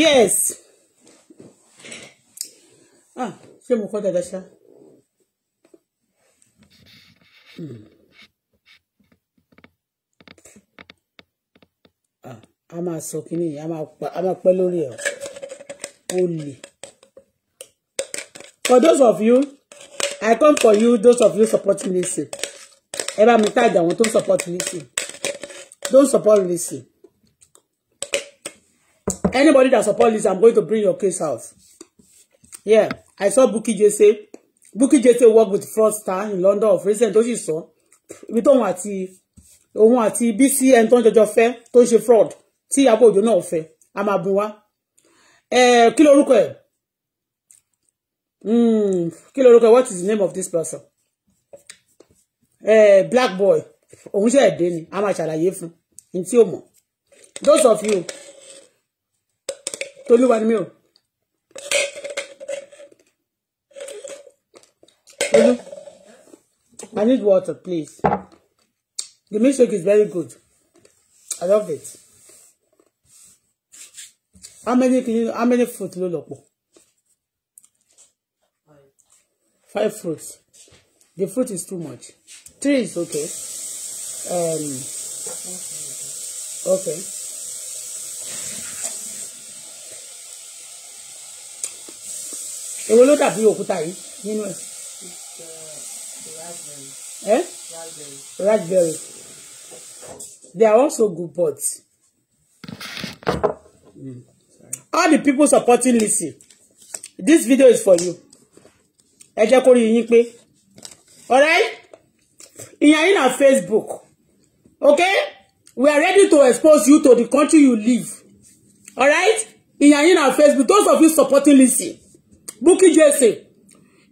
yes ah ṣé mo kọ́ dada ṣá. Hmm. Ah, a máa sọ kínní yìí a máa pẹ́ lórí ẹ̀ o lè. for those of you i come for you those of you support me listen ẹ bá mi tag àwọn tó ń support listen don't support me, listen Anybody that support this, I'm going to bring your case out. Yeah, I saw Bookie Jesse. Bookie Jesse work with Fraudster in London of recent. Tó sì sọ, ibi tóun àti òun àti BC ẹni tó ń jọjọ fẹ́ tó ń ṣe fraud tí Ìyábọ̀ Òjó náà fẹ́. A máa bùn wá. Kí Hmm, ẹ̀? Kí What is the name of this person? Eh, black boy. We ṣe ẹ̀dẹ́ ni, a máa ṣàlàyé fún un, Those of you tolúwa ni mí o tolú I need water please the milkshake is very good I love it how many how many fruit ló lọ five fruits the fruit is too much three is okay um okay. èwo ló dàbí òkúta yìí nínú ẹ̀. Eh? Raspberry. They are also good buds. Mm. All the people supporting Lizzy, this video is for you. Ẹ jẹ́ kó rí yín pé. Alright? Ìyẹn yín na Facebook. Okay? We are ready to expose you to the country you live. Alright? Ìyẹn yín na Facebook. Those of you supporting Lizzy. Bukky Jesse,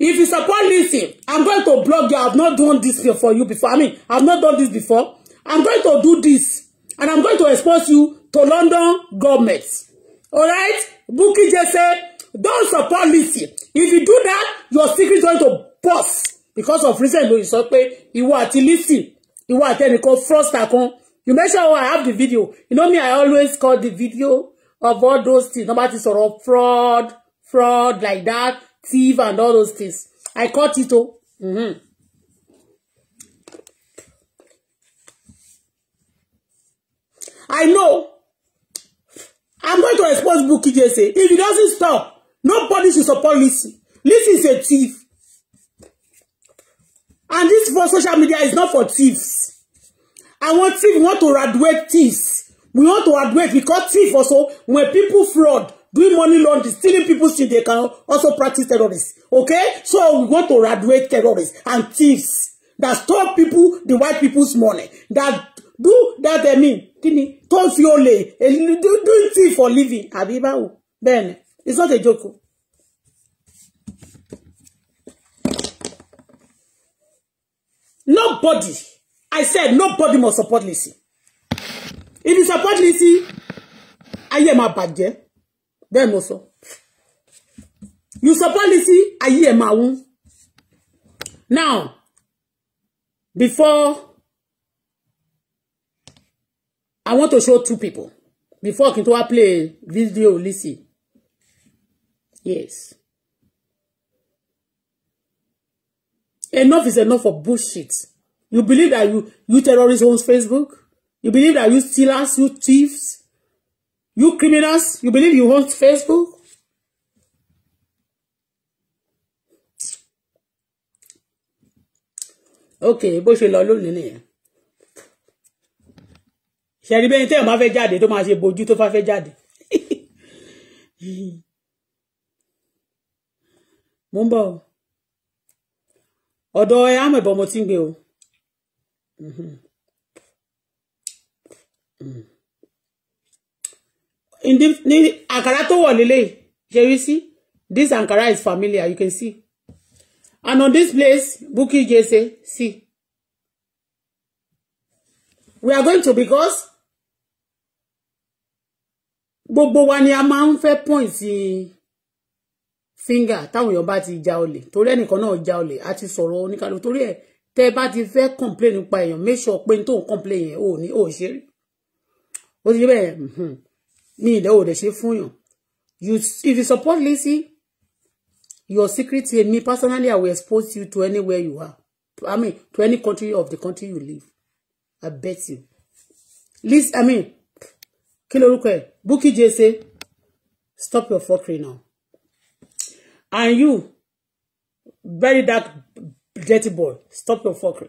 if you support Lizzy i'm going to block you i've not done this here for you before i mean i've not done this before i'm going to do this and i'm going to expose you to London government all right Bukky Jease don't support Lizzy if you do that your secret going to bust because of recent news sọ pé ìwọ àti You ìwọ àti ẹnìkan froster kan you make sure i have the video you know me i always call the video of all those things nobody sọ̀rọ̀ fraud fraud like that, thief and all those things. I caught it oh. Mm-hmm. I know. I'm going to expose Bukky Jesse. If he doesn't stop, nobody should support Lizzy. Lizzy is a thief. And this for social media is not for thieves. I want thieves, we want to graduate thieves. We want to graduate because thieves also, when people fraud, doing money laundering, stealing people's things, they can also practice terrorists. Okay? So we want to graduate terrorists and thieves that stole people, the white people's money, that do that they mean, kini, tó fi eh, do doing thief for living. Àbí báwo? Bẹ́ẹ̀ ni, it's not a joke. Nobody, I said nobody must support Lizzy. If you support Lizzy, ayé máa bàjẹ́ bẹ́ẹ̀ mo sọ you support Lizzy ayé ẹ̀ máa wún now before I want to show two people before kí n tó wá play video Lizzy yes enough is enough for bullshit you believe that you you terrorists owns Facebook you believe that you stealers you thieves You criminals, you believe you own Facebook? Okay, bó ṣe lọ lónìí nìyẹn. Ṣẹ̀rí bẹ́yìn tẹ́yàn máa fẹ́ jáde tó máa ṣe bojú tó fẹ́ jáde. Mo ń bọ̀ o. Ọ̀dọ̀ ẹ àmọ̀ mo ti ń o. Mm-hmm. mm hmm in this, ní àǹkárá tó wọ̀ lélẹ̀ ṣe rí sí this Ankara is familiar you can see and on this place Bukky Jesse see we are going to because gbogbo wa ni a máa ń fẹ́ point finger táwọn èèyàn bá ti ja olè torí ẹnìkan náà ja olè a ti sọ̀rọ̀ oníkàlù torí ẹ̀ tẹ́ bá ti fẹ́ complain nípa èèyàn make sure pé n tó ń complain yẹn ò ní ò ṣe rí ó ti bẹ́ẹ̀ hmm. Me ilẹ̀ would ṣe fún yàn you if you support Lizzie, your secret here me personally I will expose you to anywhere you are I mean to any country of the country you live I bet you Lizzy I mean kí lorúkọ ẹ Bukky Jesse stop your fuckery now and you very dark dirty boy stop your fuckery.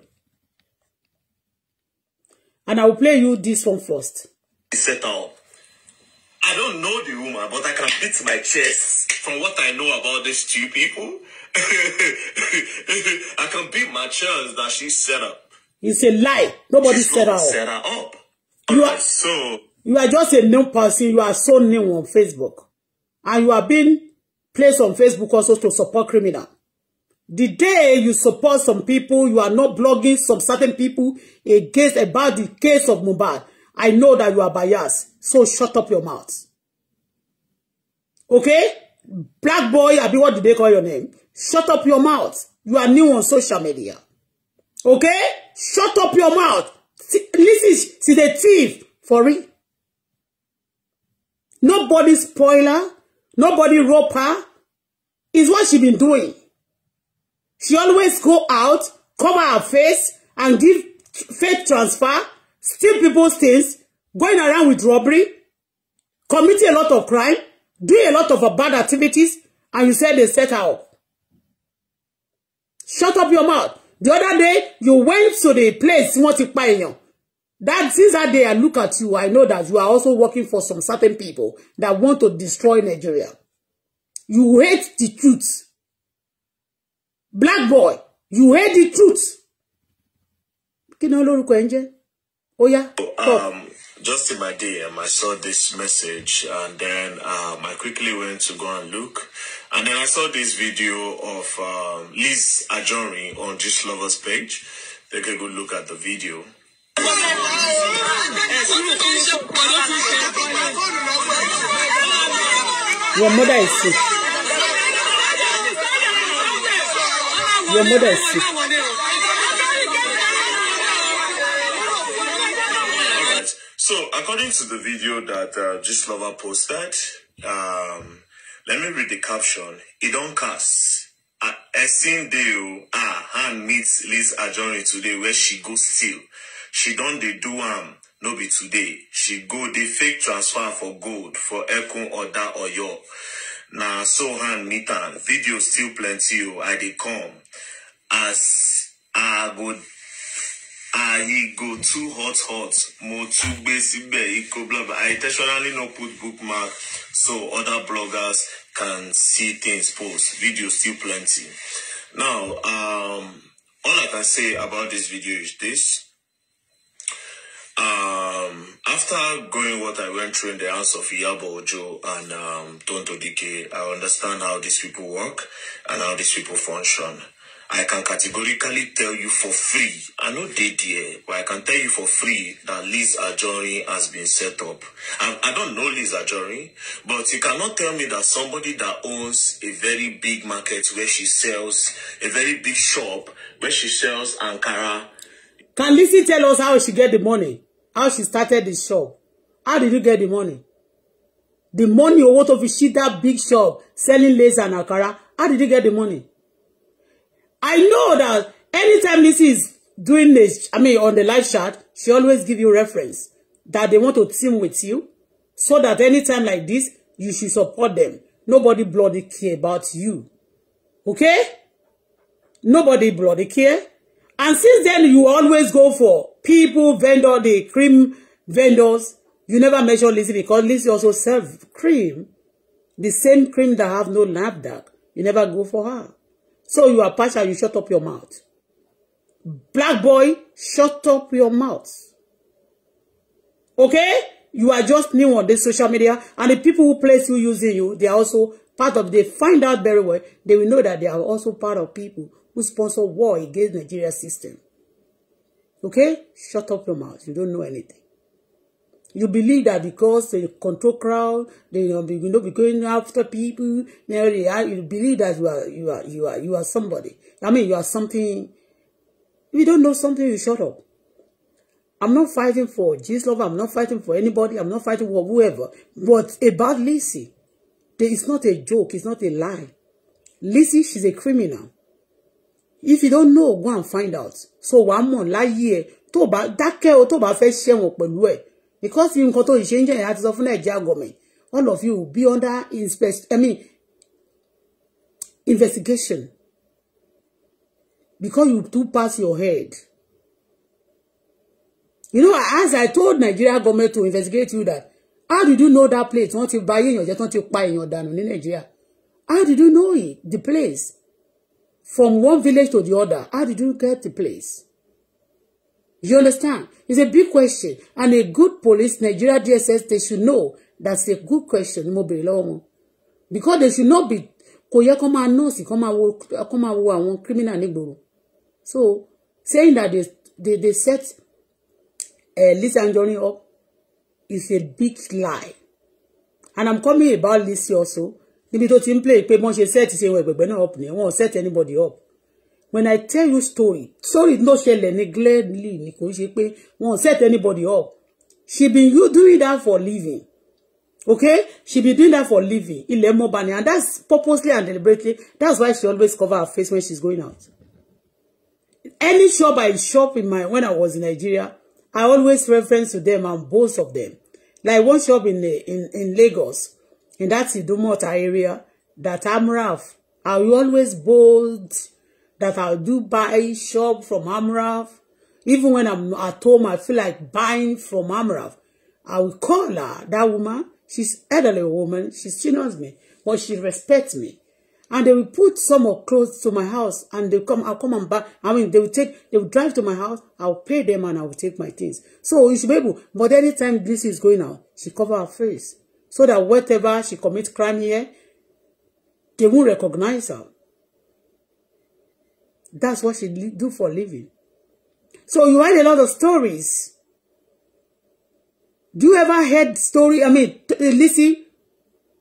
and I will play you this one first. Set Settle. I don't know the woman, but I can beat my chest from what I know about these two people. I can beat my chest that she set up. It's a lie. Nobody set her up. Set her up. You are so. You are just a new person. You are so new on Facebook, and you are being placed on Facebook also to support criminal. The day you support some people, you are not blogging some certain people against about the case of Mohbad. I know that you are biased. So shut up your mouth. Okay? Black boy, Abi, what did they call your name? Shut up your mouth. You are new on social media. Okay? Shut up your mouth. Listen, she's a thief for real. Nobody spoiler. Nobody rope her. Is what she been doing. She always go out, cover her face, and give faith transfer steal people's things, going around with robbery, committing a lot of crime, doing a lot of bad activities, and you said they set out. Shut up your mouth. The other day, you went to the place What you pa èèyàn. That since that day, I look at you, I know that you are also working for some certain people that want to destroy Nigeria. You hate the truth. Black boy, you hate the truth. Kí ni olórúkọ ẹ̀ Oh yeah. So, um, just in my DM, um, I saw this message, and then um, I quickly went to go and look, and then I saw this video of um, Liz Ajori on Just Lovers page. Take a good look at the video. Your mother is sick. Your mother is sick. So, according to the video that uh, Gist Lover posted, um, let me read the caption. It don't cast. Uh, Essin Deo, ah, hand meets Liz Ajoni today where she go still. She don't they do am, no be today. She go the fake transfer for gold for or that or Oyo. Now so hand meet am. Video still plenty I dey come. As I go I go too hot hot. More too besibe iko blah blah. I intentionally not put bookmark so other bloggers can see things post. Video still plenty. Now, um, all I can say about this video is this. Um, after going what I went through in the house of Yabo Ojo and um, Tonto DK, I understand how these people work and how these people function. I can categorically tell you for free, I know they there, but I can tell you for free that Liz Ajori has been set up. I, I don't know Liz Ajori, but you cannot tell me that somebody that owns a very big market where she sells, a very big shop where she sells Ankara. Can Lizzie tell us how she get the money? How she started the shop? How did you get the money? The money owó of she that big shop selling lace and Ankara. How did you get the money? I know that anytime this is doing this, I mean, on the live chat, she always give you reference that they want to team with you so that anytime like this, you should support them. Nobody bloody care about you. Okay? Nobody bloody care. And since then, you always go for people, vendor, the cream vendors. You never mention Lizzie because Lizzie also serve cream. The same cream that have no lab dark. You never go for her. So you are partial, you shut up your mouth. Black boy, shut up your mouth. Okay? You are just new on the social media, and the people who place you using you, they are also part of, they find out very well, they will know that they are also part of people who sponsor war against Nigeria system. Okay? Shut up your mouth. You don't know anything. You believe that because they control crowd, they you know, be, you know, be going after people. Now they are, you believe that you are you are you are you are somebody. I mean, you are something. If you don't know something, you shut up. I'm not fighting for Jesus love. I'm not fighting for anybody. I'm not fighting for whoever. But about Lizzie, there is not a joke. It's not a lie. Lizzie, she's a criminal. If you don't know, go and find out. So one more láyé ẹ̀ tó bá dákẹ́ o tó bá fẹ́ ṣẹ̀wọ̀n pẹ̀lú ẹ̀ because nǹkan tó ìṣe ń jẹ́ yẹn á ti sọ fún nàìjíríà gọ̀mẹ̀ all of you be under I mean, investigation because you too pass your head. You know, as I told Nigeria government to investigate you that, how did you know that place? Wọ́n ti bà èèyàn jẹ́, wọ́n ti pa èèyàn dànù ní Nigeria. How did you know it, the place? From one village to the other, how did you get the place? You understand? It's a big question. And a good police, Nigeria DSS, they should know that's a good question. Ni Because they should not be kò yẹ kó máa nọ́ọ̀sì kó máa wo kó one criminal nígboro. So saying that they they, they set uh, eh, and Anjorin up is a big lie. And I'm coming about this also. Níbi tó ti play pay much. ṣe set ṣe ẹ̀wọ̀n we're náà up ni won't set anybody up when I tell you story story ló ṣẹlẹ̀ ní gladly ni kò ṣe pé wọ́n set anybody up she been you doing that for living okay she be doing that for living ilẹ̀ mọba ni and that's purposely and deliberately that's why she always cover her face when she's going out any shop I shop in my when I was in Nigeria I always reference to them and both of them like one shop in in in Lagos in that Idumota area that Amraf I always bold that I do buy shop from Amraf. Even when I'm at home, I feel like buying from Amraf. I will call her, that woman. She's elderly woman. She, still knows me, but she respects me. And they will put some of clothes to my house, and they come. I'll come and buy. I mean, they will take. They will drive to my house. I'll pay them, and I will take my things. So you should be able. But anytime this is going out, she cover her face so that whatever she commit crime here, they won't recognize her. That's what she do for living. So you write a lot of stories. Do you ever heard story? I mean, uh, listen,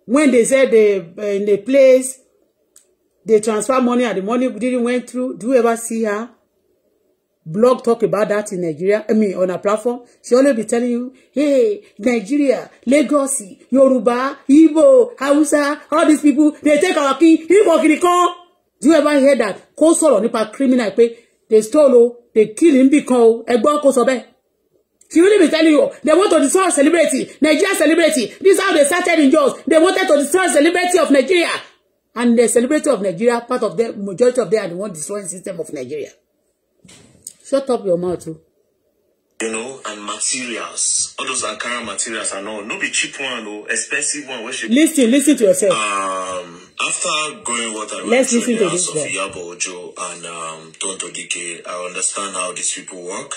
when they said they uh, in the place, they transfer money and the money didn't went through. Do you ever see her blog talk about that in Nigeria? I mean, on a platform, she only be telling you, "Hey, Nigeria, Lagosi, Yoruba, Igbo, Hausa, all these people, they take our king, the car do you ever hear that kó sọ̀rọ̀ nípa criminal pé they stole o they kill him bìkan o ẹgbọ́n kó sọ bẹ́ẹ̀ she really be telling you they want to destroy celebrity Nigeria celebrity this how they started in jaws they wanted to destroy celebrity of Nigeria and the celebrity of Nigeria part of the majority of them are the one destroying system of Nigeria shut up your mouth o. Oh. You know, and materials, all those Ankara materials are all, no be cheap one o, expensive one. Listen, listen to yourself. Um, After going what I read through the house of Iyabo Ojo and um, Tonto Dike, I understand how these people work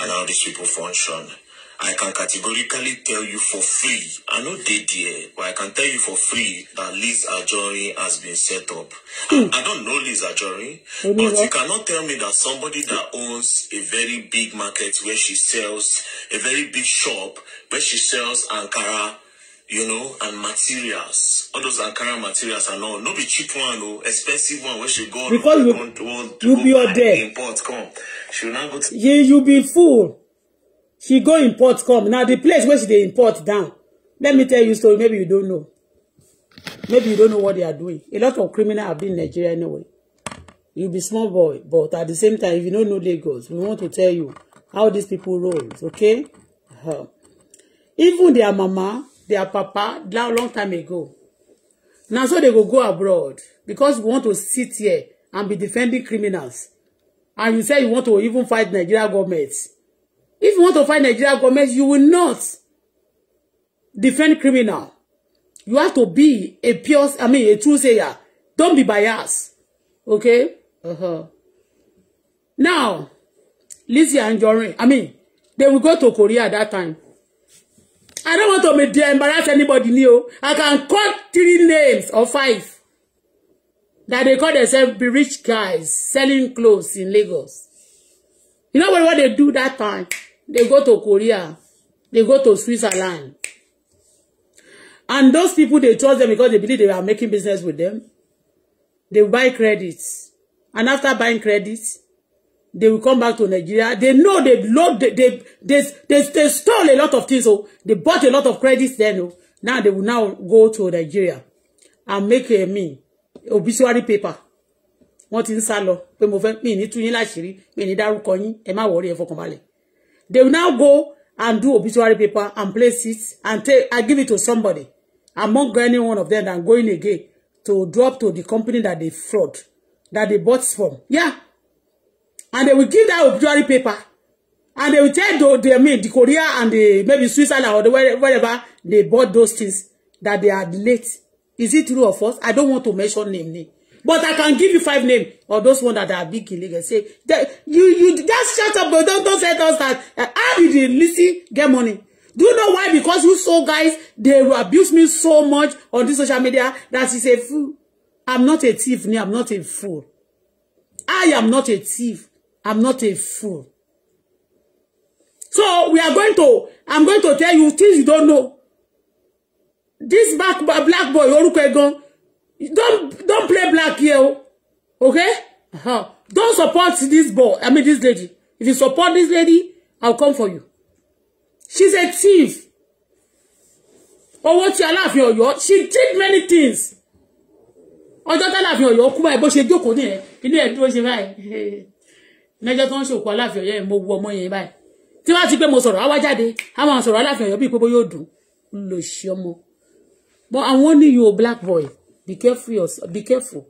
and how these people function. I can categorically tell you for free, I know they there, but I can tell you for free that Liz Ajori has been set up. I, hmm. I don't know Liz Ajori, but what? you cannot tell me that somebody that owns a very big market where she sells, a very big shop where she sells Ankara you know, and materials. All those Ankara materials and all. No be cheap one, no oh, expensive one. Where she go, because you, want, want you be all there. Import come. She will not go to. Yeah, you be fool. She go import come. Now the place where she they import down. Let me tell you a story. Maybe you don't know. Maybe you don't know what they are doing. A lot of criminals have been in Nigeria anyway. You be small boy, but at the same time, if you don't know Lagos, we want to tell you how these people roll. Okay? Uh-huh. Even their mama their papa long, long time ago. Now so they will go abroad because we want to sit here and be defending criminals. And you say you want to even fight Nigeria government. If you want to fight Nigeria government, you will not defend criminal. You have to be a pure, I mean, a true sayer. Don't be biased. Okay? Uh-huh. Now, Lizzie and Jorin, I mean, they will go to Korea at that time. I don't want to embarrass anybody new. I can call three names or five that they call themselves be rich guys selling clothes in Lagos. You know what, what they do that time? They go to Korea. They go to Switzerland. And those people, they trust them because they believe they are making business with them. They buy credits. And after buying credits, they will come back to Nigeria. They know they load, they, they, they, they, they stole a lot of things. So they bought a lot of credits then. Oh. Now they will now go to Nigeria and make a me obituary paper. What in ń sá lọ pé mo fẹ́ mi ní tú yín láṣìírí mi ní dárúkọ yín ẹ má wọrí ẹ fọkànbalẹ̀. They will now go and do obituary paper and place it and take I give it to somebody among any one of them and going again to drop to the company that they fraud that they bought from. Yeah and they will give that obituary paper and they will tell the, the, I mean, the Korea and the maybe Switzerland or the, wherever they bought those things that they are late. Is it true or false? I don't want to mention name name. But I can give you five names of those ones that are big illegal. Say that you you just shut up, but don't don't tell us that uh, how did the Lizzy get money? Do you know why? Because you saw guys they abuse me so much on this social media that is a fool. I'm not a thief, I'm not a fool. I am not a thief. I'm not a fool. So we are going to, I'm going to tell you things you don't know. This black black boy, orúkọ ẹ̀ don't, don't play black here, okay? Uh-huh. Don't support this boy, I mean this lady. If you support this lady, I'll come for you. She's a thief. Owó tí your your. she did many things. Ọjọ́ tí Aláàfin Ọ̀yọ́ kú báyìí bó ṣe jókòó nìyẹn, inú ẹ̀ dúró ṣe báyìí. lọ́jọ́ tó ń ṣòkò aláàfin ọ̀yọ́ yẹn mo wu ọmọ yẹn báyìí tí wọ́n ti pé mo sọ̀rọ̀ àwa jáde àwọn àwọn sọ̀rọ̀ aláàfin ọ̀yọ́ pé bóyá ó dùn lò ṣe ọmọ but I warn you black boy be careful yourself be careful.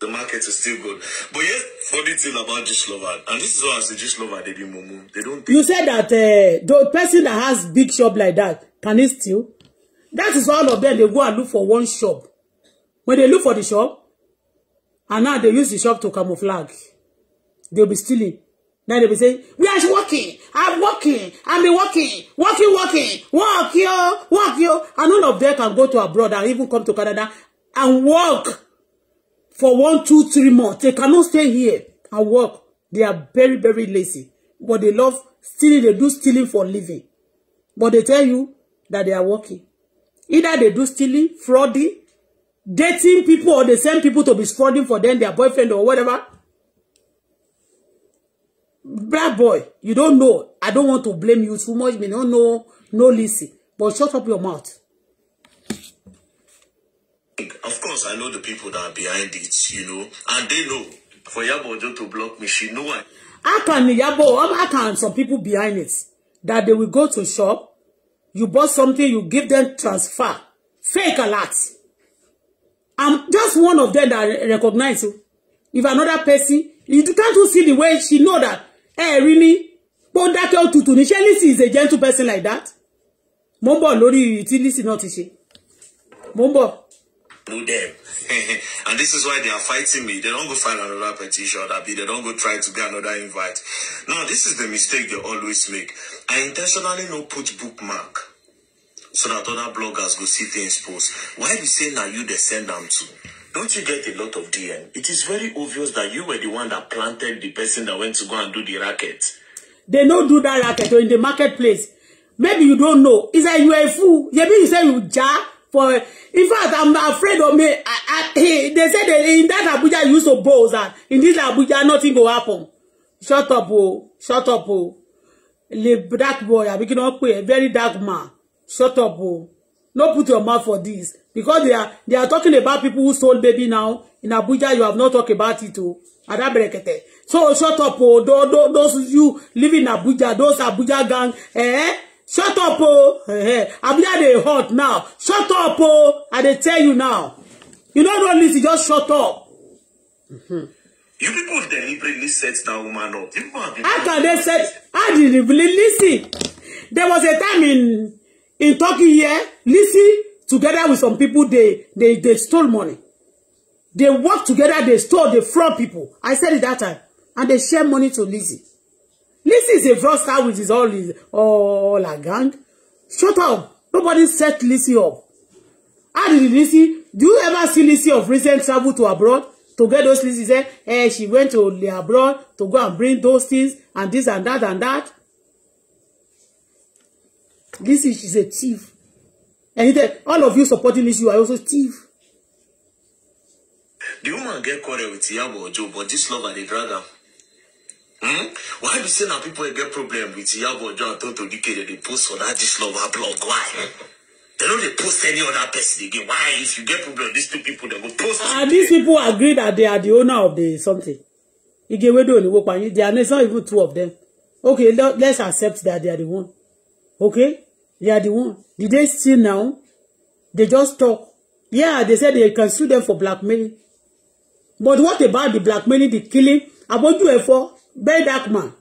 The market is still good. But yes, funny thing about Jewish lover, and this is why I say Jewish lover they be mumu. They don't. Think you said that uh, the person that has big shop like that can he steal? That is all of them. They go and look for one shop. When they look for the shop, and now they use the shop to camouflage they'll be stealing. Now they'll be saying, we are working, I'm working, I'm be working, working, working, work yo, work yo. And all of them can go to abroad and even come to Canada and work for one, two, three months. They cannot stay here and work. They are very, very lazy. But they love stealing, they do stealing for living. But they tell you that they are working. Either they do stealing, frauding, dating people or they send people to be frauding for them, their boyfriend or whatever black boy you don't know i don't want to blame you too much me don't know no listen but shut up your mouth of course i know the people that are behind it you know and they know for Iyabo Ojo to block me she know i how can Iyabo how can some people behind it that they will go to shop you bought something you give them transfer fake alert i'm just one of them that recognize you if another person you can't see the way she know that ẹ rí mi bó ń dákẹ́ òtútù ní ṣé Lizzy is a gentle person like that mo ń bọ̀ lórí ìrì tí Lizzy náà ti ṣe mo ń bọ̀. them and this is why they are fighting me they don't go find another petition That be they don't go try to get another invite now this is the mistake they always make I intentionally no put bookmark so that other bloggers go see things post why be say na you dey send am to. Don't you get a lot of DM? It is very obvious that you were the one that planted the person that went to go and do the racket. They don't do that racket or oh, in the marketplace. Maybe you don't know. It's like you are a fool. Maybe you say you jar for. In fact, I'm afraid of me. I, I, they said that in that Abuja you used to that in this Abuja nothing will happen. Shut up, oh! Shut up, oh! Leave that boy, I begin play a very dark man. Shut up, oh! no put your mouth for this because they are they are talking about people who sold baby now in Abuja you have not talked about it o oh. adabrekete so shut up oh, those, those you live in Abuja those Abuja gang eh shut up oh. eh, eh. Abuja they hot now shut up oh. I they tell you now you no know listen just shut up. Mm-hmm. You people deliberately set that woman up. how can they set how did you listen there was a time in In Turkey here, Lizzy, together with some people, they, they, they stole money. They work together, they stole, they fraud people. I said it that time. And they share money to Lizzy. Lizzy is a fraudster with his all his all her gang. Shut up. Nobody set Lizzy up. How did Lizzy? Do you ever see Lizzy of recent travel to abroad? To get those Lizzy said, eh, eh, she went to the abroad to go and bring those things and this and that and that. This is she's a thief. And it, all of you supporting this, you are also thief. The woman get quarrel with Iyabo Ojo, but this lover they drag her. Hmm? Why be say na people get problem with Iyabo Ojo and Toto Dike they post for that this lover blog? Why? They don't they post any other person again. Why? If you get problem, these two people they go post. And ah, these people agree that they are the owner of the something. Igewedo and Iwopanyi, they are not even two of them. Okay, let's accept that they are the one. Okay? They are the one. Did they still now? They just talk. Yeah, they said they can sue them for blackmailing. But what about the blackmailing, the killing? Aboju Efo, for dark man.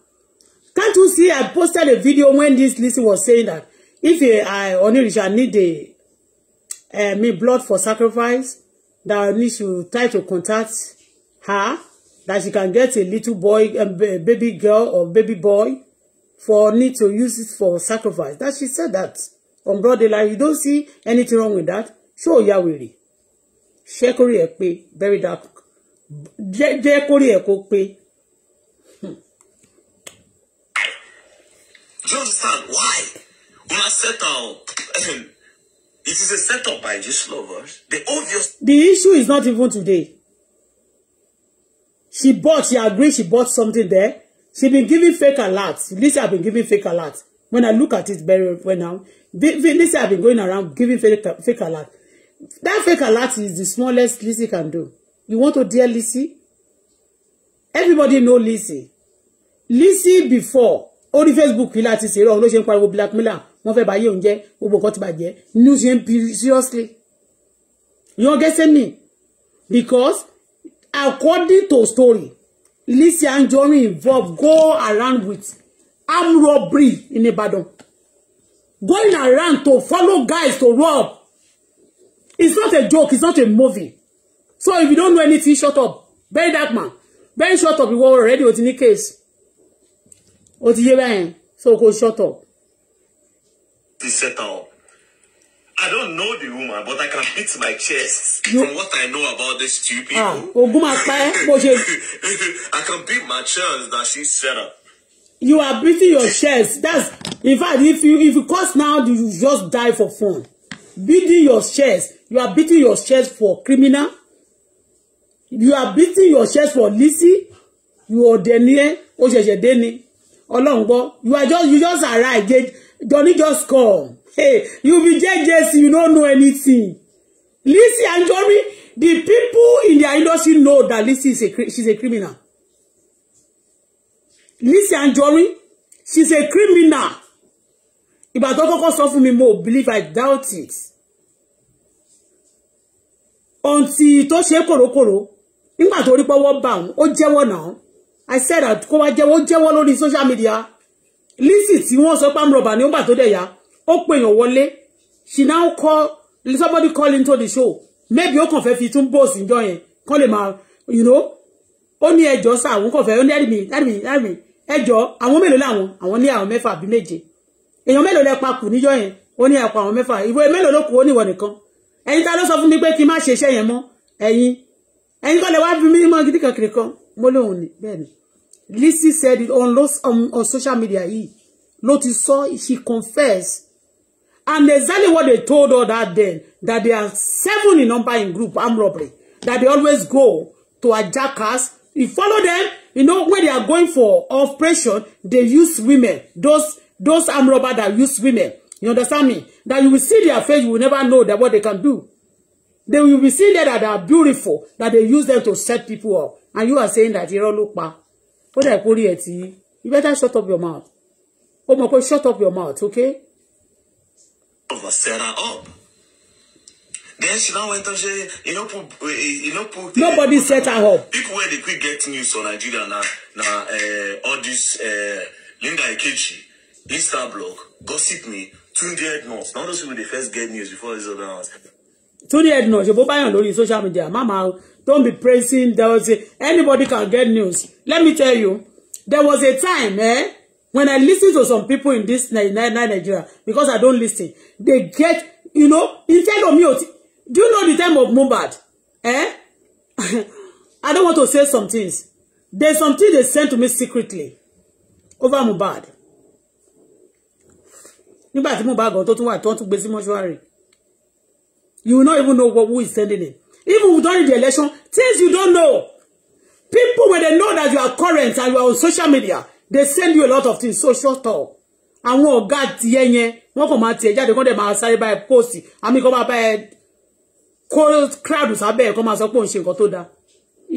Can't you see I posted a video when this Lizzy was saying that if uh, I Onirisha need the uh, me blood for sacrifice, that I need to try to contact her, that she can get a little boy, eh, a baby girl or baby boy for need to use it for sacrifice. That she said that on broad daylight. You don't see anything wrong with that. Show Yahweh. shekori kórí very dark. Jẹ́ kórí ẹ̀ kó Do you understand why? Una set out. It is a setup by these lovers. The obvious. The issue is not even today. She bought, she agreed, she bought something there. She's been giving fake alerts. Lisa have been giving fake alerts. When I look at it very well now, Lisa have been going around giving fake, fake alerts. That fake alert is the smallest Lizzy can do. You want to dear Lizzy? Everybody know Lizzy. Lizzy before, all the Facebook yìí láti ṣe ìrọ̀ ló ṣe ń black me wọ́n fẹ́ báyé oúnjẹ gbogbo nǹkan ti bàjẹ́ inú ṣe ń bi seriously. You understand me? Because according to story, Lizzy Anjorin involved go around with armed robbery in Ibadan. Going around to follow guys to rob. It's not a joke. It's not a movie. So if you don't know anything, shut up. Bury that man. Bury shut up. You were already in the case. What did you So go shut up. Please settle. I don't know the woman, but I can beat my chest you... from what I know about these two ah, people. Ah, I can beat my chest that she set up. You are beating your chest. That's in fact, if you if you curse now, you just die for fun. Beating your chest. You are beating your chest for criminal. You are beating your chest for Lizzy. You are Denier. Ó ṣẹ̀ṣẹ̀ dé ni. Ọlọ́run You are just you just arrived. Johnny just come. Hey, you be JJC, you don't know anything. and Anjorin, the people in their industry know that Lizzy is a she's a criminal. and Anjorin, she's a criminal. If I don't sọ fún mi, mo believe I doubt it. Until tó koro koro. nígbà tó rí pọ́wọ́ bá òun, ó jẹ́wọ́ now. I said that kó wá jẹ́wọ́, ó jẹ́wọ́ social media. Lizzy you want sọ pé àmúrọ̀bà ni ó bà tó dẹ̀ yá ó pè yàn wọlé she now call somebody call into the show maybe ó kàn fẹ́ fi tún bóòsì jọ yẹn kán lè máa you know ó ní ẹjọ́ sá àwọn kàn fẹ́ ó ní ẹ̀rìmì ẹ̀rìmì ẹ̀rìmì ẹjọ́ àwọn mélòó làwọn àwọn ní àwọn mẹ́fà àbí méje èèyàn mélòó lẹ pa kù níjọ́ yẹn ó ní àpò àwọn mẹ́fà ìwé mélòó ló kù ó níwọ̀ nìkan ẹ̀yin ta ló sọ fún mi pé kí n má ṣe iṣẹ́ yẹn mọ́ ẹ̀yin ẹ̀yin kọ́ lẹ wá fi mí mọ́ gidi kankiri kan mo lóhùn ni bẹ́ẹ̀ ni Lizzy said it on, on, on social media yìí ló ti sọ she confess. And exactly what they told all that then, that they are seven in number in group armed robbery, that they always go to a jackass. You follow them, you know, where they are going for operation, they use women. Those those armed robbers that use women. You understand me? That you will see their face, you will never know that what they can do. They will be seeing that they are beautiful, that they use them to set people up. And you are saying that you don't look back. What I put here, you better shut up your mouth. Oh my God, shut up your mouth, okay? of a up. Then she now went on say, you know, eh, eh, you know, eh, nobody people, set her up. People where they quick get news on Nigeria now, now uh, all this uh, Linda Ikechi, Insta blog, gossip me, Tunde Edmonds. Now those people they first get news before these other ones. Tunde Edmonds, you buy on lórí social media, mama, don't be praising. There was a, anybody can get news. Let me tell you, there was a time, eh? When I listen to some people in this Nigeria, because I don't listen, they get, you know, instead of me, do you know the time of Mohbad? Eh? I don't want to say some things. There's something they send to me secretly over Mohbad. Nígbà tí Mohbad gan tó tún wà tó tún gbé sí You will not even know what, who is sending it. Even during the election, things you don't know. People, when they know that you are current and you are on social media, they send you a lot of things social talk àwọn ọ̀gá tiẹ̀ yẹn wọ́n kàn máa tiẹ̀ jáde kán dẹ̀ máa sáré báyìí post àmì kan máa bá ẹ kó crowd sábẹ́ ẹ̀ kán máa sọ pé òun ṣe nǹkan tó dáa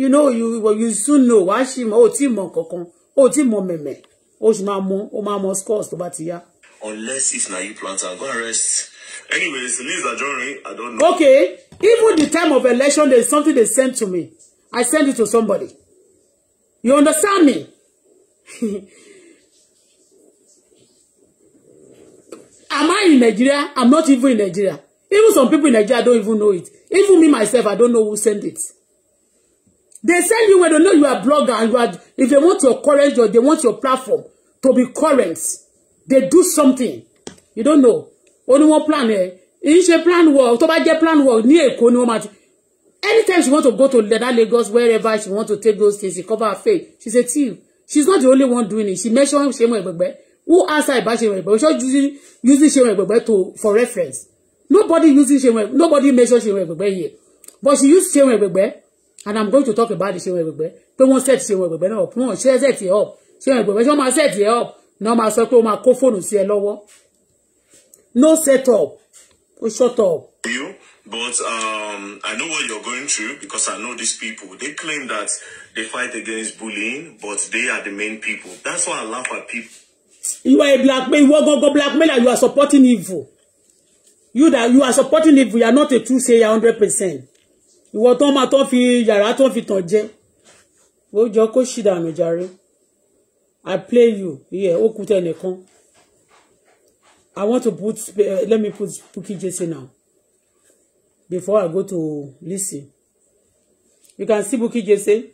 you know you you soon know wàá ṣì mọ̀ ó tí mọ̀ kankan ó tí mọ̀ mẹ̀mẹ̀ ó sì máa mọ̀ ó máa mọ̀ scores tó bá ti yá. unless if na you plant and go and rest anyways the news adjourn i don't know. okay even the time of election there's something they send to me i send it to somebody you understand me am I in Nigeria? I'm not even in Nigeria. Even some people in Nigeria don't even know it. Even me myself, I don't know who sent it. They send you when they know you are a blogger and you are, if they want your courage or they want your platform to be current, they do something. You don't know. Only one plan eh? In ṣe plan work, tó bá jẹ́ plan work ní Èkó ni Anytime she want to go to Leda Lagos, wherever she want to take those things, she cover her face. She's a thief she's not the only one doing it she mentioned Seun Egbegbe who asked her about Seun Egbegbe she using using Seun Egbegbe to for reference nobody using Seun nobody mentioned Seun Egbegbe here but she used Seun Egbegbe and I'm going to talk about the Seun Egbegbe Someone wọ́n set Seun Egbegbe náà up wọ́n ṣe set it up Seun Egbegbe ṣé wọ́n máa set it up no, my sọ my wọ́n máa kó fóònù no setup. up shut up. you but um, I know what you're going through because I know these people they claim that. They fight against bullying, but they are the main people. That's why I laugh at people. You are a black man. You are go go blackmailer. You are supporting evil. You that you are supporting evil. You are not a true sayer hundred percent. Ìwọ tó máa tó fi yàrá tó fi tàn jẹ. Ó jọ kó ṣì dànù jàre. I play you. Yeah, ó kú I want to put, uh, let me put Puki Jesse now. Before I go to listen, You can see Buki Jesse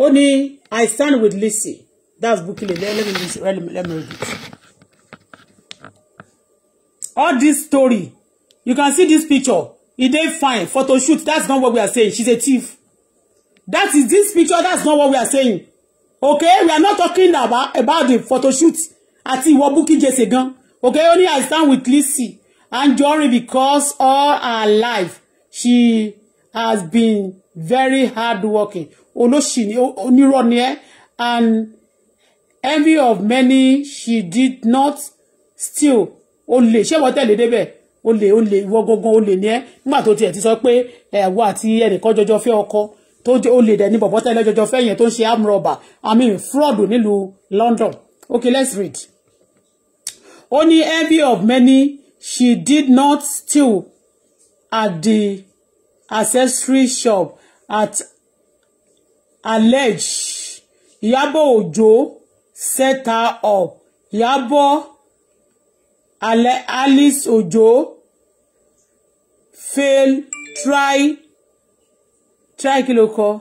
ó ní I stand with Lizzy that's Bukile let, let me let me let me read it all this story you can see this picture e dey fine photo shoot that's not what we are saying she's a thief that is this picture that's not what we are saying okay we are not talking about about the photo shoot àti ìwọ Bukky Jesse gan okay only I stand with and Jori because all her life she has been very hardworking olóṣì onírọ́ ni ẹ́ and envy of many she did not steal olè ṣé wọ́n tẹ̀lé débẹ̀ olè olè ìwọ gangan olè ni ẹ́ nígbà tó tiẹ̀ ti sọ pé ẹ̀wọ́ àti ẹnìkan jọjọ fẹ́ ọkọ tó jẹ́ olè dẹ̀ ní bọ̀bọ́ tẹ́lẹ̀ jọjọ fẹ́ yẹn tó ń ṣe arm robber i mean fraud nílùú London okay let's read ó ní envy of many she did not steal at the accessory shop at allege Iyabo Ojo set her up Iyabo Ale Alice Ojo fail try try kí ló kọ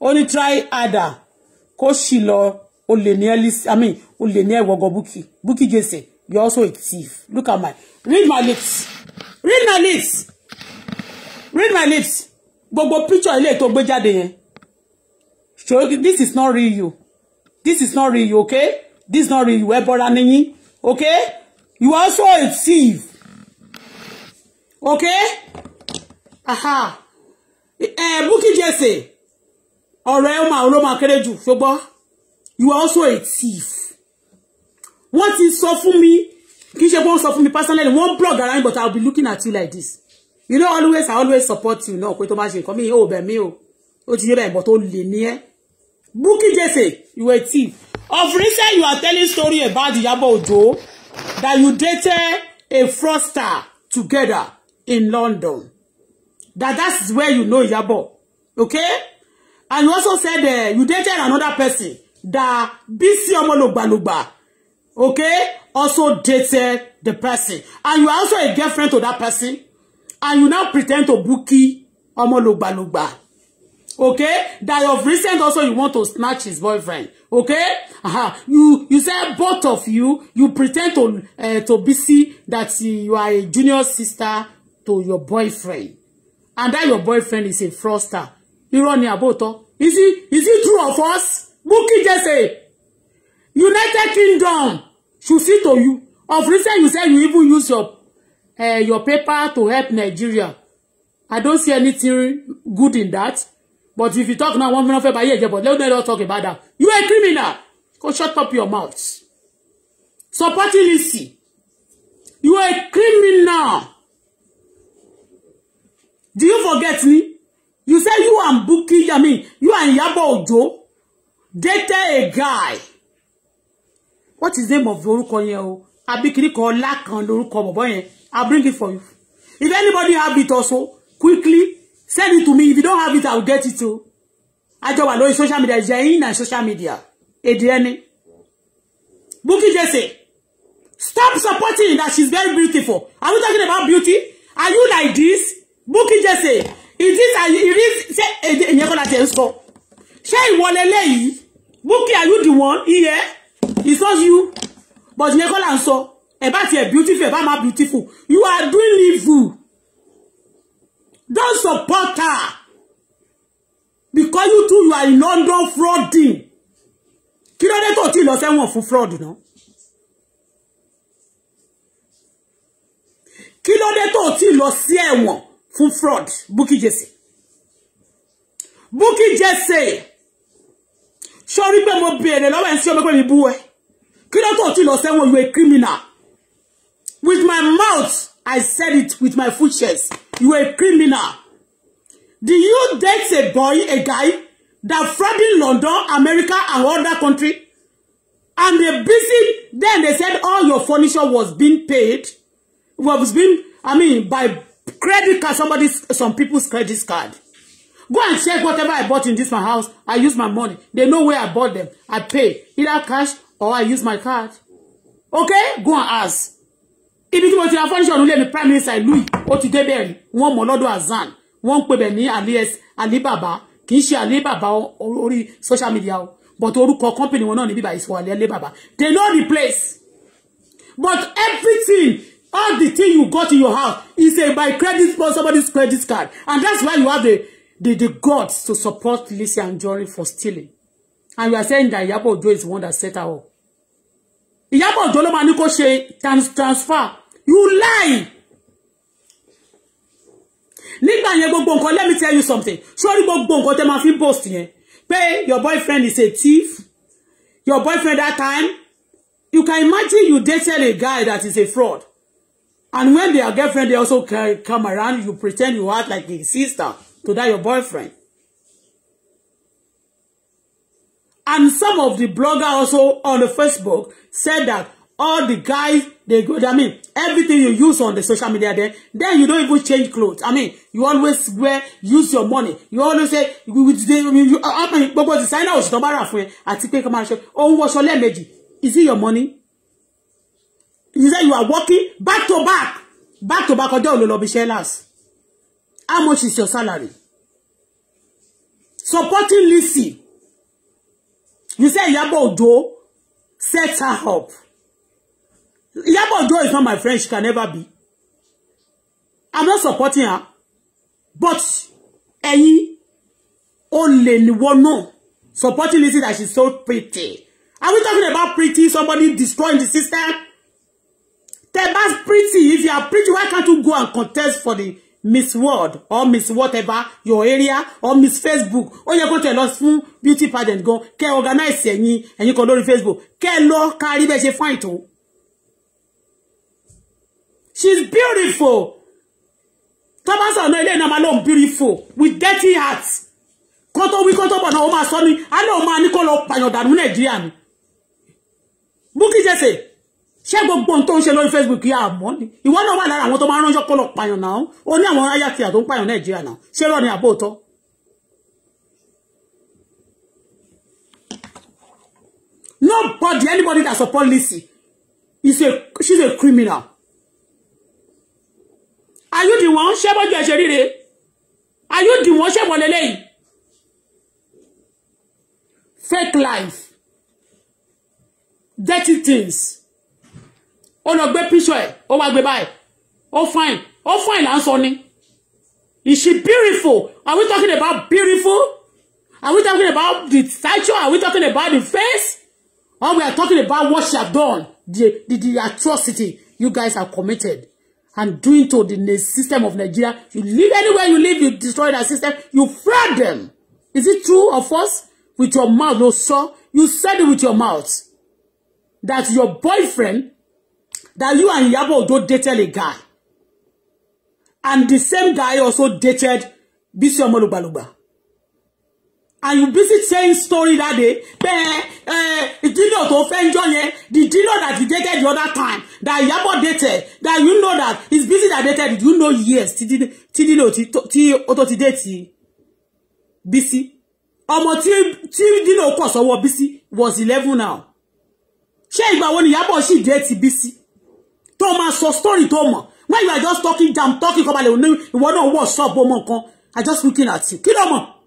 ó ní try ada. kó sì lọ o lè ní Alice I mean o lè ní ẹ̀wọ̀gọ̀ Bukky Bukky Jesse you also a thief look at my read my lips read my lips read my lips gbogbo picture ilé tó gbé jáde yẹn this is not real you this is not real you okay this is not real you ẹbọra ni yín okay you are also a thief okay aha ẹ Bukky Jesse ọ̀rọ̀ ẹ máa ló máa kéré jù ṣùgbọ́n you are also a thief What is sọ fún mi kì í ṣe pé wọ́n sọ personally One blog ara but I'll be looking at you like this you know always I always support you No, pé tó bá ṣe nǹkan mi ò bẹ̀ mí o ó ti yé bẹ́ẹ̀ bọ́ tó lè ní ẹ́ Bukky Jesse, you were a thief. Of recent, you are telling story about the Yabo Ojo that you dated a fraudster together in London. That that's where you know Yabo, Okay? And you also said uh, you dated another person that Bisi Omologbalogba. Okay? Also dated the person. And you are also a girlfriend to that person. And you now pretend to Bukky Omologbalogba okay that of recent also you want to snatch his boyfriend okay uh-huh. you you say both of you you pretend to uh, to be see that you are a junior sister to your boyfriend and that your boyfriend is a froster. fraudster irọ́ ni àbótọ́ is it is it true of us Bukky Jesse United Kingdom should see to you of recent you said you even use your uh, your paper to help Nigeria I don't see anything good in that But if you talk now, one minute by here, but let not talk about that. You are a criminal. Go shut up your mouth. Supporting Lizzy. You are a criminal. Do you forget me? You say you and Buki, I mean, you and Yabo Ojo dated a guy. What is the name of orúkọ yẹn o? Abikini ko la kan lórúkọ bọ̀bọ́ I'll bring it for you. If anybody have it also, quickly Send it to me. If you don't have it, I'll get it too. Àjọ wà know social media. Jẹ́yìn and social media. Èdè Buki Jesse. Stop supporting that she's very beautiful. Are we talking about beauty? Are you like this? Buki Jesse. Is this are you is say èdè èyàn kọ́ láti ẹ̀ ń sọ? Ṣé ìwọ lélẹ́yìí? are you the one? Iye. It's not you. But ìyẹn kọ́ là ń sọ. beautiful about my beautiful. You are doing evil. Don't support her. Because you two you are in London frauding. Kí ló dé tó ti lọ sẹ́wọ̀n fún fraud náà? Kí ló dé tó ti lọ sí ẹ̀wọ̀n fún fraud Bukky Jesse? Bukky Jesse sọ́rí pé mo béèrè lọ́wọ́ ẹ̀ sí ọmọ pé mi bú ẹ kí ló tó ti lọ sẹ́wọ̀n you a criminal with my mouth I said it with my foot chest you a criminal. Do you date a boy, a guy, that flooding London, America, and other country? And they busy, then they said all your furniture was being paid, was being, I mean, by credit card, somebody's, some people's credit card. Go and check whatever I bought in this my house. I use my money. They know where I bought them. I pay either cash or I use my card. Okay? Go and ask ibi tí mo ti ra fọ́níṣọ̀ nílé prime minister ìlú yìí ó ti dé bẹ́ẹ̀ ni wọ́n mọ̀ lọ́dọ̀ Hassan wọ́n ń pè bẹ̀ ní Alibaba kì í ṣe Alibaba orí social media o but orúkọ company wọn náà ní bíbá ìṣòwò Alibaba they know the place but everything all the thing you got in your house is a by credit for somebody's credit card and that's why you have the the, the guts to support and Anjorin for stealing and you are saying that Iyabo Ojo is the one that set her up Iyabo Ojo ló máa ní kó ṣe transfer you lie nígbà yẹn gbogbo nǹkan let me tell you something Sorry, gbogbo nǹkan tẹ́ máa fi post yẹn pé your boyfriend is a thief your boyfriend that time you can imagine you dated a guy that is a fraud and when their girlfriend they also come around you pretend you act like a sister to that your boyfriend and some of the blogger also on the Facebook said that all the guys they go i mean everything you use on the social media then then you don't even change clothes i mean you always wear use your money you always say with the i mean you i mean gbogbo designer o si tan bara fún ẹ àti pé kó máa ṣe o ń wọṣọ is it your money you say you are working back to back back to back ọjọ́ olólọ́bí sellers how much is your salary supporting Lizzy you say Iyabo do set her up Iyabo Ojo is not my friend. She can never be. I'm not supporting her. But ẹ̀yin olè ni wọ́n náà supporting Lizzy that she's so pretty. Are we talking about pretty? Somebody destroying the system? Tell us pretty. If you are pretty, why can't you go and contest for the Miss World or Miss whatever your area or Miss Facebook? Ó yẹ kó tẹ̀ lọ fún beauty pageant gan. Kẹ́ organize ẹ̀yin ẹ̀yin kan the Facebook. Kẹ́ lọ kárí bẹ́ẹ̀ ṣe fine too she's beautiful tó bá sọ̀nà ilé náà máa beautiful with dirty heart Koto we koto kó tó bọ̀ náà ó máa sọ ní á lóun máa ní kó lọ ni Bukky Jesse ṣé gbogbo ohun tó ń ṣe lórí Facebook yà àmọ́ ni ìwọ náà wà lára àwọn tó máa ń ránṣọ́ kó lọ pààyàn náà ó ní àwọn ayákìyà tó ń pààyàn nàìjíríà náà ṣé rọ ni àbóòtọ́ Nobody, anybody that support Lizzy is a she's a criminal are you the one ṣé bọ́jú ẹ̀ ṣe ríre are you the one ṣé wọ́n lélẹ́yìí fake life dirty things ó lọ gbé picture ẹ̀ ó wá gbé báyìí ó fine ó fine là ń sọ ni is she beautiful are we talking about beautiful are we talking about the stature are we talking about the face or we are talking about what she has done the the, the atrocity you guys have committed and doing to the system of Nigeria. You live anywhere you live, you destroy that system, you fraud them. Is it true or false? With your mouth, no sir. You said it with your mouth. That your boyfriend, that you and Yabo don't date a guy. And the same guy also dated Bisi Omolubaluba and you busy telling story that day pé ẹ dino to fẹ́ ń jọ yẹn the dino that he dated the other time that Iyabo dated that you know that he's busy that Did you know yes ti dino ti o tó ti date Bisi ọmọ tí dino pọ̀ sọ́wọ́ Bisi was eleven now ṣé ìgbà wo ni Iyabo sì date Bisi tó máa sọ story tó mọ̀ when you are just talking jam talking come you ìwọ náà wọ̀ sọ́ọ̀bù ọmọ nǹkan I just looking at you kí ló mọ̀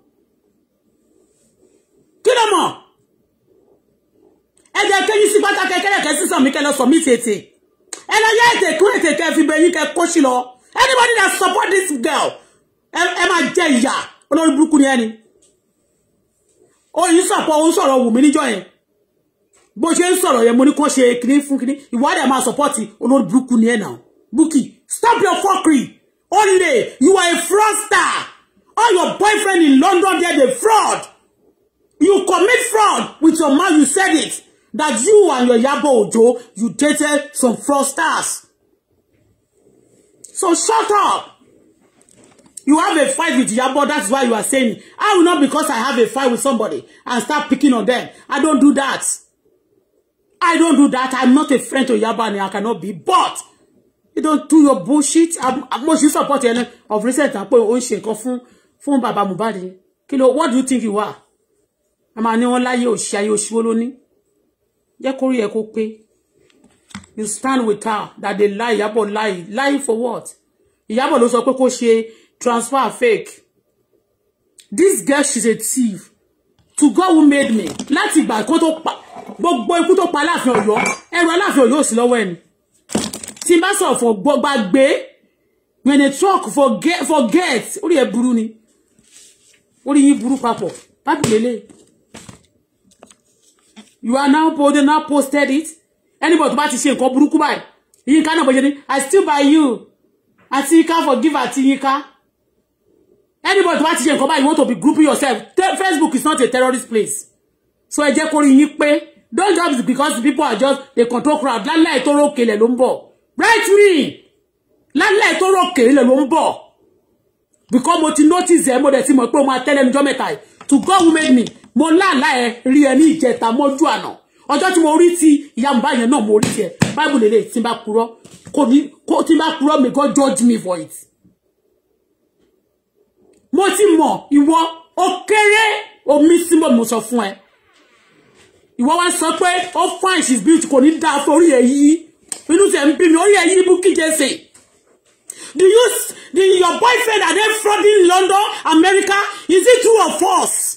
kí ló mọ̀ ẹ jẹ́ kéyìn sí pátá kẹkẹrẹkẹ sísan mi kẹ lọ sọ mí tètè ẹ lọ yẹ ètè kún ètè kẹ fi bẹyìn kẹ kó sí lọ anybody that support this girl ẹ máa jẹ ìyà olórí burúkú ni ẹni oyin sọpọ òun sọ̀rọ̀ wù mí níjọ́ yẹn bó ṣe ń sọ̀rọ̀ yẹn mo ní kó ṣe kíní fún kíní ìwádìí ẹ máa support olórí burúkú ni ẹ náà búkì stop your fuckery only you are a fraudster all your boyfriend in London there dey fraud. You commit fraud with your mouth. You said it. That you and your Yabo Ojo, you dated some fraudsters. So shut up. You have a fight with Yabo. That's why you are saying, I will not because I have a fight with somebody and start picking on them. I don't do that. I don't do that. I'm not a friend to Yabo and I cannot be. But you don't do your bullshit. I'm most you support of recent. I'm going to fún bàbá Mohbad. Kí ló, what do you think you are? a máa ní wọn láyé òṣì ayé oṣù wo ló ní ẹ kó pé you stand with her that they lie Ìyábọ̀ lie lie for what Ìyábọ̀ ló sọ pé kó ṣe transfer fake this girl she's a thief to God who made me láti ìgbà kó tó pa gbogbo ikú tó pa aláàfin Ọ̀yọ́ ẹrù aláàfin Ọ̀yọ́ ò sí lọ́wọ́ ẹni tí n bá sọ fọ gbọgbàgbé when they talk forget forget orí ẹ burú ni orí yín burú papọ̀ bábìlélẹ́yìn you are now holding now posted it anybody tó bá ti ṣe nǹkan burúkú báyìí Yínká náà bọ̀jẹ̀ ni I still buy you àti Yínká forgive àti Yínká anybody tó bá ti ṣe nǹkan you want to be grouping yourself Facebook is not a terrorist place so ẹ jẹ́ kó rí yín pé don't jump because people are just they control crowd lálẹ́ tó rókè lẹ̀ Le ń bọ̀ bright green lálẹ́ tó rókè lẹ̀ ló ń bọ̀ because mo ti notice ẹ mo dẹ̀ ti mọ̀ pé o máa tẹ́lẹ̀ níjọ́ mẹ́ta yìí to God who made me mo láàlá ẹ rí ẹ ní ìjẹta mọ́jú àná ọjọ́ tí mo rí ti ìyá mùbá yẹn náà mo rí tiẹ̀ báìbù lè lè tí n bá purọ́ kò ní kò tí n bá God judge me for it. mo ti mọ̀ ìwọ ó kéré omi sí mo mo sọ fún ẹ ìwọ wá sọ pé ó oh, fine she beautiful kò ní dáa fún orí ẹ yí inú tẹ̀ ń bí mi orí ẹ yí bú kíjẹ sè do you do your boyfriend are they frauding London America is it true or false.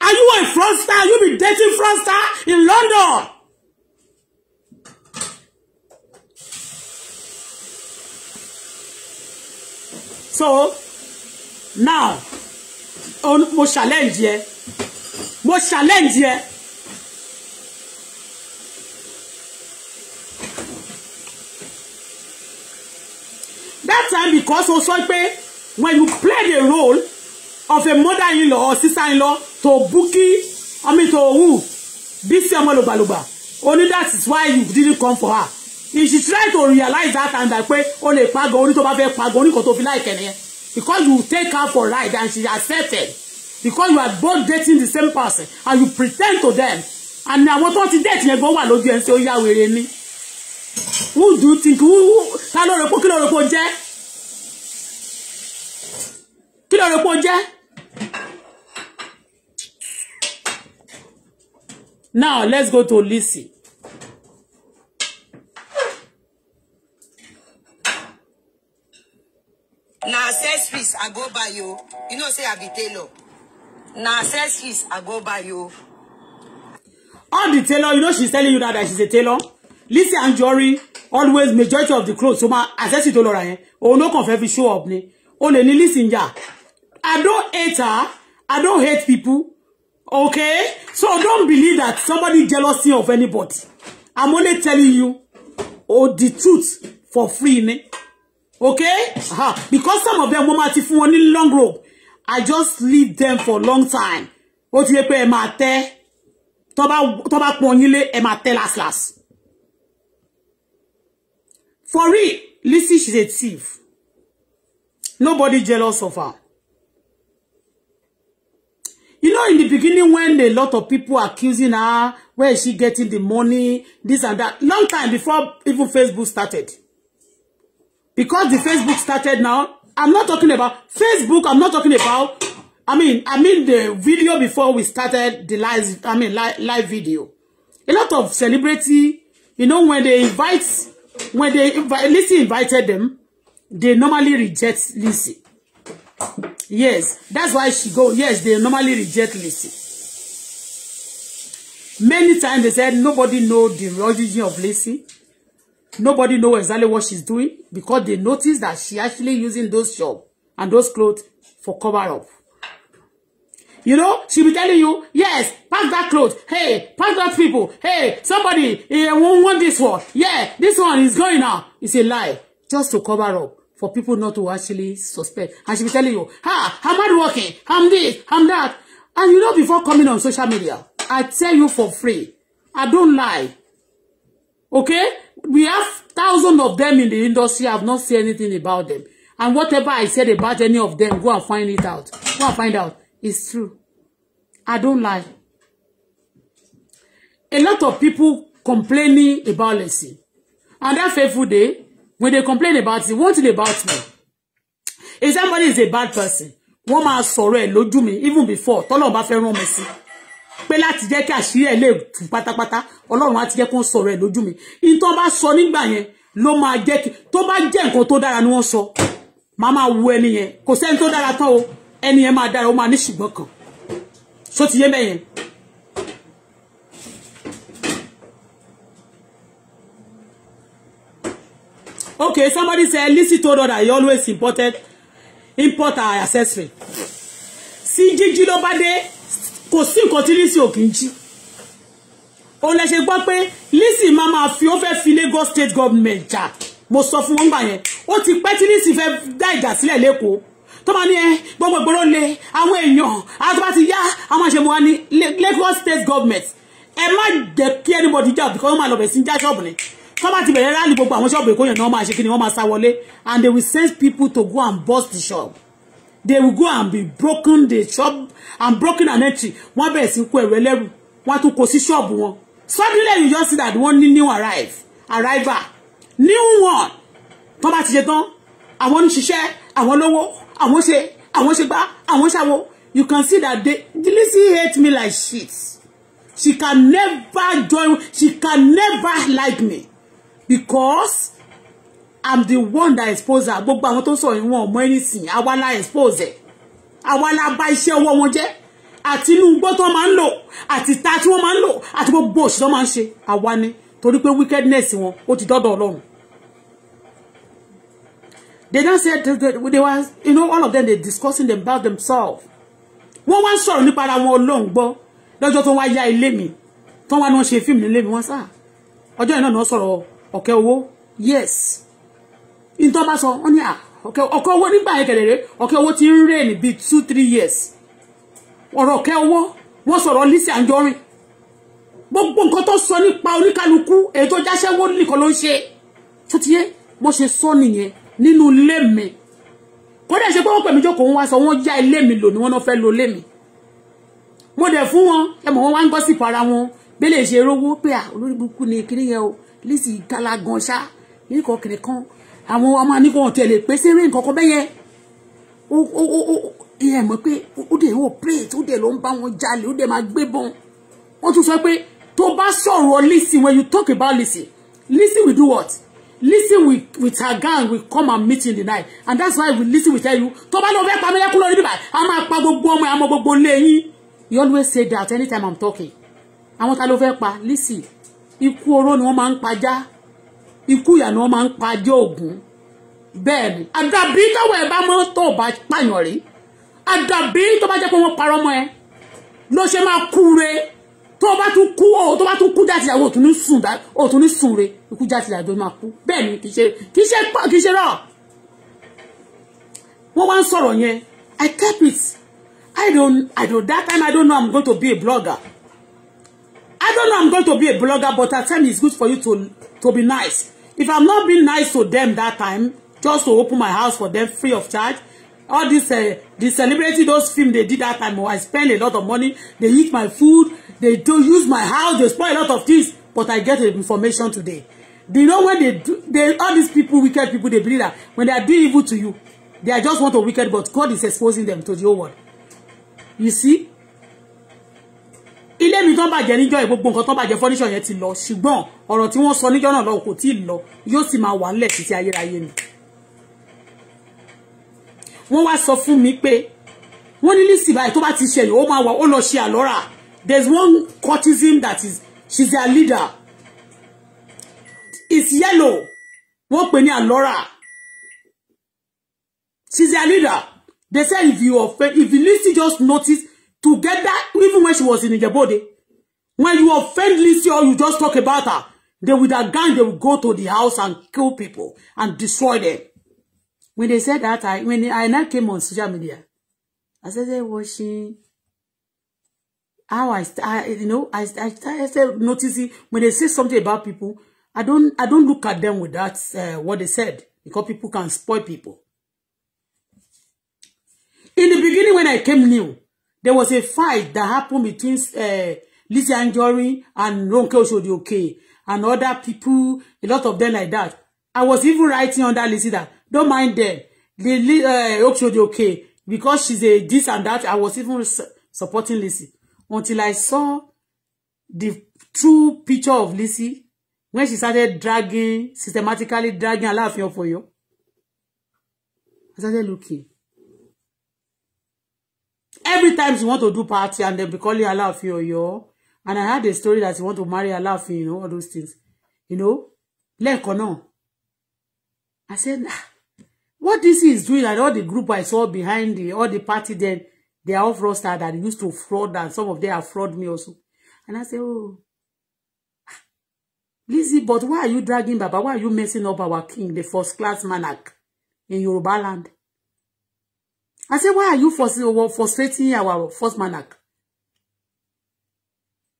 Are you a fraudster? You be dating fraudster in London. So now on mo challenge yẹ mo challenge yẹ that time because o sọ when you play the role of a mother-in-law or sister-in-law to bookie, I mean to who? This Bisi baluba. Only that is why you didn't come for her. If she tried to realize that and that pé ó lè pago orí tó bá fẹ́ pago orí kan tó like niyan. Because you take her for ride and she accepted. Because you are both dating the same person and you pretend to them. And àwọn tó ti date yẹn gan wà lójú en se ó ya Who do you think who Who? ló rò pé kí ló rò pé jẹ́? Kí ló rò Now let's go to Lizzy. na accessories i go buy you you know say i be tailor na accessories i go buy you all the tailor you know she's telling you that, that she's a tailor and Jory always majority of the clothes so my accessory tó lọ rà yẹn òun ló kàn show up Ne, o lè ní Lizzy ń I don't hate her. I don't hate people. Okay? So don't believe that somebody jealousy of anybody. I'm only telling you oh, the truth for free. Ne? Okay? Uh-huh. Because some of them woman if fún wọn ní long rope. I just leave them for long time. What you pay pé ẹ máa tẹ́ tó bá tó bá pọ́n last For real, Lizzy she's a thief. Nobody jealous of her. You know, in the beginning, when a lot of people accusing her, where is she getting the money, this and that, long time before even Facebook started. Because the Facebook started now, I'm not talking about Facebook, I'm not talking about, I mean, I mean the video before we started the live, I mean, live, live video. A lot of celebrity, you know, when they invite, when they, Lizzie invited them, they normally reject Lizzie. Yes, that's why she go. Yes, they normally reject Lacey. Many times they said nobody know the origin of Lacey. Nobody know exactly what she's doing because they notice that she actually using those shop and those clothes for cover up. You know, she be telling you, yes, pack that clothes. Hey, pack that people. Hey, somebody eh, won't want this one. Yeah, this one is going now. It's a lie just to cover up for people not to actually suspect. And she be telling you, "Ha, I'm hard working, I'm this, I'm that. And you know, before coming on social media, I tell you for free, I don't lie. Okay? We have thousands of them in the industry. I've not seen anything about them. And whatever I said about any of them, go and find it out. Go and find out. It's true. I don't lie. A lot of people complaining about Lesi. And that's every day, when they complain about it one thing about me if somebody is a bad person wọ́n máa sọ̀rọ̀ ẹ̀ lójú mi even before tọ́lọ́run bá fẹ́ rán mi sí pé láti jẹ́ kí àṣírí ẹ̀ lè tú pátápátá ọlọ́run á ti jẹ́ kó ń sọ̀rọ̀ ẹ̀ lójú mi ìtàn bá sọ nígbà yẹn ló máa jẹ́ kí tó bá jẹ́ nǹkan tó dára ni wọ́n sọ máa máa wo ẹni yẹn kò sẹ́ni tó dára tán o ẹni yẹn máa dára ó máa ní ṣùgbọ́n kan só ti yé bẹ́yẹn Okay, somebody say illicit told her that he always imported import her accessory. Sí jíjí ló bá dé kò sí nǹkan tí Lizzy ò kì í jí. Òun lè ṣe gbọ́ fi ó fẹ́ fi Lagos state government jà. Mo sọ fún wọn gbà yẹn. Ó ti pẹ́ tí Lizzy fẹ́ dá ìjà sílẹ̀ lẹ́kọ̀ọ́ tó máa ní ẹ gbogbo ìgboro le àwọn èèyàn àtúbà ti yá àwọn àṣemọ wa ní Lagos state government ẹ má jẹ́ kí anybody jà because wọ́n máa lọ bẹ̀ sí já ṣọ́ọ̀bù ni wọ́n bá ti bẹ̀rẹ̀ rally gbogbo àwọn ṣọ́ọ̀bù èkó yẹn ni wọ́n máa ṣe kí ni wọ́n máa sá wọlé and they will send people to go and burst the shop they will go and be broken the shop and broken an entry. wọ́n bẹ̀rẹ̀ sí kó ẹ̀rọ ẹlẹ́rù wọ́n tún kó sí ṣọ́ọ̀bù wọn suddenly you just see that one ní new arrive Arriver, new one tó bá ti ṣe tán àwọn ń ṣiṣẹ́ àwọn lówó àwọn ṣe àwọn ṣe gbá àwọn ṣàwo you can see that they Lizzy hate me like shit she can never join she can never like me because i'm the one that expose her gbogbo àwọn tó sọ yìí wọn ò mọ anything àwa expose ẹ àwa la bà iṣẹ́ ọwọ́ wọn jẹ́ àti inú igbó tó máa ń lò àti ìta tí wọ́n máa ń lò àti gbogbo òṣì tó máa ń ṣe àwa ni torí pé wickedness wọn ó ti dọ́dọ̀ ọlọ́run they don say they, they, were you know all of them they discussing them about themselves wọ́n wá ń sọ̀rọ̀ nípa ara wọn ọlọ́run gbọ́ lọ́jọ́ tó wá yá ilé mi tó wá ní wọ́n ṣe fíìmù nílé mi wọ́n sá ọjọ́ yẹn náà ni wọ́n sọ̀rọ̀ ọ̀kẹ́ owó yes nítorí bá sọ wọ́n ní à ọ̀kẹ́ owó nígbà yẹn kẹ̀lẹ́rẹ́ ọ̀kẹ́ owó ti ń rèé bíi two three years ọ̀rọ̀ ọ̀kẹ́ owó wọ́n sọ̀rọ̀ Lizzy Anjorin gbogbo nǹkan tó sọ nípa oníkálukú èyí tó jáṣẹ́ wọ́n nìkan ló ń ṣe tó ti yé bó ṣe sọ nìyẹn nínú ilé mi kódà ṣe pé wọ́n pè mí jókòó wọn wá sọ wọ́n já ilé mi lò ní wọ́n náà fẹ́ lo ilé mi mo dẹ̀ fún wọn ẹ mọ̀ wọ́n wá ń gọ́sìpọ̀ ara wọn bẹ́lẹ̀ ṣe rówó pé à olórí burúkú ni kiri yẹn o Lizzy ìtara gan ṣá níkọ̀ kìnì kan àwọn ọmọ aníkọ̀ọ́ tẹ̀lé pé sẹ́rẹ̀ nǹkan kan bẹ́yẹn ó ó ó ìyẹn mọ̀ pé ó dẹ̀ wọ́n plate ó dẹ̀ ló ń bá wọn jalè ó dẹ̀ máa bon? wọ́n tún sọ pé To bá sọ̀rọ̀ Lizzy when you talk about Lizzy Lizzy we do what Lizzy we with her gang we come and meet in the night and that's why we Lizzy We tell you tó bá lọ fẹ́ pa mẹ́lẹ́kú lórí bíbá a máa pa gbogbo ọmọ ẹ̀ àmọ́ gbogbo lẹ́yìn you always say that anytime I'm talking àwọn ta ló fẹ́ pa Lizzy ikú oró ni wọ́n máa ń pajá ikú ìyà ni wọ́n máa ń pajá ògún bẹ́ẹ̀ ni àdàbí tọ́wọ́ ẹ bá mọ́ tó o bá pààyàn rí àdàbí tó bá jẹ́ pé wọ́n parọ́ mọ́ ẹ ló ṣe máa kú re tó o bá tún kú o tó bá tún kú jáde ìyàwó òtún ní sùn òtún ní sùn re ikú jáde ìyàwó máa kú bẹ́ẹ̀ ni kì í ṣe kì í ṣe kì í ṣe rọ̀ wọ́n wá ń sọ̀rọ̀ yẹn I kept it I don't I don't that time I don't know I'm going to be a blogger. I don't know I'm going to be a blogger, but at time it's good for you to, to be nice. If I'm not being nice to them that time, just to open my house for them free of charge, all this, uh, the celebrity, those film they did that time, oh, I spend a lot of money, they eat my food, they do use my house, they spoil a lot of things, but I get information today. Do you know when they do, they, all these people, wicked people, they believe that when they are doing evil to you, they are just want to wicked, but God is exposing them to the whole world. You see? ilé mi tán bàjẹ́ níjọ́ ìgbogbo nǹkan tán bàjẹ́ fọ́níṣọ̀ yẹn ti lọ ṣùgbọ́n ọ̀rọ̀ tí wọ́n sọ níjọ́ náà lọ́wọ́ kò tí ì lọ yóò sì máa wà ńlẹ̀ títí ayérayé ni. wọ́n wá sọ fún mi pé wọ́n ní lísì báyìí tó bá ti ṣẹlẹ̀ ó máa wà ó lọ ṣe àlọ́ra there is one courtesan that is she is their leader it's yellow wọ́n pè ní àlọ́ra she is their leader they say if you offend if you listen just notice together, even when she was in Ijebode, when you offend Lizzie or you just talk about her, they with a gun they will go to the house and kill people and destroy them. When they said that, I when I now came on social media, I said started watching how I, I you know, I, I started noticing when they say something about people, I don't I don't look at them with that uh, what they said because people can spoil people. In the beginning, when I came new, There was a fight that happened between uh, eh, Lizzy Anjorin and Ronke Oshodi-Oke and other people, a lot of them like that. I was even writing on that Lizzie that, don't mind them. Lily uh, eh, oshodi because she's a this and that, I was even su supporting Lizzy. Until I saw the true picture of Lizzy when she started dragging, systematically dragging a Aláàfin of Ọ̀yọ́. I started looking. Every time she want to do party and they be calling Alaafin yo. And I had a story that she want to marry Alaafin, you know, all those things. You know, lẹ́ẹ̀kan náà. I said, nah, what this is doing and all the group I saw behind the, all the party then, they are all fraudsters that used to fraud and some of them have fraud me also. And I said, oh, ah, Lizzie, but why are you dragging Baba? Why are you messing up our king, the first class monarch in Yoruba land? I said, why are you frustrating our first manak?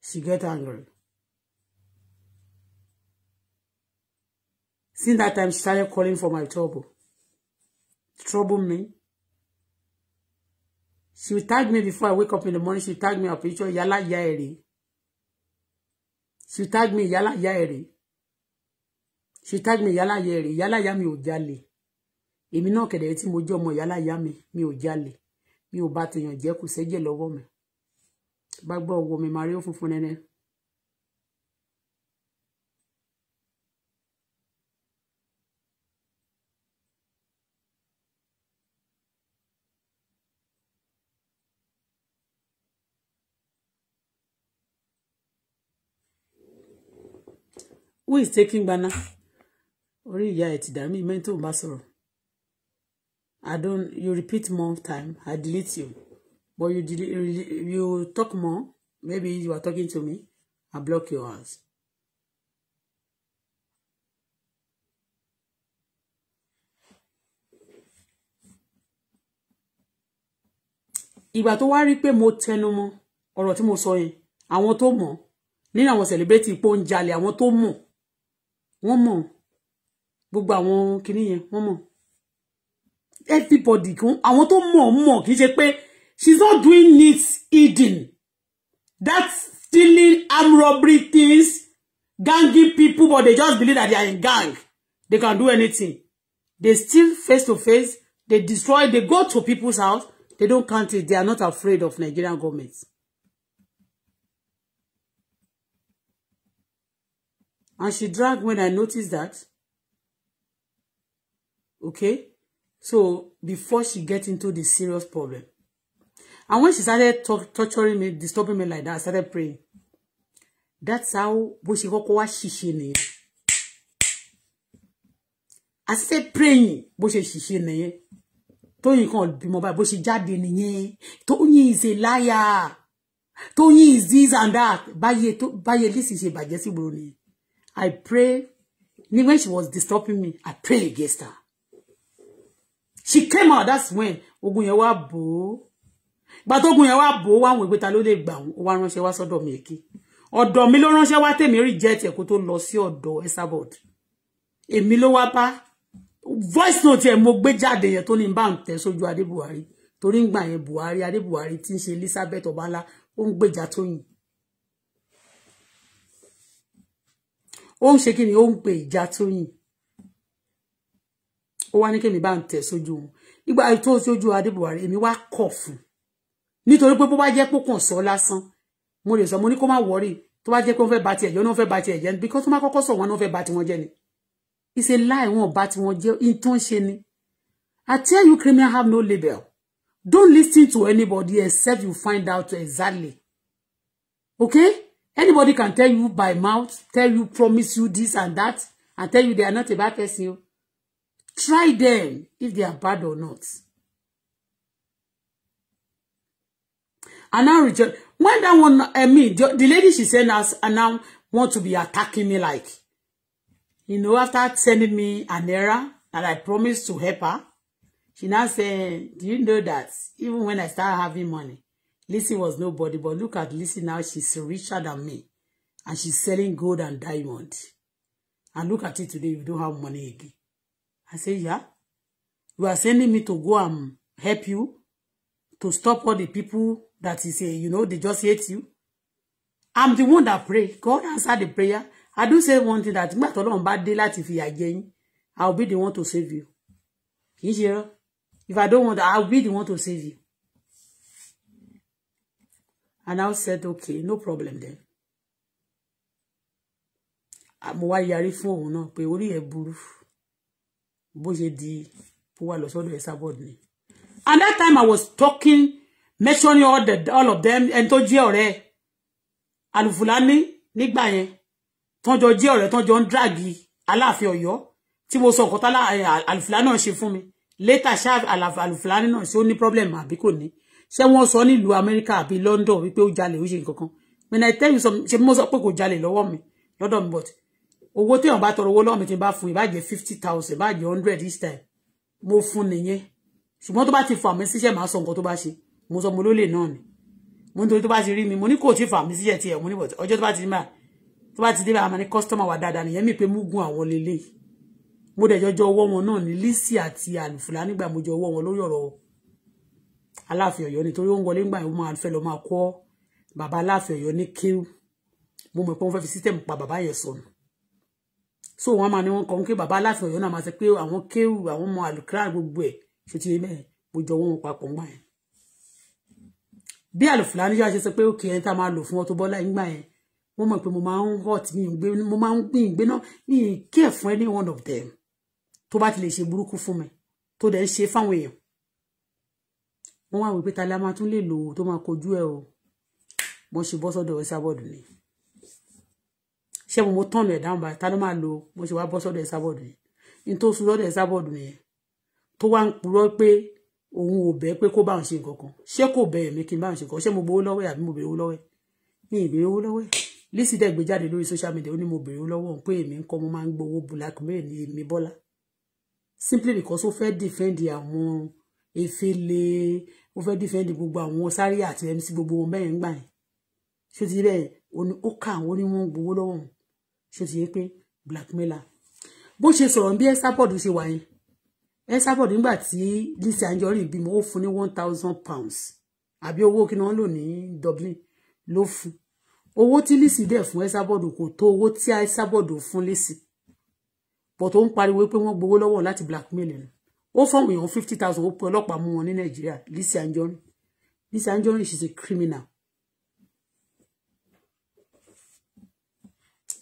She get angry. Since that time, she started calling for my trouble. Trouble me. She will tag me before I wake up in the morning. She will tag me a picture. Yala Yaeri. She will tag me Yala Yaeri. She will tag me Yala Yaeri. Yala Yami Ojale èmi náà kẹ̀dẹ̀ tí mo jẹ́ ọmọ ìyá láyà mi mi ò jalè mi ò bá tèèyàn jẹ́ kò sẹ́jẹ̀ lọ́wọ́ mi bá gbọ́ ọwọ́ mi máa rí funfun nẹ́nẹ́. who is taking gbana ori ìyá ẹ ti dàmí mẹ́tò bá sọ̀rọ̀. I don't, you repeat more time, I delete you. But you delete, you talk more, maybe you are talking to me, I block your ass. ìgbà tó wá rí pé mo tẹnu mọ́ ọ̀rọ̀ tí mo sọ yẹn àwọn tó mọ̀ nínú àwọn celebrity ipò ń jalè àwọn tó mọ̀ wọ́n mọ̀ gbogbo àwọn kinní yẹn wọ́n mọ̀ everybody kún àwọn to mọ̀ mọ̀ kì í ṣe she's not doing neat eating. that stealing arm robbery things gangy people but they just believe that they are in gang they can do anything they steal face to face they destroy they go to people's house they don't count it they are not afraid of Nigerian government. And she dragged when I noticed that. Okay? So before she get into the serious problem. And when she started torturing me, disturbing me like that, I started praying. That's how bó ṣe kọ́kọ́ wá ṣìṣe nìyẹn. I started praying bó ṣe ṣìṣe nìyẹn. Tóyìn kan bímọ báyìí bó ṣe jáde nìyẹn. Tóyìn is a liar. Tóyìn is this and that. Báyé báyé lísì ṣe bàjẹ́ sí ìgboro nìyẹn. I pray. When she was disturbing me, I pray against her she came out that's when ogun yẹn wá bò ó ìgbà tó ogun yẹn wá bò ó wá àwọn ìgbéta ló lè gbà ó wá ránṣẹ́ wá sọ́dọ̀ mi èké ọ̀dọ̀ mi ló ránṣẹ́ wá tèmi rí jẹ́ tiẹ̀ kó tó lọ sí ọ̀dọ̀ Esabod èmi ló wá bá voice note ẹ̀ mo gbé jáde yẹn tó ní bá ń tẹ̀ sójú adé Buhari torí ń gbà yẹn Buhari adé Buhari tí ń ṣe Elizabeth Ọbalá ó ń gbèjà Tóyìn ó ń ṣe kí ni ó ń ó wá ní kémi bá ń tẹ̀ sójú wọn nígbà tó sójú adébùwárí èmi wá kọ̀ fún nítorí pé bó bá jẹ́ pé kàn sọ lásán mo lè sọ mo ní kó má wọrí tó bá jẹ́ pé wọ́n fẹ́ bà tiẹ̀ jẹ́ wọ́n fẹ́ bà tiẹ̀ jẹ́ ni because tó má kọ́kọ́ sọ wọn ni wọ́n fẹ́ bà tiwọn jẹ́ ni ìṣe láì wọn bà tiwọn jẹ́ ìtàn ṣe ni I tell you criminal have no label don't listen to anybody except you find out exactly okay anybody can tell you by mouth tell you promise you this and that and tell you they are not a bad person o. Try them if they are bad or not. And now rejoice. When that one, I mean, the, the lady she sent us and now want to be attacking me like, you know, after sending me an error that I promised to help her, she now said, do you know that even when I started having money, Lissy was nobody, but look at Lissy now, she's richer than me. And she's selling gold and diamond. And look at it today, you don't have money again. I say, yeah. You are sending me to go and help you to stop all the people that is, say eh, you know, they just hate you. I'm the one that pray. God answer the prayer. I do say one thing that nígbà t'Ọlọ́run bá bad day fìyà if you again, I'll be the one to save you. Kì í If I don't want that, I be the one to save you. And I said, okay, no problem then. I'm ah, why yarí fún òun no? pé orí ẹ̀ burú bó ṣe di ó wà lọ sọ́dọ̀ ẹ̀ sábọ̀dù ni and that time I was talking mentioning all, the, all of them ẹni tó jẹ́ ọ̀rẹ́ alùfùlání nígbà yẹn tọ́jọ́ jẹ́ ọ̀rẹ́ tọ́jọ́ ń dráàgì aláàfin ọ̀yọ́ tí mo sọ ọ̀kọ́tà alùfùlání náà ṣe fún mi later ṣá alùfùlání No, ṣé ó ní problem àbí kò ní ṣé wọ́n sọ nílùú Amẹ́ríkà àbí London wípé ó jalè ó ṣe nǹkan kan when I tell you some ṣe mo sọ pé kò jalè lọ́wọ́ mi lọ́dọ̀ mi but owó téèyàn bá tọrọ owó lọ́wọ́ mi ba bá fún ìbàjẹ́ fifty thousand ìbàjẹ́ hundred this time mo fún nìyẹn ṣùgbọ́n tó ba ti fà mí síṣẹ́ màá sọ nǹkan tó bá ṣe mo sọ mo lólè náà ni mo nítorí tó bá ti rí mi mo ní kò tí fà mí síṣẹ́ tiẹ̀ mo ní bọ̀tẹ́ ọjọ́ tó bá ti rí mà tó bá ti dé báyà máa ní kọ́sítọ́mà wà dáadáa nìyẹn mi pé mú gun àwọn lélẹ̀ mo dẹ̀ jọjọ ọwọ́ wọn náà ní Lizzy àti àlùfùlà nígbà mo jọ ọwọ́ wọn lórí ọ̀rọ̀ Aláàfin Ọ̀yọ́ nítorí ó ń wọlé ńgbà mo máa fẹ́ lọ máa kọ́ bàbá Aláàfin Ọ̀yọ́ ní kéwù mo mọ̀ pé wọ́n fẹ́ fi pa bàbá yẹn sọnù so wọn máa ní wọn kàn ń ké bàbá aláàfin Ọ̀yọ́ náà máa sọ pé àwọn kéwù àwọn ọmọ àlùkìrá gbogbo ẹ ṣe ti rí mẹ́rin mo jọ wọn papọ̀ ńgbà yẹn bí àlùfùlàní yá ṣe sọ pé òkè ẹni tá a máa lò fún Auto Bola ńgbà yẹn wọ́n mọ̀ pé mo máa ń hot mi ìgbé mo máa ń gbìn ìgbé náà mi ì kí ẹ̀ fún any one of them tó bá ti lè ṣe burúkú fún mi tó dẹ̀ ń ṣe fáwọn èèyàn wọ́n wá wípé ta la máa tún lè lò ó tó máa kojú ẹ̀ o mo ṣe bọ́ sọ́dọ̀ ẹ̀ sábọ̀dù ni ṣé mo tọ̀nù ẹ̀ dáhùn báyìí ta ló máa lo mo ṣe wá bọ́ sọ́dọ̀ ẹ̀ sábọ̀dù yẹn ní tó sùn lọ́dọ̀ ẹ̀ sábọ̀dù yẹn tó wá ń purọ́ pé òun ò bẹ́ pé kó bá òun ṣe nǹkan kan ṣé kò bẹ́ ẹ̀mí kí n bá òun ṣe nǹkan ṣé mo gbowó lọ́wọ́ àbí mo bèrè owó lọ́wọ́ ní ìbèrè owó lọ́wọ́ Lizzy dẹ̀ gbé jáde lórí social media ó ní mo bèrè owó lọ́wọ́ òun pé èmi ń kọ́ mo máa ń gbowó blackmail ní èmi Bọ́lá simply because ó fẹ́ defend àwọn efele ó fẹ́ defend gbogbo àwọn sáré àti mc gbogbo wọn bẹ́ẹ̀ ń gbà yẹn ṣé ti bẹ́ẹ̀ ó ní ó kà gbowó lọ́wọ́ òun ṣe ti yé pé blackmailer bó ṣe sọ̀rọ̀ bí ẹ́sàbọ̀dù ṣe wà yẹn ẹ́sàbọ̀dù nígbà tí Lizzy Anjorin bímọ ó fún ní one thousand pounds àbí owó kí wọ́n lò ní Dublin ló fún owó tí Lizzy dẹ̀ fún ẹ́sàbọ̀dù kò tó owó tí ẹ́sàbọ̀dù fún Lizzy but ó ń pariwo pé wọ́n gbowó lọ́wọ́ láti blackmail ni ó fọ̀wé èèyàn fifty thousand ó pe ọlọ́pàá mú wọn ní Nàìjíríà Lizzy Anjorin Lizzy Anjorin she's a criminal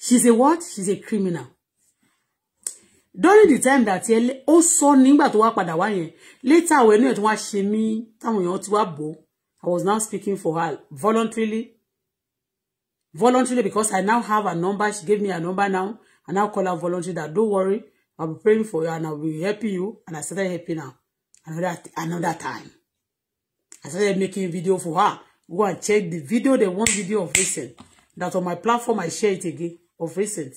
she's a what she's a criminal during the time that ẹ also sọ nígbà tó wá padà wá later when ẹni ẹ tó wá ṣe mí táwọn èèyàn i was now speaking for her voluntarily voluntarily because i now have a number she gave me a number now i now call her voluntarily that don't worry i'll be praying for you and i'll be helping you and i started helping her another another time i started making a video for her go and check the video the one video of recent that on my platform i share it again of recent.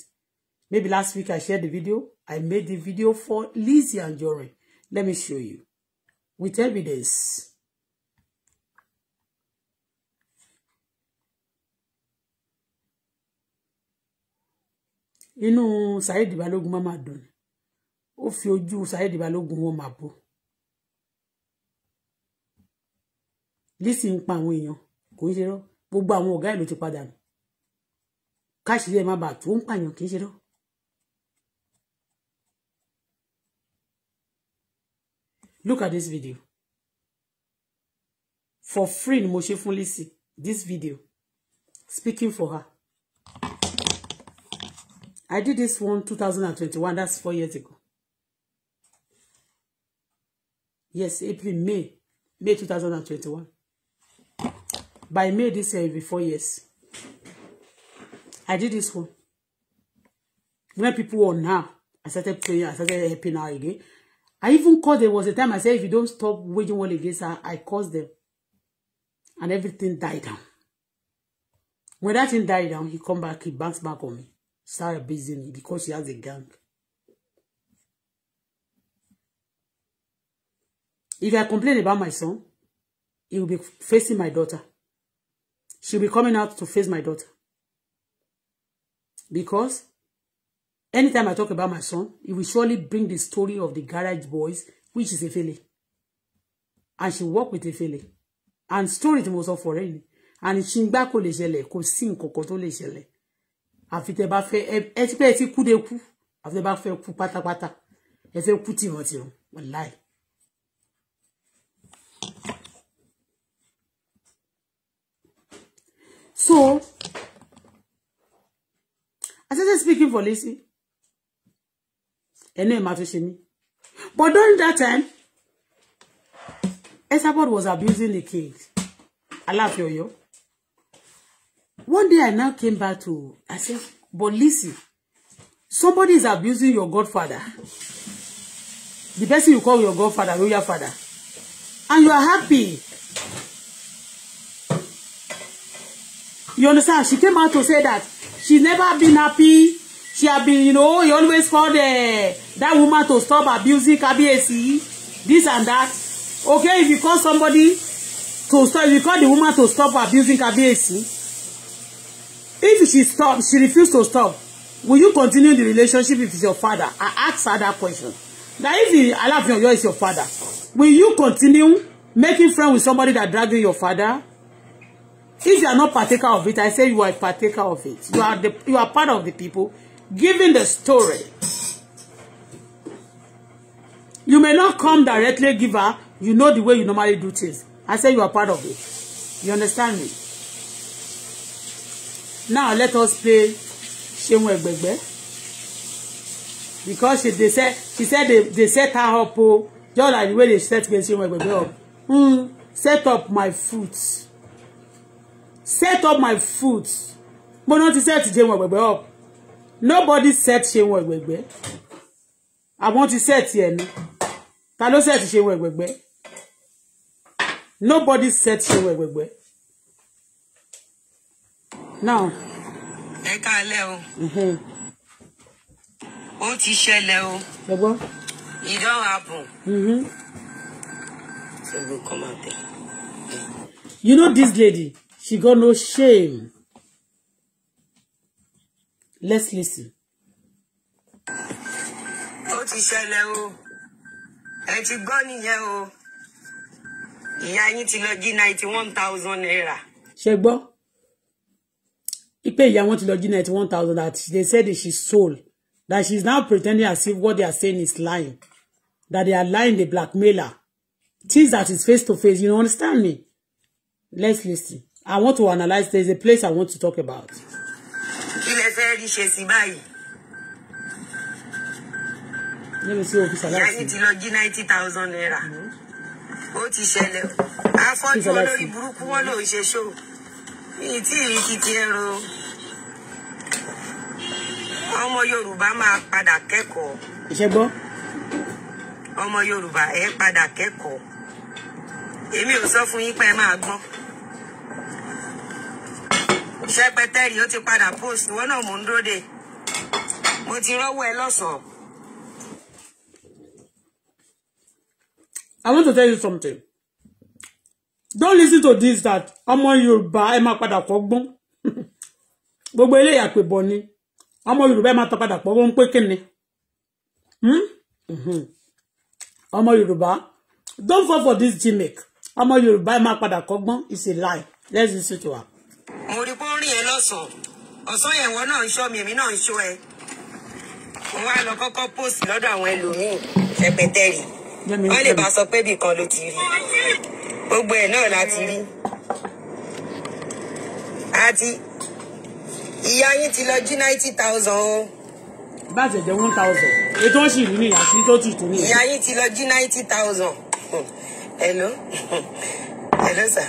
Maybe last week I shared the video. I made the video for Lizzie and Jory. Let me show you with evidence. Inú Saheed Balogun máa máa dùn. Ó fi ojú Saheed Balogun wọn máa bò. Lizzie ń pa àwọn èèyàn kò ń ṣe rọ́. Gbogbo àwọn ọ̀gá ẹ̀ ló ti padà nù káṣíìrí ẹ̀ má bàa tó ń pààyàn kì í ṣe rọ́. Look at this video. For free ni mo ṣe fún Lizzy this video speaking for her. I did this one 2021 that's four years ago. Yes, April, May, May 2021. By May this year, it be four years. I did this one. When people were now, I started praying, I started helping her again. I even called, there was a time I said, if you don't stop waging war against her, I caused them. And everything died down. When that thing died down, he come back, he bounced back on me. Start abusing me because he has a gang. If I complain about my son, he will be facing my daughter. She'll be coming out to face my daughter. Because anytime I talk about my son, it will surely bring the story of the garage boys, which is a filly, And she worked with a filly, And story tí mo sọ for any. And she ń gbà kò lè ṣẹlẹ̀, kò sí nǹkankan tó lè ṣẹlẹ̀. Àfi tẹ́ bá fẹ́ ẹ ti pẹ́ ti kú de kú. Àfi tẹ́ bá fẹ́ kú pátápátá. Ẹ fẹ́ kú tìràn tìràn. Wallahi. So I started speaking for Lizzy ẹnu ẹ̀ máa tún ṣe but during that time Esabod was abusing the king yo, yo. one day I now came back to I said but Lizzy somebody is abusing your godfather the person you call your godfather royal father and you are happy you understand she came out to say that She's never been happy. She have been, you know, he always called uh, that woman to stop abusing Kabiyesi, this and that. Okay, if you call somebody to stop, if you call the woman to stop abusing Kabiyesi, if she stop, she refuse to stop, will you continue the relationship if it's your father? I asked her that question. Now, if he, Alaafin Oyo is your father, will you continue making friends with somebody that dragging your father? Since you are not partaker of it, I say you are a partaker of it. You are the you are part of the people giving the story. You may not come directly giver. You know the way you normally do things. I say you are part of it. You understand me? Now let us play Seun Egbegbe. Because she they said she said they, they set her up oh, just like the way they set Seun Egbegbe up. Mm, set up my foot set up my foot mo náà ti set Ṣeun Ẹ̀gbẹ̀gbẹ́ up nobody set Ṣeun I want to set here. ni ta ló set Ṣeun Ẹ̀gbẹ̀gbẹ́ nobody set Ṣeun Ẹ̀gbẹ̀gbẹ́ now. ẹ káalẹ́ o mm-hmm. ó ti ṣẹlẹ̀ o it don happen. Mm-hmm. so we come out there. you know this lady. She got no shame. Let's listen. Ó ti ṣẹlẹ̀ o, ẹ ti gbọ́ nìyẹn o, ìyá yín ti lọ jí ninety one thousand naira. Ṣé gbọ́? Ipe ìyá wọn ti lọ jí ninety one thousand that they said that she sold that she is now pretending as if what they are saying is lying that they are lying the blackmailer things that is face to face you understand me? Let's listen. I want to analyze. There's a place I want to talk about. Let me see. ṣe sí báyìí. Lẹ́nu sí òfin ninety thousand naira. Ó ti ṣẹlẹ̀. I found burúkú wọn lòún ṣe ṣó. Ìyí tí ìrì ti here, ẹ̀rọ. Ọmọ Yorùbá máa padà kẹ́kọ̀ọ́. Ìṣẹ́gbọ́. Ọmọ Yorùbá ẹ̀ padà kẹ́kọ̀ọ́. Èmi ò sọ fún yín pé ẹ máa gbọ́n sẹpẹtẹrì ó ti padà post wọn náà mò ń dúró mo ti rọ́wọ́ ẹ lọ́sọ̀ọ́. I want to tell you something. Don't listen to this that ọmọ Yorùbá ẹ máa padà kọ́gbọ́n. Gbogbo eléyà pè bọ̀ ni. Ọmọ Yorùbá ẹ máa padà kọ́gbọ́n pé kíni. Hmm? Hmm. Ọmọ Yorùbá don't fall for this gimmick. Ọmọ Yorùbá ẹ máa padà kọ́gbọ́n is a lie let's listen to her. mo rí pọ́nrín yẹn lọ́sàn-án ọ̀sán yẹn wọ́n náà ń ṣọ́ mi èmi náà ń ṣọ́ ẹ mo wá lọ kọ́kọ́ post lọ́dọ̀ àwọn ẹlòmíì o wọ́n lè bá sọ pé bìkan ló ti rí gbogbo ẹ̀ náà láti rí àti ìyá yín ti lọ jí ninety thousand o. bá a ṣe jẹ́ one thousand ètò ọ̀sìn ìlú nìyà sí tó tù tó nìyà. ìyá yín ti lọ jí ninety thousand hello hello sir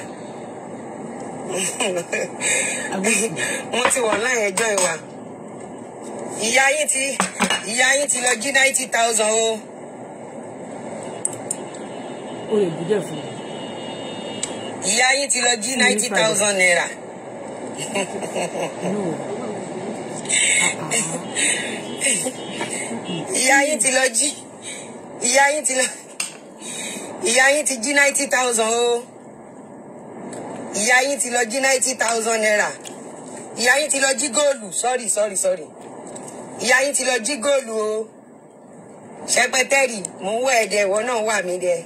wọ́n ti wọ̀ láyé ẹjọ́ ìwà ìyá yín ti ìyá yín ti lọ jí ninety thousand o. o lè bú jẹ fún mi. ìyá yín ti lọ jí ninety thousand naira. ìyá yín ti lọ jí ìyá yín ti lọ ìyá yín ti jí ninety thousand o ìyá yín ti lọ jí ninety thousand naira ìyá yín ti lọ jí góòlù sorry sorry sorry ìyá yín ti lọ jí góòlù o ṣẹpẹtẹrì mò ń wọ ẹdẹ ìwọ náà wà mí dẹ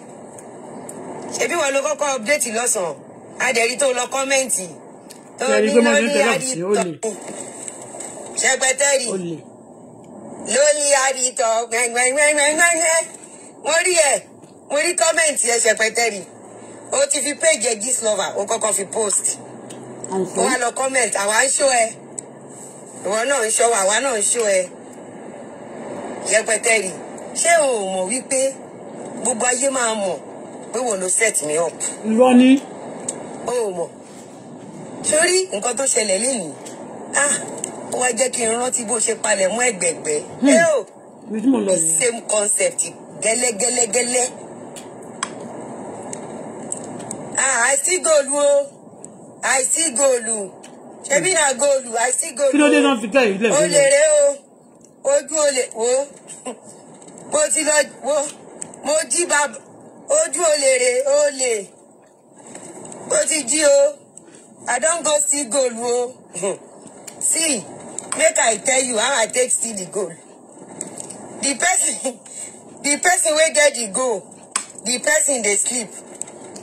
ṣebí wọn ló kọ́kọ́ update lọ́sàn adẹrí tó lọ kọmẹǹtì tó ní lórí àdìtọ ṣẹpẹtẹrì lórí àdìtọ gbẹngbẹngbẹngbẹngbẹ mo rí ẹ mo rí kọmẹǹtì ẹ ṣẹpẹtẹrì ó ti fi page ẹ gist lover ó kọ́kọ́ fi post ó wá lọ comment àwa ń ṣó ẹ ìwọ náà ń ṣọ́ àwa náà ń ṣó ẹ yẹpẹtẹ rí ṣé o ò mọ̀ wípé gbogbo ayé máa mọ̀ pé wọ́n ló set me up. irọ́ ni. o ò mọ̀ sórí nǹkan tó ṣẹlẹ̀ lẹ́yìn ah ó wá jẹ́ kí n rántí bó ṣe palẹ̀ mọ́ ẹ̀gbẹ̀gbẹ́ ẹ hmm. o the same concept gẹ́lẹ́gẹ́lẹ́gẹ́lẹ́ ah i see gold, wo. i see gold, goal Shebi na goal i see gold. o kí ló dé náà fi tẹ̀ ilé mi. olè rè wo mo ti lọ wo mo jí bàbá ojú olè rè olè mo ti jí o i don't go see gold, wo. see make i tell you how i take see the gold. the person the person where get the gold, the person they sleep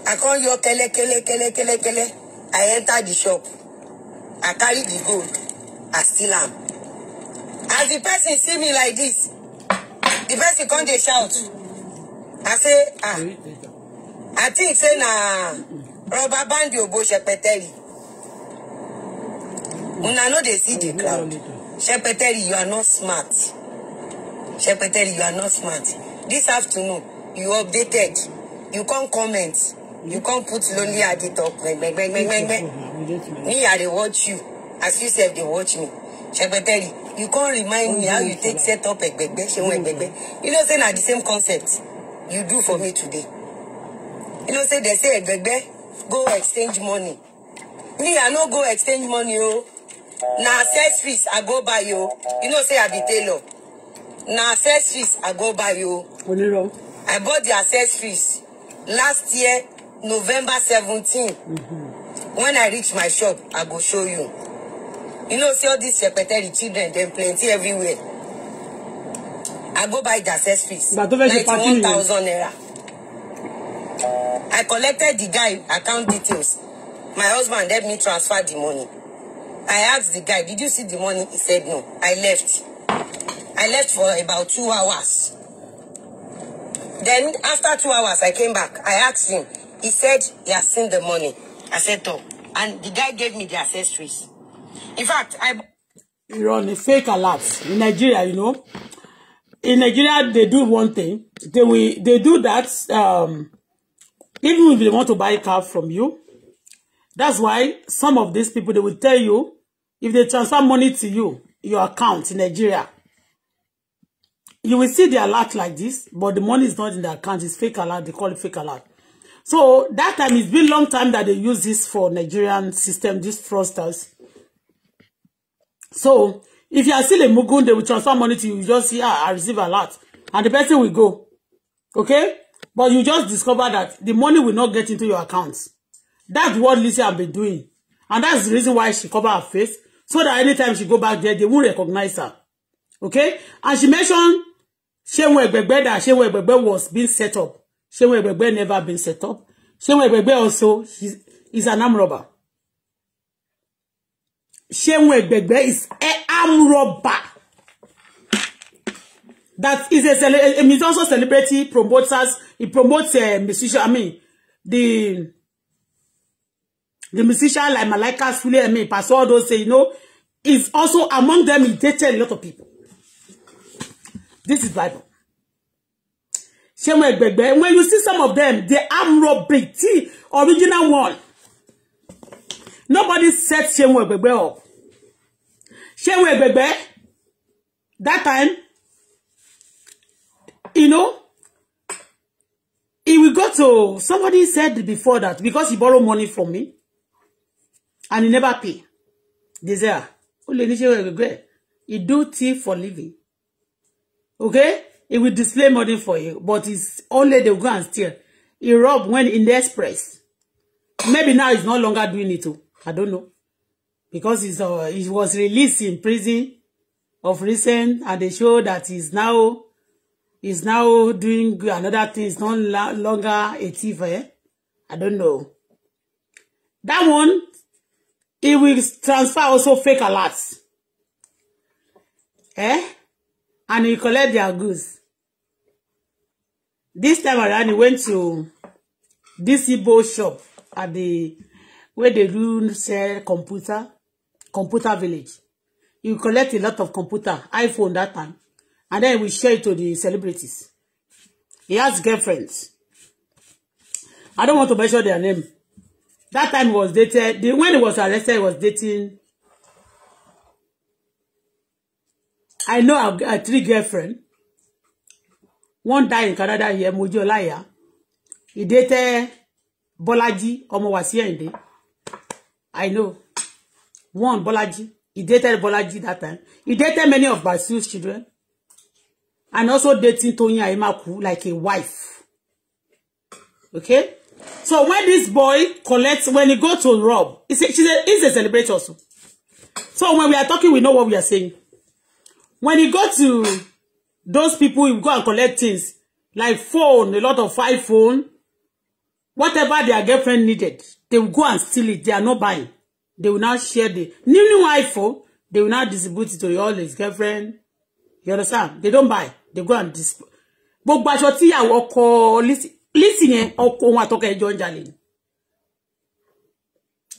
I come yọ kẹlẹkẹlẹ kẹlẹkẹlẹkẹlẹ. I enter the shop. I carry the gold. I steal am. As the person see me like this, the person come dey shout. I say, ah, I think say na rubber band obo shepeteri. Una no dey see the oh, crowd. Shepeteri, you are not smart. Shepeteri, you are not smart. This afternoon, you updated. You can't comment. You can't put lonely at the top. Me, I dey watch you. As you said, they watch me. Shegbeteri, you can't remind oh, me how you take set up egbegbe, shewon egbegbe. You know, say na the same concept you do for me today. You know, say they say egbegbe, go exchange money. Me, I no go exchange money, oh. Now accessories i go buy you you know say i be tailor Now accessories i go buy you i bought the accessories last year november 17 mm-hmm. when i reach my shop i go show you you know see all these sepeteri children dem plenty everywhere i go buy the accessories, ninety-one thousand naira i collected the guy account details my husband help me transfer the money i asked the guy did you see the money he said no i left i left for about two hours then after two hours i came back i asked him He said he has seen the money. I said, oh. And the guy gave me the accessories. In fact, I. Irọ́ a fake alert in Nigeria, you know. In Nigeria, they do one thing. They we they do that. Um, even if they want to buy a car from you, that's why some of these people, they will tell you, if they transfer money to you, your account in Nigeria, you will see the alert like this, but the money is not in the account. It's fake alert. They call it fake alert. So that time, it's been long time that they use this for Nigerian system, these thrusters. So if you are still a Mugun, they will transfer money to you. You just see, ah, I receive a lot. And the person will go. Okay? But you just discover that the money will not get into your account. That's what Lizzy have been doing. And that's the reason why she cover her face. So that anytime she go back there, they won't recognize her. Okay? And she mentioned Seun Egbegbe that Seun Egbegbe was being set up. Seun Bebe never been set up. Seun Bebe also is an arm robber. Seun Bebe is an arm robber. That is a, a, he's um, also celebrity promoters. He promotes a uh, musician. I mean, the the musician like Malika Sule. I mean, Pastor all those say you know is also among them. He dated a lot of people. This is Bible. Shemo Egbegbe. When you see some of them, they arm robbery, T, original one. Nobody set Shemo Egbegbe up. Shemo Egbegbe, that time, you know, he will go to, somebody said before that, because he borrowed money from me, and he never pay. They say, ah, he do tea for living. Okay? He will display money for you, but it's only the go and steal. He rob when in the express. Maybe now he's no longer doing it too. I don't know. Because he's, uh, he was released in prison of recent, and they show that he's now he's now doing another thing. It's no longer a thief. Eh? I don't know. That one, it will transfer also fake alerts. Eh? And he collect their goods. This time around, he went to this Igbo shop at the where they do sell computer, computer village. You collect a lot of computer, iPhone that time, and then we share it to the celebrities. He has girlfriends. I don't want to mention their name. That time he was dated. The, when he was arrested, he was dating. I know a, a three girlfriend one died in Canada here, Moji Olaiya. He dated Bolaji, ọmọ Wasiu Ayinde. I know. One, Bolaji. He dated Bolaji that time. He dated many of Basu's children. And also dating Tonya Imaku like a wife. Okay? So when this boy collects, when he go to rob, he's a, she's a, he's a celebrate So when we are talking, we know what we are saying. When he go to Those people will go and collect things like phone, a lot of iPhone, whatever their girlfriend needed, they will go and steal it. They are not buying. They will now share the new new iPhone. They will now distribute it to all his girlfriend. You understand? They don't buy. They go and dis. But aṣọ tí ìyàwó ọkọ lísì Listen, listen òun àtọkọ ẹjọ ń jalè ni.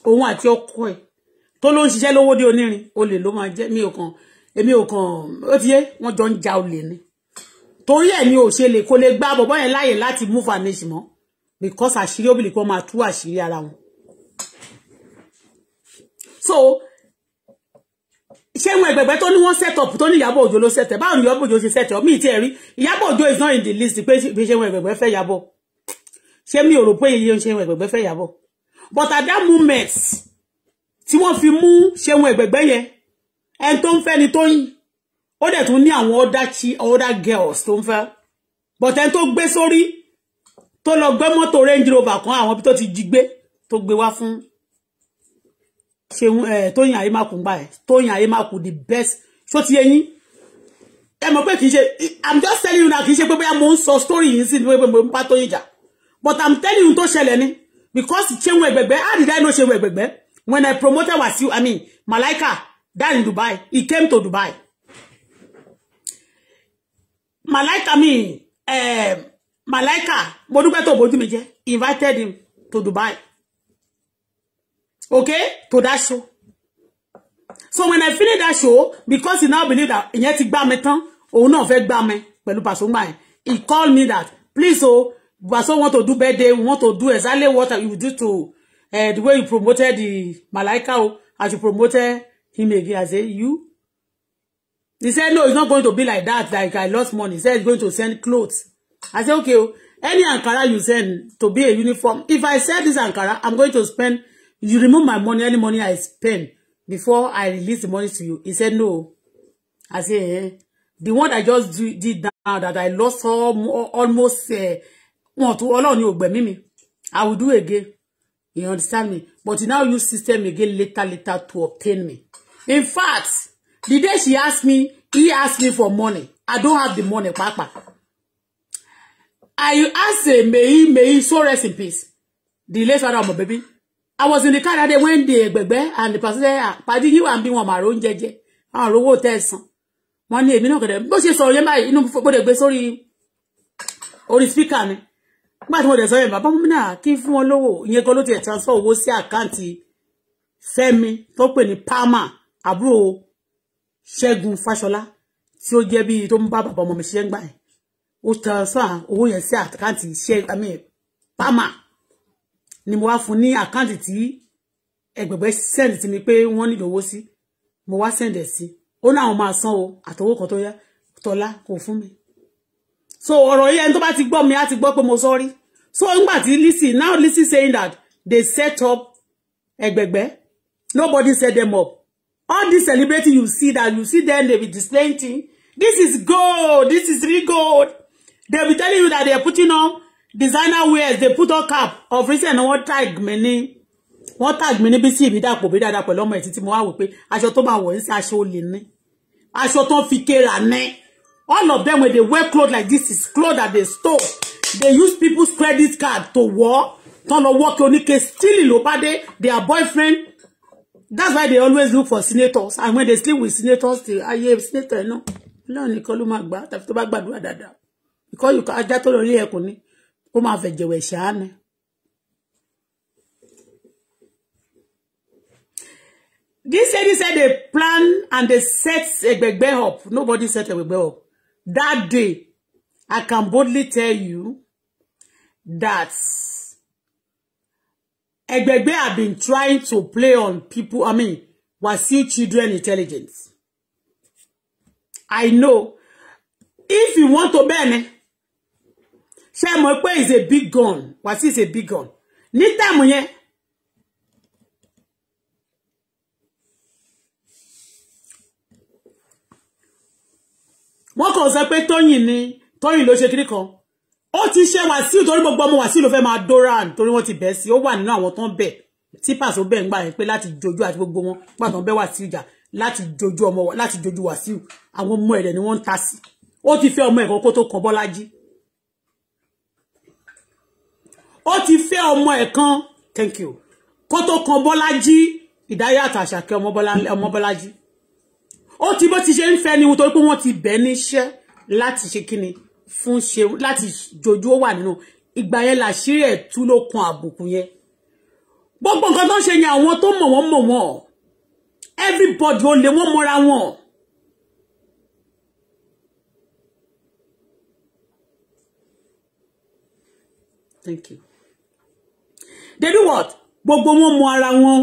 Òun àti ọkọ ẹ̀ tó ló ń ṣiṣẹ́ lówó dé onírin olè ló máa jẹ́ mí Emi o kàn ó ti yé wọ́n jọ ń ja olè ni torí ẹ̀ ni ò ṣe lè kó lè gbá bọ̀bọ́ yẹn láàyè láti mú fanage mọ́ because àṣírí obìnrin kí wọ́n máa tú àṣírí ara wọn. so ṣé wọn ẹgbẹgbẹ tó ní wọn set up tó ní Ìyábọ̀ Òjó ló set up báwo ni yabo Òjó ṣe set up mi ti ẹ̀ rí Ìyábọ̀ is not in the list pé ṣé wọn ẹgbẹgbẹ fẹ́ Ìyábọ̀ ṣé mi ò rò pé iye ṣé wọn ẹgbẹgbẹ fẹ́ Ìyábọ̀ but at that moment tí wọ́n fi mú ṣé wọn ẹgbẹgbẹ yẹn ẹni tó ń fẹ́ ni Tóyìn ó dẹ̀ tún ní àwọn other chi other girls tó ń fẹ́ but ẹni tó gbé sórí tó lọ gbé mọ́tò Range Rover kan àwọn bí tó ti jí gbé tó gbé wá fún ṣeun ẹ Tóyìn Ayémákù gbà ẹ Tóyìn Ayémákù the best ṣó ti yẹ yín ẹ mọ̀ pé kì í ṣe i'm just telling you na kì í ṣe pé bóyá mo ń sọ story yìí sí pé mo ń bá Tóyìn jà but i'm telling you tó ṣẹlẹ̀ ni because ṣeun ẹgbẹgbẹ how did i know ṣeun ẹgbẹgbẹ when i promoted Wasiu i mean Malaika That in Dubai. He came to Dubai. Malaika mi, eh, Malaika, Bodubeto Bodumije, invited him to Dubai. Okay? To that show. So when I finished that show, because he now believe that ìyẹn ti gbà mí tán, òun náà fẹ́ gbà mí pẹ̀lú Pasuma He called me that, please, oh, Pasuma want to do birthday, we want to do exactly what you do to uh, the way you promoted the Malaika, oh, as you promoted him again. I said, you? He said, no, it's not going to be like that. Like I lost money. He said, he's going to send clothes. I said, okay, oh, any Ankara you send to be a uniform. If I sell this Ankara, I'm going to spend, you remove my money, any money I spend before I release the money to you. He said, no. I said, eh? The one I just do, did now that I lost all, almost, uh, eh, to all on you ògbẹ̀mí mi I will do again you understand me but now use system again later later to obtain me In fact, the day she asked me, he asked me for money. I don't have the money, Papa. I asked him, may he, may he, so rest in peace. The late father of my baby. I was in the car that day when the gbẹgbẹ and the person said, ah, Padi, you and me want my own JJ. I don't know what else. Wọ́n ní èmi náà kẹ̀dẹ̀. Bó ṣe sọ̀rọ̀ yẹn báyìí, inú gbọ́dọ̀ gbé sórí orí spíkà ni. Nígbà tí wọ́n dẹ̀ sọ yẹn, bàbá mi náà ah, kí fún wọn lówó. Ìyẹn kan transfer owó sí county. Fẹ́mi Talk pè ní Palmer àbúrò Ṣẹ́gun Fáṣọlá tí ó jẹ́ bíi tó ń bá bàbá ọmọ mi ṣiṣẹ́ ń gbà yẹn ó tan sáà owó yẹn sí àkáǹtì ṣẹ́ àmì pàmà ni mo wá fún ní àkáǹtì tí ẹgbẹ̀gbẹ́ send ti mi pé wọ́n nílò owó sí mo wá send ẹ̀ sí ó ní àwọn máa san o àtọwọ́ kan tó yá tọ́lá kò fún mi so ọ̀rọ̀ yẹn tó bá ti gbọ́ mi á ti gbọ́ pé mo sọ́rí so nígbà tí Lizzy now Lizzy saying that they set up ẹgbẹ̀gbẹ́ nobody set them up All this celebrity you see that you see them, they be displaying thing. This is gold. This is real gold. They'll be telling you that they're putting on designer wears. They put on cap of recent what tag many. what tag many be see ìbídàpọ̀ bí be that ọmọ ìtítí mo wá wò pé aṣọ tó máa wọ̀ ní sí aṣọ olè ní. Aṣọ All of them when they wear clothes like this is clothes that they stole. They use people's credit card to wọ̀. Tán lọ wọ́ kí oníke stealing they bá Their boyfriend that's why they always look for senators and when they sleep with senators they ayé senator no, náà nìkan ló máa gbà tàbí tó bá gbàdúrà dáadáa because you ajá tó lọ ilé ẹkùn ni ó máa fẹ́ jẹ̀wẹ̀ ṣáá ni. This lady said they plan and they set a Egbegbe up. Nobody set a Egbegbe up. That day, I can boldly tell you that Egbegbe have been trying to play on people, I mean, was Wasiu children intelligence. I know. If you want to bẹ́ẹ̀ ṣe mọ̀ pé is a big gun. Wasiu is a big gun. Ní táàmù yẹn, wọ́n kàn sọ pé Tóyìn ni Tóyìn ló ṣe kiri kan ó ti ṣe Wàsíù torí gbogbo ọmọ Wàsíù ló fẹ́ máa dóra torí wọ́n ti bẹ̀ sí ó wà nínú àwọn tó ń bẹ̀ tí pàṣẹ bẹ́ẹ̀ ń gbà yẹn pé láti jojú àti gbogbo wọn gbà tó ń bẹ́ Wàsíù jà láti jojú ọmọ láti jojú Wàsíù àwọn ọmọ ẹ̀rẹ̀ ni wọ́n ń ta sí ó ti fẹ́ ọmọ ẹ̀kọ́ kó tó kọ Bọ́lájí ó ti fẹ́ ọmọ ẹ̀ kan thank you kó tó kan Bọ́lájí Ìdáyàtọ̀ Àṣàkẹ́ ọmọ Bọ́lájí ó ti bó ti ṣe ń fẹ́ ni torí pé wọ́n ti bẹ̀ níṣẹ́ láti ṣe kíni fún ṣerú láti jojú ó wà nínú ìgbà yẹn làṣírí ẹ̀ tú ló kan àbùkù yẹn gbogbo nǹkan tó ń ṣe ni àwọn tó mọ̀ wọ́n mọ̀ wọ́n everybody ó lè wọ́n mọ́ra wọn. Thank you. They do what? Gbogbo wọn mọ ara wọn.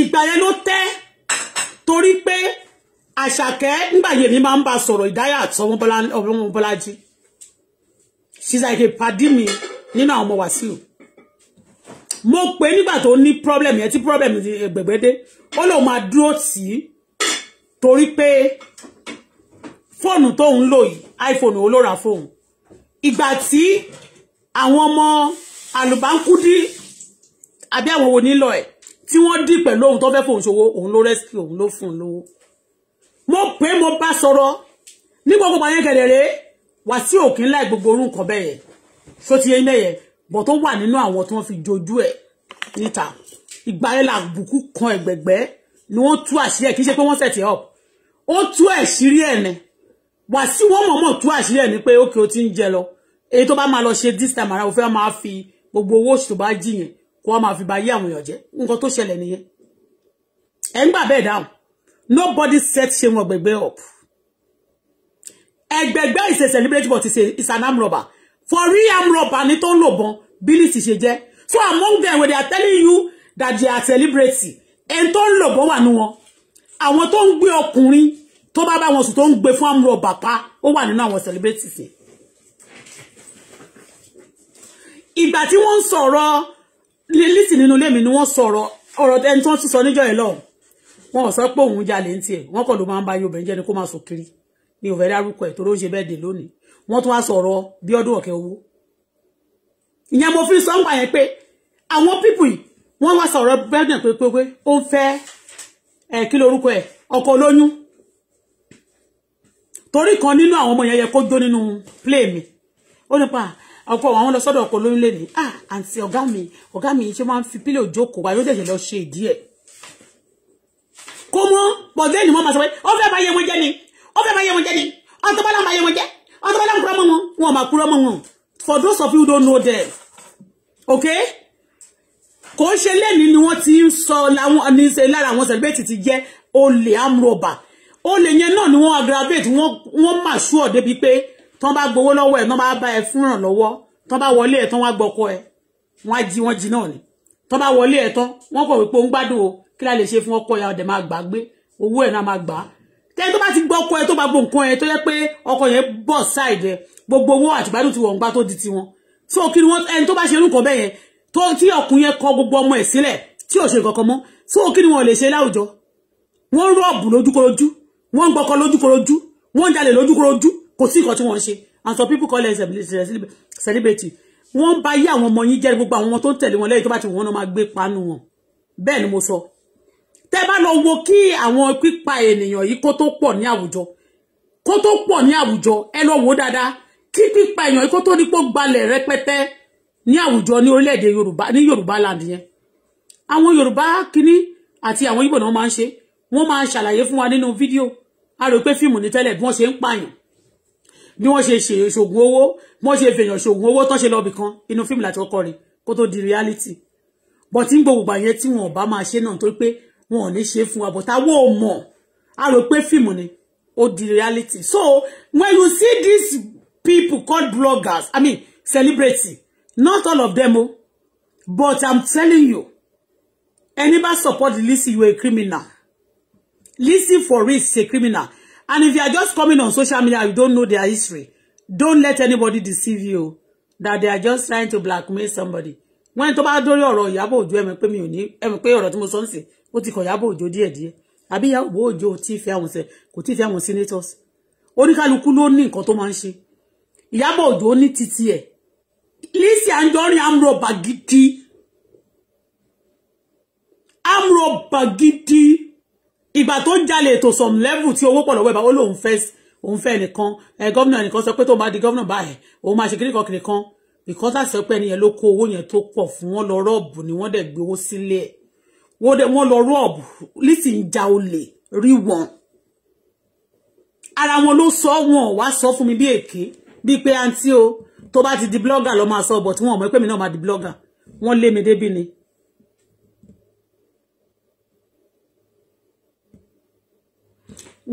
Ìgbà yẹn ló tẹ́ torí pé àṣàkẹ́ nígbà yẹn mi máa ń bá sọ̀rọ̀ ìdáyà àti ọmọ bọ́lájí she's like a pàdí mi nínú àwọn ọmọ wàsíù mo pè nígbà tó ní problem Yeti problem gbẹ̀gbẹ́dé ó lóun máa dúró tì í torí pé fóònù tóun lò yìí iphone ò ló ra fóònù ìgbà tí àwọn ọmọ àlùbáńkúdí àbí àwọn wo nílò ẹ̀ tí wọ́n dì pẹ̀lú òun tó fẹ́ fóun ṣòwò òun ló rescue òun ló fún un mo pè mo bá sọ̀rọ̀ Ni gbogbo àyẹn kẹ̀dẹ̀rẹ́ wá sí òkín láì gbogbo orúkọ bẹ́ẹ̀ yẹn so ti yẹn mẹ́yẹ bọ̀ tó wà nínú àwọn tí wọ́n fi jojú ẹ̀ níta ìgbà yẹn là bùkú kan ẹ̀gbẹ̀gbẹ́ ni wọ́n tú àṣírí ẹ̀ kì í ṣe set up ó tú àṣírí ẹ̀ ni wá sí wọ́n mọ̀ọ́mọ̀ tú àṣírí ẹ̀ ni pé ókè ó ti ń jẹ lọ èyí tó bá máa lọ this time around òfin máa fi gbogbo owó oṣù tó bá jiyàn kó fi ba yé àwọn èèyàn jẹ́ nǹkan tó ṣẹlẹ̀ nìyẹn ẹ̀ ń gbà bẹ́ẹ̀ dáhùn Nobody set Seun up. up. Egbegbe is a celebrity, but it's, a, it's an arm robber. For real arm robber, ni tó ń lò Billy ti ṣe So among them, when they are telling you that they are celebrity, ẹni tó ń lò bọn wà nínú wọn. Àwọn tó ń gbé ọkùnrin tó bá bá arm robber pa, ó one now was celebrity? If that tí wọ́n ń sọ̀rọ̀ lísì nínú ilé mi ni sorrow sọ̀rọ̀ ọ̀rọ̀ ẹni tó ń sọ níjọ́ wọn ò sọ pé òun jalè ń tiẹ̀ wọ́n kàn ló máa ń ba yorùbá jẹ́ ni kó máa sùn kiri ní òfẹ́ dárúkọ ẹ̀ tó ló ń ṣe bẹ́ẹ̀ dè lónìí wọ́n tún wá sọ̀rọ̀ bí ọdún ọ̀kẹ́ owó ìyẹn mo fi sọ́ngbà yẹn pé àwọn pípù wọ́n wá sọ̀rọ̀ bẹ́ẹ̀ pé pé ó ń fẹ́ ẹ̀ kí lorúkọ ẹ̀ ọkọ olóyún torí kan nínú àwọn ọmọ yẹn yẹ kó jó nínú play mi ó nípa ọkọ àwọn lọ sọ́dọ̀ ọkọ olóyún lé ah àǹtí ọ̀gá mi ọ̀gá mi ṣe máa ń fi pílẹ̀ òjò kò yóò dẹ̀ kó mọ́ pọ̀jọ́ ìnìmọ́ máa sọ pé ó fẹ́ bá yẹ wọn jẹ́ ni ó fẹ́ bá yẹ wọn jẹ́ ni ọ̀tọ́bọ́lá máa yẹ wọn jẹ́ ọ̀tọ́bọ́lá ń kúrọ́ mọ́ wọn wọn máa kúrọ́ mọ́ wọn for those of you who don't know them okay kò ń ṣe lẹ́ni ni wọ́n ti ń sọ láwọn ní ṣe lára àwọn celebrate ti jẹ́ olè amúrọ̀bà olè yẹn náà ni wọ́n aggravate wọ́n mà ṣúọ̀ débi pé tán bá gbowó lọ́wọ́ ẹ̀ tán bá bá ẹ fúnràn lọ́wọ́ tán bá wọlé ẹ̀ tán wá gbọ́kọ́ ẹ̀ wọ́n á jí wọ́n jí náà ni tán bá wọlé ẹ̀ tán wọ́n kọ̀ wípé ó ń gbádùn o kí la lè ṣe fún ọkọ ìyá ọdẹ máa gbà gbé owó ẹ̀ náà máa gbà á tó bá ti gbọ́ ọkọ ẹ tó bá gbọ́ nǹkan ẹ tó yẹ pé ọkọ yẹn bọ̀ ṣáìdẹ gbogbo owó àtìgbádùn ti wọ̀n tó di tiwọn so kí ni wọ́n ẹni tó bá ṣe irúkọ bẹ́ẹ̀ yẹn tí ọkùnrin yẹn kọ gbogbo ọmọ ẹ̀ sílẹ̀ tí ò ṣe kankan mọ́ so kí ni wọ́n lè ṣe láwùjọ wọ́n rọ̀bù lójúkorojú wọ́n gbọ́kọ lójúkorojú wọ́n jalè lójúkorojú kò sí nǹkan tí wọ́n ṣe and some people call them celebrity wọ́n bá yí àwọn ọmọ yín jẹ́ gbogbo àwọn ọmọ tó ń tẹ̀lé wọn lẹ́yìn tó bá ti wọ́n máa gbé panu wọn bẹ́ẹ̀ ni mo sọ tẹ́ bá lọ wo kí àwọn pípa ènìyàn yìí kó tó pọ̀ ní àwùjọ kó tó pọ̀ ní àwùjọ ẹ lọ wò dáadáa kí pípa èèyàn yìí kó tó ní pọ̀ gbalẹ̀ rẹpẹtẹ ní àwùjọ ní orílẹ̀-èdè yorùbá ní yorùbá land yẹn àwọn yorùbá kínní àti àwọn yìbọn náà máa ń ṣe wọ́n máa ń ṣàlàyé fún wa nínú fídíò a rò pé fíìmù ní tẹ́lẹ̀ bí wọ́n ṣe ń pààyàn bí wọ́n ṣe ṣe ṣògùn owó bí wọ́n ṣe fèèyàn ṣògùn owó tán ṣe lọ́ọ̀bì kan inú fíìmù láti ọkọ rẹ̀ kó tó di reality but ń gbogbo àyẹn tí wọn ò bá máa ṣe náà torí pé wọn ò ní ṣe fún wa but àwọn ò mọ̀ a rò pé fíìmù ni ó di reality so when you see these people called bloggers i mean celebrity not all of them o but i'm telling you anybody bá support Lizzy you a criminal Lizzy for real is a criminal and if you are just coming on social media you don't know their history don't let anybody deceive you that they are just trying to blackmail somebody wọn tó bá dórí ọ̀rọ̀ Ìyábọ̀ Òjó ẹmọ pé mi ò ní ẹmọ pé ọ̀rọ̀ tí mo sọ ń ó ti kàn Ìyábọ̀ Òjó díẹ̀díẹ̀ àbí Ìyábọ̀ Òjó tí ì fẹ́ àwọn sẹ kò tí ì fẹ́ àwọn senators oníkálukú ló ní nǹkan tó máa ń ṣe Ìyábọ̀ Òjó ní títí ẹ̀ Lizzy Anjorin amúrọ̀bà gidi amúrọ̀bà gidi ìgbà tó jalè to some level tí owó pọ̀ lọ́wọ́ ẹ̀ bá ó lóun fẹ́ òun fẹ́ nìkan ẹ̀ gómìnà nìkan sọ pé tó bá di gómìnà báyìí òun máa ṣe kíríkan kìnìkan because àṣẹ pé ẹni yẹn ló kó owó yẹn tó pọ̀ fún wọn lọ rọ́ọ̀bù ni wọ́n dẹ̀ gbé sílé ẹ̀ wọ́n dẹ̀ wọ́n lọ rob listen ń ja olè rí wọn ara wọn ló sọ wọn wá sọ fún mi bí èké bíi pé àǹtí o tó bá ti di blogger lọ máa sọ but wọn ò mọ̀ pé mi náà máa di blogger wọ́n le mi débí ni.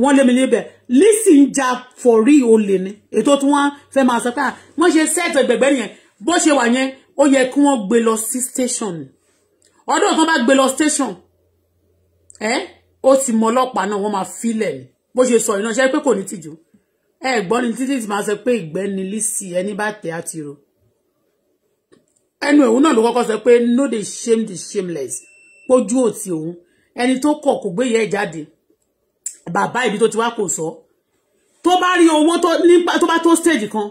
wọ́n le mi níbẹ̀ Lizzy ń ja fọ̀rí olè ni ètò tí wọ́n fẹ́ máa sọ pé ah, wọ́n ṣe sẹ́ẹ̀tì ẹgbẹ̀gbẹ́ yẹn bó ṣe wà yẹn ó yẹ kí wọ́n gbé lọ sí station ọdún tó bá gbé lọ station ẹ ó ti mọ ọlọ́pàá náà wọ́n máa filẹ̀ ni bó ṣe sọ ìránṣẹ́ pé kò ní tìjú ẹ gbọ́ ni títí ti máa sọ pé ìgbẹ́ni Lizzy ẹni bá tẹ̀ á ti ro ẹnu òun náà ló kọ́kọ́ sọ pé no dey shame the shameless pójú òtí òun ẹni tó kọ̀ kò gbé yẹ jáde bàbá ibi tó ti wá kò sọ tó bá rí owó tó bá tó stage kan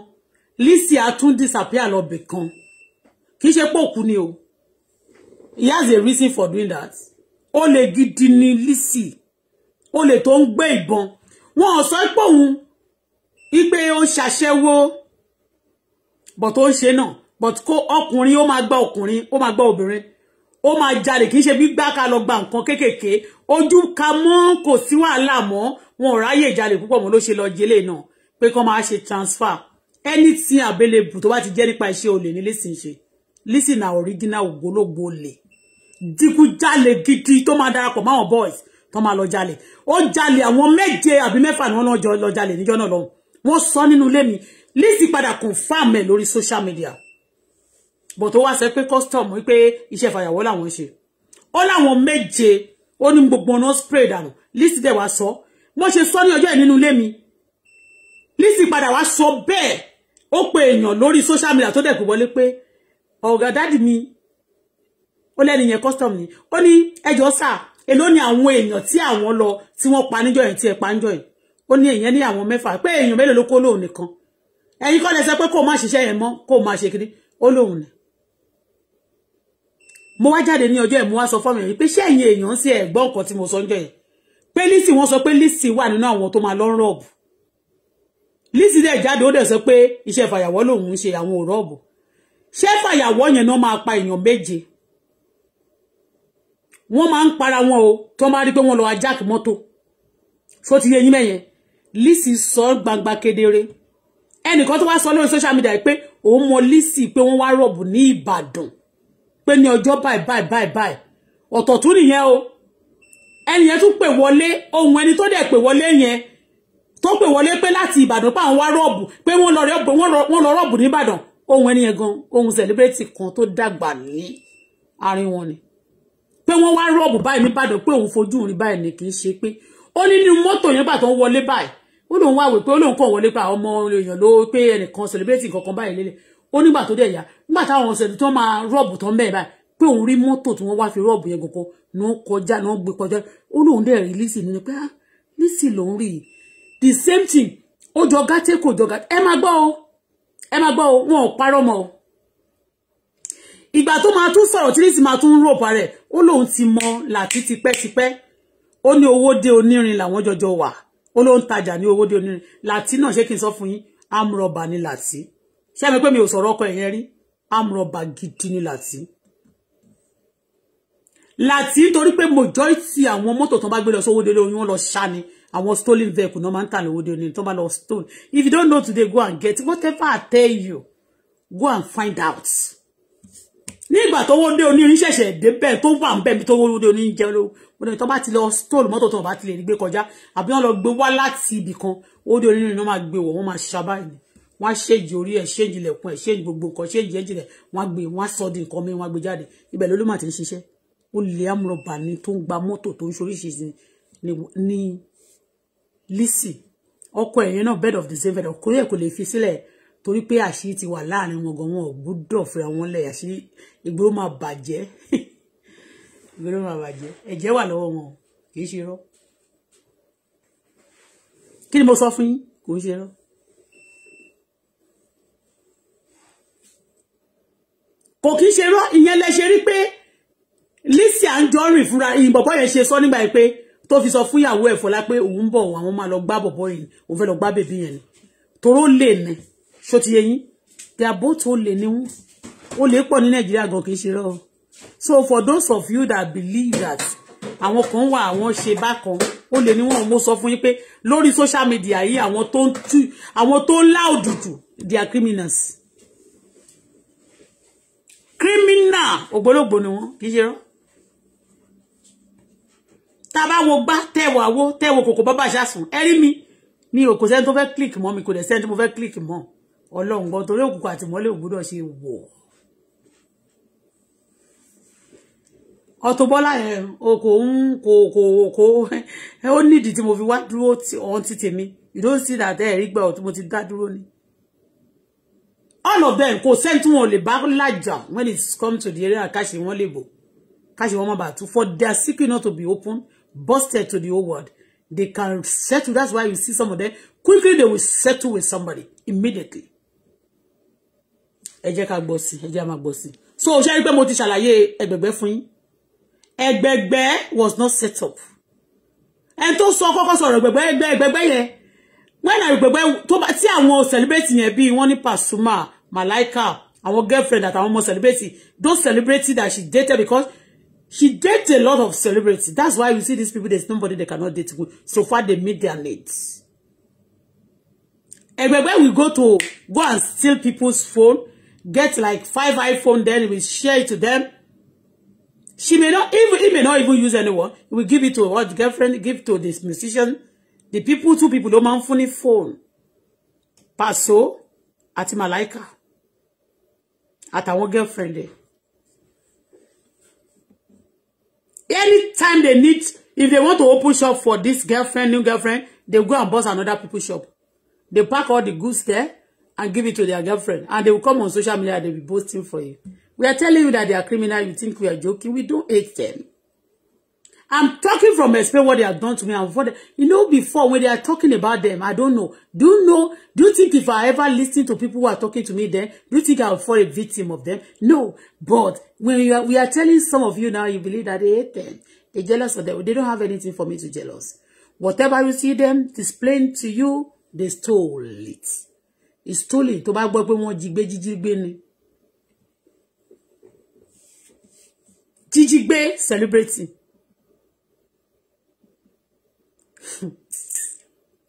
Lizzy á tún disappear lọ bì kì í ṣe pé ni o he has a reason for doing that le gidi ni Lizzy olè le ń gbé ìbọn wọn ò sọ pé òun igbe ó ń ṣàṣẹ́wó but ó ń ṣe but ko ọkùnrin ó máa gbá ọkùnrin ó máa gbá obìnrin ó máa jalè kì í ṣe bí gbá ká lọ gba nǹkan kéékèèké ojú ka mọ́ kò si wàhálà mọ́ wọn ò ráyè jalè púpọ̀ mọ́ ló ṣe lọ jélé náà pé kán máa transfer anything available tó bá ti jẹ́ nípa iṣẹ́ olè le ni ń ṣe Lizzy na original ògbólógbòó lè digunjalè gidi tó máa darapọ̀ máwọn boys tó máa lọ jalè ó jalè àwọn méje àbí mẹ́fà ni wọ́n náà lọ jalè níjọ́ náà lọ́hùn wọ́n sọ nínú ilé mi Lizzy padà confam ẹ̀ lórí social media bọ̀ tó wá sọ pé custom wípé iṣẹ́ fàyàwọ́ làwọn ń ṣe ó láwọn méje o ní gbogbo ọ̀nà spray dànù Lizzy de wa so. mo ṣe sọ ní ọjọ́ ẹ̀ nínú ilé mi Lizzy padà wá sọ bẹ́ẹ̀ ó pe èèyàn lórí social media tó dẹ̀ kò wọlé pé ọ̀gá dádì mi ó lẹ́nu yẹn custom ni ó ní ẹjọ́ sà èló ni àwọn èèyàn tí àwọn lọ tí wọ́n pa níjọ́ yẹn tí ẹ pa níjọ́ yẹn ó ní èèyàn ní àwọn mẹ́fà pé èèyàn mélòó ló kó lóun nìkan ẹ̀yin kọ́ lẹ sọ pé kó má ṣiṣẹ́ yẹn mọ́ kó má ṣe kiri ó lóun ni mo wá jáde ní ọjọ́ ẹ̀ mo wá sọ fọ́ọ̀mù yẹn pé ṣé ẹ̀yin èèyàn sí ẹ̀gbọ́n nǹkan tí mo sọ níjọ́ yẹn pé Lizzy wọ́n sọ pé Lizzy wà nínú àwọn tó máa lọ rọ́ọ̀bù Lizzy dẹ̀ jáde ó dẹ̀ sọ pé iṣẹ́ fàyàwọ́ lòun ń ṣe àwọn òrọ́ọ̀bù ṣé fàyàwọ́ yẹn náà máa pa èèyàn méje wọ́n máa ń para wọn o tó máa rí pé wọ́n lọ wá jack mọ́tò so ti yé yín mẹ́yẹn Lizzy sọ gbangba kedere ẹnìkan tó wá sọ lórí social media pé òun mọ Lizzy pé wọ́n wá rọ̀bù ní Ìbàdàn pé ní ọjọ́ báyìí báyìí báyìí báyìí ọ̀tọ̀ tún nìyẹn o ẹni yẹn tún pè wọlé ohun ẹni tó dẹ̀ pè wọlé yẹn tó pè wọlé pé láti Ìbàdàn pé àwọn wá rọ̀bù pé wọ́n lọ rọ̀bù ní Ìbàdàn ohun ẹni yẹn gan ohun celebrity kan tó dàgbà ní àárín wọn ni pé wọ́n wá rọ́ọ̀bù báyìí nìbàdàn pé òun fojú rìn báyìí ni kì í ṣe pé ó ní nínú mọ́tò yẹn gbà tó ń wọlé báyìí ó lóun wá wò pé ó lóun kàn wọlé pa ọmọ èèyàn ló pé ẹnìkan celebrate kankan báyìí lélẹ̀ ó nígbà tó dẹ̀ yá nígbà táwọn ọ̀sẹ̀ tó máa rọ́ọ̀bù tán bẹ́ẹ̀ báyìí pé òun rí mọ́tò tí wọ́n wá fi rọ́ọ̀bù yẹn gòkó ní wọ́n kọjá ní wọ́n gbé kọjá ó lóun dẹ̀ rí Lizzy nínú pé ah lòún rí the same thing ó jọ gàtẹ́ kò jọ gàtẹ́ ẹ máa gbọ́ o ẹ máa gbọ́ o wọn ò parọ́ mọ́ o ìgbà tó máa tún sọ̀rọ̀ tí ní sì máa tún ròpà rẹ̀ ó lóun ti mọ làtí tipẹ́tipẹ́ ó ní owó dé onírin làwọn jọjọ wà ó lóun tajà ní owó dé onírin làtí náà ṣé kí n sọ fún yín amúrọ̀bà ni làtí ṣé àmì pé mi ò sọ̀rọ̀ ọkọ ẹ̀yẹn rí amúrọ̀bà gidi ni làtí láti torí pé majority àwọn mọ́tò tán bá gbé lọ sówódé lórí wọn lọ ṣá ni àwọn stolen vehicle náà máa ń tà lówódé ní tán bá lọ stone if you don't know today go and get whatever I tell you go and find out nígbà tó wọ́n dé onírin ṣẹ̀ṣẹ̀ dé bẹ́ẹ̀ tó wà ń bẹ́ẹ̀ tó wọ́n dé onírin jẹun ló wọ́n dẹ̀ tó bá ti lọ stóòlù mọ́tò tó bá ti lè gbé kọjá àbí wọ́n lọ gbé wá láti ibì kan ó dé onírin náà máa gbé wọ̀ wọ́n máa ṣàbá yìí wọ́n á ṣèjì orí ẹ̀ ṣèjì lẹ̀kùn ẹ̀ ṣèjì gbogbo nǹkan ṣèjì ẹ̀jì rẹ̀ wọ́n á gbé wọ́n á sọ di nǹkan mi wọ́n á gbé jáde ibẹ̀ ló ló ti ń ṣiṣẹ́ ó lè amúrọ̀bà ni tó ń gba mọ́tò tó ń ṣoríṣiríṣi ní Lizzy ọkọ ẹ̀yẹn náà bed of the same bed ọkùnrin ẹ̀ kò lè fi sílẹ̀ torí pé àṣírí ti wà láàrin wọn gan wọn gbúdọ̀ fẹ́ wọn lẹ̀ àṣírí ìgboro máa bàjẹ́ ìgboro máa bàjẹ́ ẹ̀jẹ̀ wà lọ́wọ́ wọn kì í ṣe irọ́ kí ni mo sọ fún yín kò ń ṣe irọ́. kò kí ń ṣe irọ́ ìyẹn lẹ ṣe rí pé Lizzy Anjorin fúnra ìbọ̀bọ̀ yẹn ṣe sọ nígbà yìí pé tó fi sọ fún ìyàwó ẹ̀ Fọlá pé òun ń bọ̀ àwọn máa lọ gbá bọ̀bọ̀ yìí òun fẹ́ lọ gbá bèbí yẹn ni toró lè ní ṣó ti yẹ they are both olè ni wọn olè pọ̀ ní nàìjíríà gan kì í ṣe so for those of you that believe that àwọn kan wà àwọn ṣe bákan olè ni wọn mo sọ fún yín pé lórí social media yìí àwọn tó ń tú àwọn tó ń láòdù they are criminals criminal ògbólógbò ni wọn kì í ṣe rọ tá bá wo gbá tẹwọ àwo tẹwọ kòkò bàbá ṣàsùn ẹ rí mi mi ò kò sẹ́ni tó fẹ́ click mọ́ mi kò dẹ̀ sẹ́ni tó mo click mọ́ ọlọ́run gan torí òkùnkùn àtìmọ́lẹ̀ ò gbọ́dọ̀ ṣe wọ̀ Auto Bola yẹn o kò ń kò kò kò ó nídìí tí mo fi wá dúró ọ̀hún ti tèmi you don't see that ẹ̀rí gbà ọ̀ tí mo ti dá dúró ni all of them kò sẹ́ni tí wọ́n lè bá lájà when it come to the area káṣe wọ́n lè bò káṣe wọ́n má bàa tú for their secret not to be open busted to the whole world they can settle that's why you see some of them quickly they will settle with somebody immediately ẹ jẹ́ ká gbọ́ sí ẹ jẹ́ máa sí so ṣe rí pé mo ti ṣàlàyé ẹgbẹ̀gbẹ́ fún yín ẹgbẹ̀gbẹ́ was not set up ẹni tó sọ kọ́kọ́ sọ̀rọ̀ ẹgbẹ̀gbẹ́ ẹgbẹ́ ẹgbẹ̀gbẹ́ yẹn wẹ́n àgbẹ̀gbẹ́ tó bá tí àwọn celebrity yẹn bíi wọ́n ní Pasuma Malaika àwọn girlfriend àtàwọn ọmọ celebrity those celebrity that she dated because she dated a lot of celebrities that's why you see these people there's nobody they cannot date with so far they meet their needs. Ẹgbẹ̀gbẹ́ we go to go and steal people's phone get like five iPhone, then we share it to them. She may not even he may not even use anyone. He will give it to what girlfriend, give to this musician. The people, two people don't máa funny fún ní phone. Paso àti Malaika. Àtàwọn girlfriend ẹ̀. Anytime they need, if they want to open shop for this girlfriend, new girlfriend, they go and bust another people shop. They pack all the goods there and give it to their girlfriend. And they will come on social media and will be boasting for you. We are telling you that they are criminal. You think we are joking. We don't hate them. I'm talking from experience what they have done to me and what they, you know before when they are talking about them, I don't know. Do you know? Do you think if I ever listen to people who are talking to me then, do you think I will fall a victim of them? No. But when you are, we are telling some of you now, you believe that they hate them. They're jealous of them. They don't have anything for me to jealous. Whatever you see them displaying to you, they stole it is stolen tó bá gbọ́ pé wọ́n jí gbé jíjí gbé ni jíjí celebrating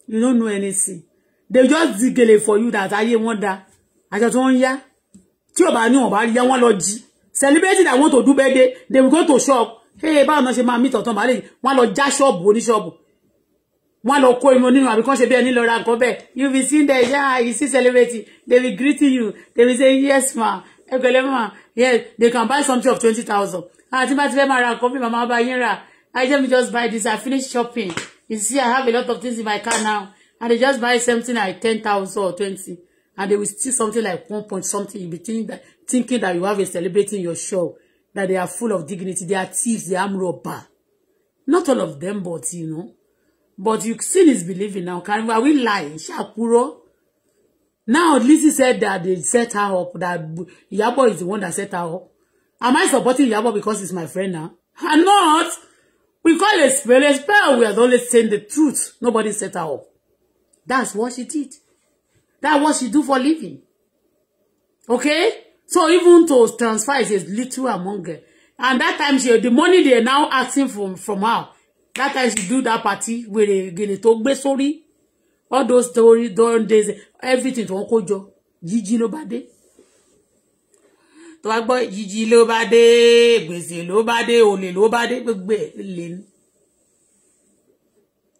you don't know anything they just zigele for you that ayé wọn da àjọ tí wọ́n ń yá tí ò bá ní wọ́n bá yá wọ́n lọ jí celebrating that want to do birthday they will go to shop hey báwo náà ṣe máa meet ọ̀tọ̀ màálè wọ́n lọ já ṣọ́ọ̀bù oníṣọ́ọ̀bù wọ́n lọ kó irun onírun àbí kán ṣe bí ẹni lọ ra nǹkan bẹ́ẹ̀ you be seen there yeah you see celebrity they be greeting you they be say yes ma ẹgbẹ̀lẹ́ ma yes they can buy something of twenty thousand àti ah, bá ti fẹ́ máa ra nǹkan bí màmá bá yín rà I let me just buy this I finish shopping you see I have a lot of things in my car now and they just buy something like ten thousand or twenty and they will steal something like one point something you be thinking that, thinking that you have a celebrity in your show, that they are full of dignity they are thieves they are armed robber not all of them but you know But you still is believing now. Can we lie? Shapuro. Now Lizzie said that they set her up. That Yabo is the one that set her up. Am I supporting Yabo because he's my friend now? I'm not. We call a spell a spell. We are always saying the truth. Nobody set her up. That's what she did. That's what she do for living. Okay? So even to transfer is a little among her. And that time she the money they are now asking from from her that time she do that party wèrè gèlè tó gbé sórí all those story don days everything to Uncle Joe, Gigi nobody, to bá Gigi nobody, bá nobody, only nobody, bá dé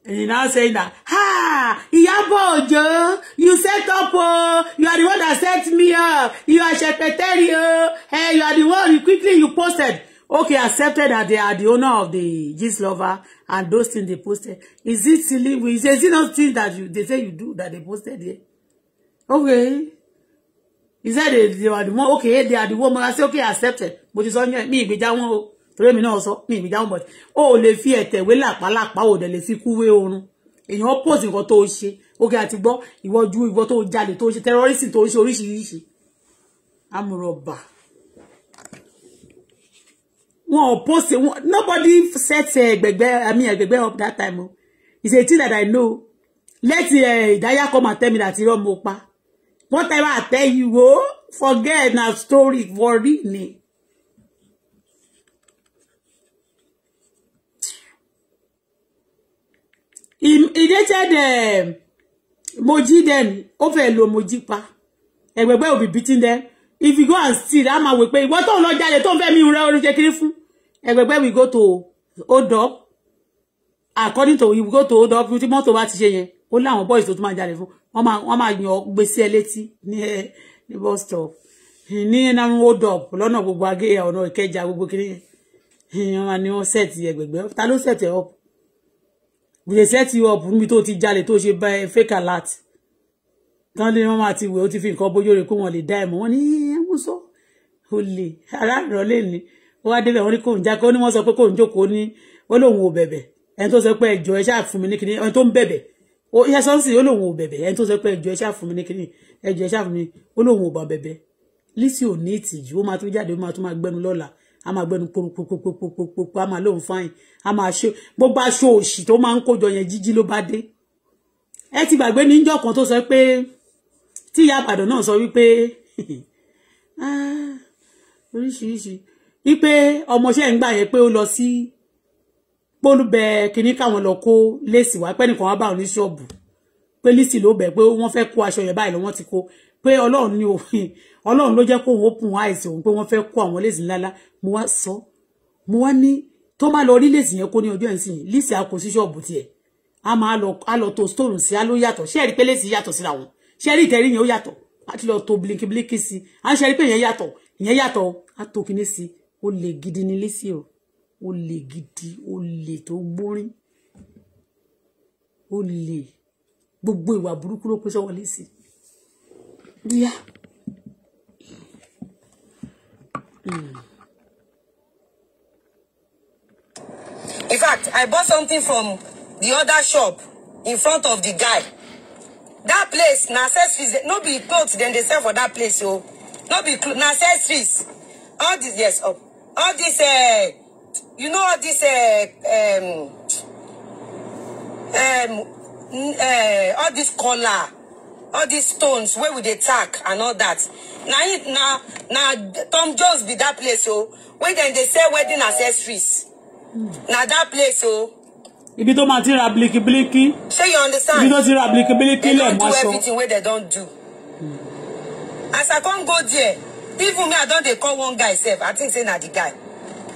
And you're now saying that, ha, Iyabo Ojo, you set up, oh, you are the one that set me up, you are secretary, oh, hey, you are the one, you quickly you posted. Okay, accepted that they are the owner of the Gist Lover and those things they posted. Is it silly? Is it not things that you they say you do that they posted here? Okay. He said they, they were the one, okay, they are the woman. I say, okay, I accepted. But it's only me, We don't ìgbèjà wọn o. Torí mi náà sọ, mi ìgbèjà wọn but. Ó lè fi ẹ̀tẹ̀wé lack, làpá, They dẹ̀ lè fi kúwé oorun. Èèyàn post nǹkan tó ṣe. Okay, àti gbọ́, ìwọ ju do. tó jalè tó ṣe terrorism tó ṣe I'm Amúrọ̀bà wọn ò post wọn nobody set ẹgbẹgbẹ eh, i mean ẹgbẹgbẹ eh, up that time o it's a thing that i know let ìdáyà eh, come and tell me that irọ́ mo pa one time i tell you o forget that story for me. ni. he dated uh, Moji then over low Moji pa ẹgbẹgbẹ will be beating them if you go and steal am away pé ìwọ tó ń lọ jáde tó ń fẹ́ mi rẹ orin kékeré ẹgbẹgbẹ we go to hold up according to we go to hold up tí mọ́tò bá ti ṣe yẹn ó láwọn boys tó tún máa jalè fún wọn máa wọn máa yan gbèsè ẹ létí ní ẹ ní bus stop ní ẹnàmú hold up lọ́nà gbogbo agé ọ̀nà ìkẹjà gbogbo kiri yẹn wọn ni wọn set ẹgbẹgbẹ ta ló set ẹ up we set you up níbi tó ti jalè tó ṣe bá fake alert tán lé wọn máa ti wẹ̀ ó ti fi nǹkan bójú rẹ̀ kó wọn lè dá ẹ̀ mọ́ wọn ní ẹ̀ ń sọ ó lè aráàlú ó wá débẹ̀ wọ́n ní kóun jákè ó ní wọ́n sọ pé kóun jókòó ní ó lóun ò bẹ̀bẹ̀ ẹni tó sọ pé ẹjọ́ ẹ ṣáà fún mi ní kíní ẹni tó ń bẹ̀bẹ̀ ó yẹ sọ́nsì ó lóun ò bẹ̀bẹ̀ ẹni tó sọ pé ẹjọ́ ẹ ṣáà fún mi ní kíní ẹjọ́ ẹ ṣáà fún mi ó lóun ò bá bẹ̀bẹ̀ Lizzy ò ní ìtìjú ó máa tún jáde ó máa tún máa gbẹnu lọ́la a máa gbẹnu pòpòpòpòpòpò ti gbàgbé níjọ́ kan tó sọ pé tí ìyá wípé ọmọọṣẹ́ ń gbà yẹn pé ó lọ sí pólúbẹ kínní káwọn lọ kó léèsì wá pẹ́ nìkan wá bá òní ṣọ́ọ̀bù pé lísì ló bẹ̀ pé wọ́n fẹ́ kó aṣọ yẹn báyìí lọ́wọ́ ti kó pé ọlọ́run ní òfin ọlọ́run ló jẹ́ kó òun open eyes òun pé wọ́n fẹ́ kó àwọn léèsì ńláńlá mo wá sọ mo wá ní tó má lọ rí léèsì yẹn kó ní ọjọ́ ìsìn lísì á sí ṣọ́ọ̀bù tiẹ̀ a máa lọ a lọ to stone sí a ló yàtọ̀ ṣé ẹ̀rí pé léèsì yàtọ̀ síra wọn ṣé ẹ̀rí ìtẹ̀rí yẹn ó yàtọ̀ a ti lọ to blinky blinky sí a ṣe ẹ̀rí pé yẹn yàtọ̀ ìyẹn yàtọ̀ a to kinní sí ó lè gidi ní lẹ́sì o ó lè gidi ó lè tó gbórín ó lè gbogbo ìwà burúkú ló pé sọ́wọ́ lẹ́sì bíyà. In fact, I bought something from the other shop in front of the guy. That place, na accessories, no be clothes, then they sell for that place, so oh. no be na accessories. All this, yes, oh all this uh, you know all this uh, um, um, uh, all this color, all these stones Where would they tack and all that Now, it now, na Tom Jones be that place o oh, so, wey dem they sell wedding accessories mm. na that place o. Oh. So, ibi tó máa ti ra bilikibiliki. ṣé you understand. If tó don't ra bilikibiliki lẹ̀ they don't do everything where they don't do. Mm. as i come go there even me i don dey call one guy sef i think say na the guy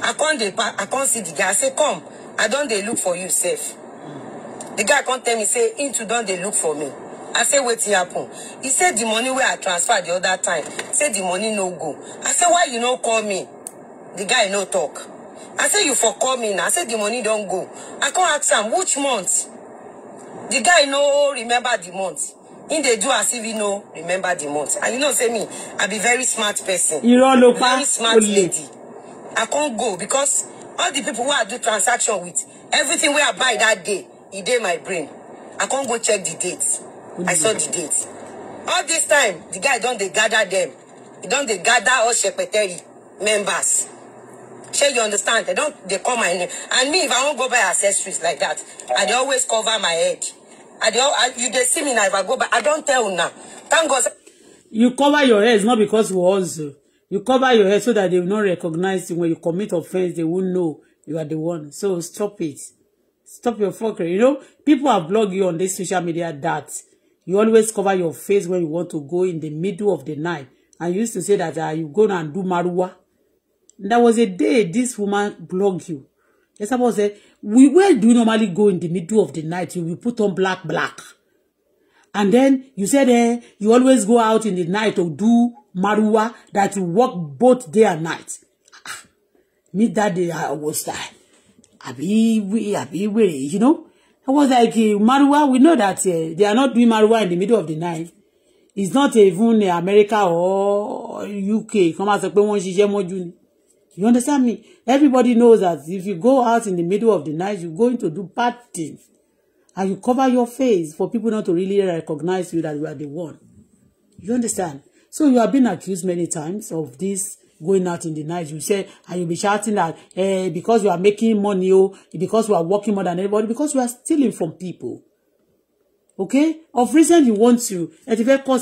i con dey i con see the guy i say come i don dey look for you sef the guy con tell me say him too don dey look for me i say wetin happen He say the money wey i transfer the other time say the money no go i say why you no call me the guy no talk i say you for call me na i say the money don go i con ask am which month the guy no remember the month In dey do as if he no remember the month and you know say me i be very smart person irọ́ ló pa very smart lady i can't go because all the people wey i do transaction with everything where i buy that day e dey my brain i can't go check the date i saw the dates. all this time the guy don't they gather them he don dey gather all shepeteri members Sure you understand they don't they call my name and me if i wan go buy accessories like that i always cover my head I don't, you they see me now if I go back. I don't tell now. Thank God. You cover your head, not because you uh, also. You cover your head so that they will not recognize you. When you commit offense, they won't know you are the one. So stop it. Stop your fuckery. You know, people have blogged you on this social media that you always cover your face when you want to go in the middle of the night. And you used to say that uh, you go and do marua. there was a day this woman blogged you. Yes, I was say, we where do normally go in the middle of the night? You will put on black, black. And then you said, eh, you always go out in the night or do maruwa that you work both day and night. Ah, me that day, I was like, I be, we, I be, we, you know? I was like, eh, maruwa, we know that eh, they are not doing maruwa in the middle of the night. It's not even eh, America or UK. Come out, say, pé wọ́n ṣiṣẹ́ mọ́jú ni. You understand me? Everybody knows that if you go out in the middle of the night, you're going to do bad things. And you cover your face for people not to really recognize you that you are the one. You understand? So you have been accused many times of this going out in the night. You say, and you'll be shouting that eh, because you are making money, oh, because you are working more than anybody, because you are stealing from people. Okay? Of reason you want to, ẹ ti fẹ́ kọ́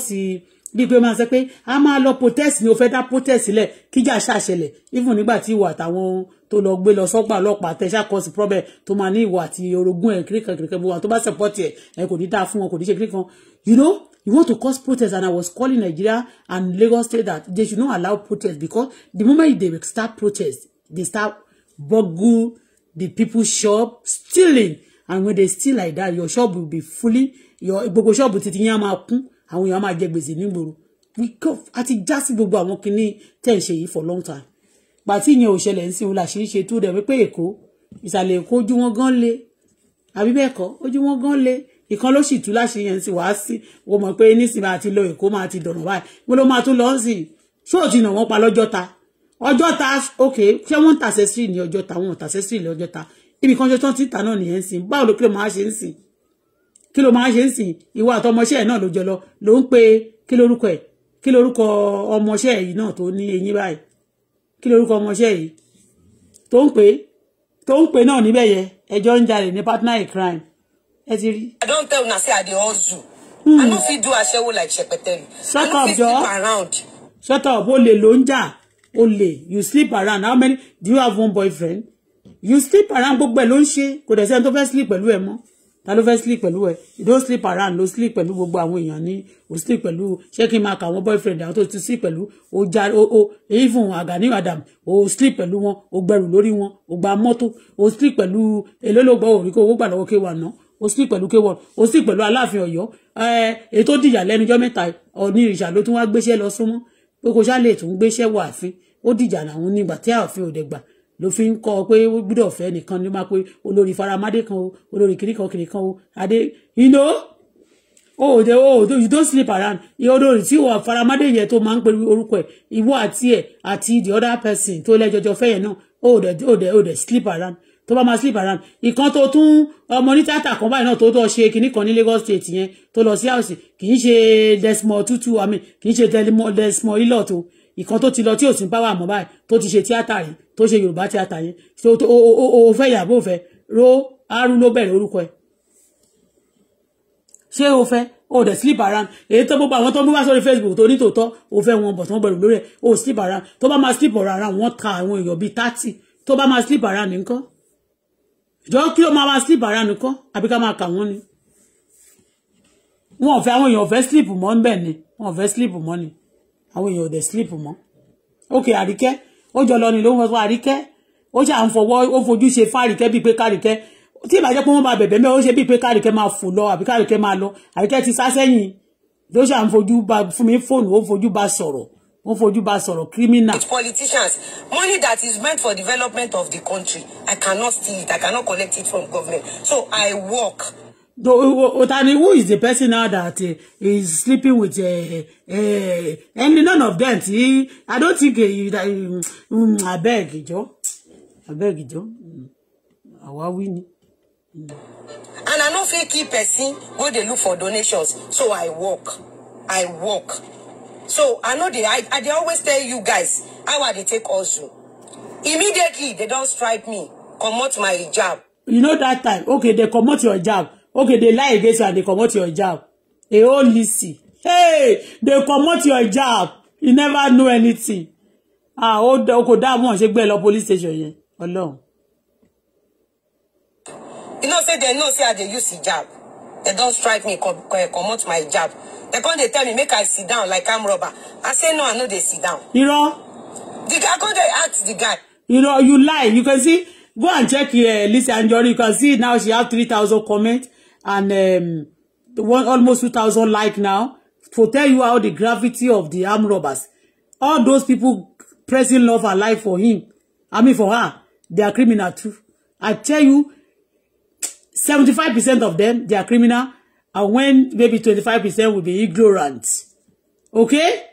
bíi pé máa sọ pé a máa lọ protest ni o fẹ́ dá protest sílẹ̀ kíjà ṣàṣẹlẹ̀ even nígbà tí ìwà àtàwọn tó lọ gbé lọ sọ́gbà ọlọ́pàá tẹ̀sà cause problem tó máa ní ìwà àti orogún ẹ̀ kíríkan kíríkan gbogbo àwọn tó bá support ẹ̀ ẹ̀ kò ní dáa fún wọn kò ní ṣe kíríkan you know you want to cause protest and I was calling Nigeria and Lagos state that they should not allow protest because the moment they start protest they start burgle the people shop stealing and when they steal like that your shop will be fully your gbogbo shop titi yẹn á máa kún àwọn èèyàn máa jẹ gbèsè nígboro we go a ti já sí gbogbo àwọn kinní tẹ̀ ń ṣe yìí for long time pàtí ìyẹn ò ṣẹlẹ̀ ń sìn òun làṣẹ ń ṣe tó dẹ̀ wípé èkó ìsàlẹ̀ èkó ojú wọn gan le àbí bẹ́ẹ̀ kọ́ ojú wọn gan le ìkan ló sì tú láṣẹ yẹn sí wàá sí wọ́n mọ̀ pé nísìnyí máa ti lọ èkó máa ti dọ̀nà báyìí wọ́n ló máa tún lọ sí ṣóòtì náà wọ́n pa lọ́jọ́ta ọjọ́ta ok ṣé wọ́n ń tàṣẹ́ ní ọjọ́ta wọ́n ń tàṣẹ́ sí ní ọjọ́ta ibì kan ṣe tán ti tà náà nìyẹn sìn báwo ló kí ló máa ṣe ń sìn kí ló máa ń ṣe ń sìn ìwà àtọmọṣẹ́ ẹ̀ náà ló jọ lọ ló ń pe kí lórúkọ ẹ̀ kí lórúkọ ọmọṣẹ́ yìí náà tó ní eyín báyìí kí lórúkọ ọmọṣẹ́ yìí tó ń pè tó ń pè náà níbẹ̀ yẹ ẹjọ́ ń jalè ní partner in crime ẹ ti rí. I don tell una say I dey hustle. Mm. I no fit do aṣẹ́wó like ṣẹpẹtẹrì. Shut up jọ. I no fit sleep around. Shut up olè ló ń jà olè you sleep around how many do you have one boyfriend? You sleep around gbogbo ẹ̀ ló ń ṣe kò dẹ̀ sẹ́ni tó fẹ́ sleep pẹ̀lú ẹ̀ mọ́ ta ló fẹ́ sleep pẹ̀lú ẹ don't sleep around ló sleep pẹ̀lú gbogbo àwọn èèyàn ní o sleep pẹ̀lú ṣé kí n máa kà àwọn boyfriend àwọn tó ti sleep pẹ̀lú o ja o o even agani adam o sleep pẹ̀lú wọn o gbẹrù lórí wọn o gba mọ́tò o sleep pẹ̀lú elólùgbọ́ òrí kó owó gbà lọ́wọ́ kéwà náà o sleep pẹ̀lú kéwà o sleep pẹ̀lú aláàfin ọ̀yọ́ eh, ètò ìdìyà lẹ́nujọ́ mẹ́ta ọ̀ní ìrìṣà ló tún wá gbéṣẹ́ lọ súnmọ́ pé kò ṣáà lè tún gbéṣẹ́ wọ ààfin ó dìjà làwọn nígbà tí ààfin ò dẹ̀ gbà ló fi ń kọ́ ọ pé ó gbúdọ̀ fẹ́ nìkan ló máa pé olórí faramadé kan o olórí kìnìkan kìnìkan o adé iná o ò dé o ò dé you don't sleep around ìyá olórí tí ìwà faramadé yẹn tó máa ń pe orúkọ ẹ ìwọ àti ẹ àti the other person tó lẹ́jọjọ fẹ́ yẹn náà o ò dé o ò dé o ò dé sleep around tó bá máa sleep around ìkan tó tún ọmọ ní tíátà kan báyìí náà tó tọ́ ṣe kinní kan ní Lagos state yẹn tó lọ sí house kì í ṣe Desmond Tutu àmì kì í ṣe Desmond Elliot o ìkan tó ti lọ tí ò sí power mọ́ báyìí tó ti ṣe tíátà yìí tó ṣe yorùbá tíátà yìí o fẹ́ yàgbó fẹ́ ro arún ló bẹ̀rẹ̀ orúkọ ẹ̀ ṣé o fẹ́ o dẹ̀ sleep around èyí tó gbogbo àwọn tó mú wá sórí facebook tó ní tòótọ́ o fẹ́ wọn bọ̀ tó ń bẹ̀rù lórí ẹ̀ o sleep around tó bá máa sleep around wọ́n ta àwọn èèyàn bíi thirty tó bá máa sleep around nìkan jọ kí ló máa máa sleep around nìkan àbí ká máa kà wọ́n ni wọn ò fẹ́ àwọn èèyàn ò fẹ́ sleep mọ́ ń ni wọn ò fẹ́ sleep mọ́ ni àwọn èèyàn ò dẹ̀ sleep mọ́ ok àríkẹ́ ó jọ lọ ni ló ń fọ àríkẹ́ ó ṣà ń fọwọ́ ó fojú ṣe fárìkẹ́ bíi pé kárìkẹ́ tí ìbàjẹ́ pé wọ́n máa bẹ̀bẹ̀ mẹ́ ó ṣe bíi pé kárìkẹ́ máa fò lọ àbí kárìkẹ́ máa lọ àríkẹ́ ti sá sẹ́yìn ló ṣà ń fojú ba fún mi fóònù ó fojú ba sọ̀rọ̀ ó fojú ba sọ̀rọ̀ criminal. with politicians money that is meant for development of the country I cannot steal it I cannot collect it from government so I work Otani, who is the person now that uh, is sleeping with uh, uh, any none of them? See, I don't think uh, that. Um, I beg you, I beg you. Àwa wí ni. And I no fit keep person wey dey look for donations, so I walk, I walk. So I know they. I, I dey always tell you guys how I dey take hustle. Immediately they don't strike me, comot my hijab. You know that time, okay, they comot your hijab okay they lie against you and they comot your job. a whole list hey they comot your job. you never know anything ah ó kò dáàmú ọ̀ṣẹ́ gbé lọ police station yẹn ọlọ́run. you know say they know say they dey use hijab dem don't strike me comot my job. They come they tell me make i sit down like I'm rubber i say no i no they sit down. you know. the guy come they ask the guy. you know you lie you can see go and check your uh, and Anjorin you can see now she have three thousand comments and um, one almost 2,000 like now to tell you how the gravity of the arm robbers. All those people pressing love and life for him, I mean for her, they are criminal too. I tell you, 75% of them, they are criminal. And when maybe 25% will be ignorant. Okay?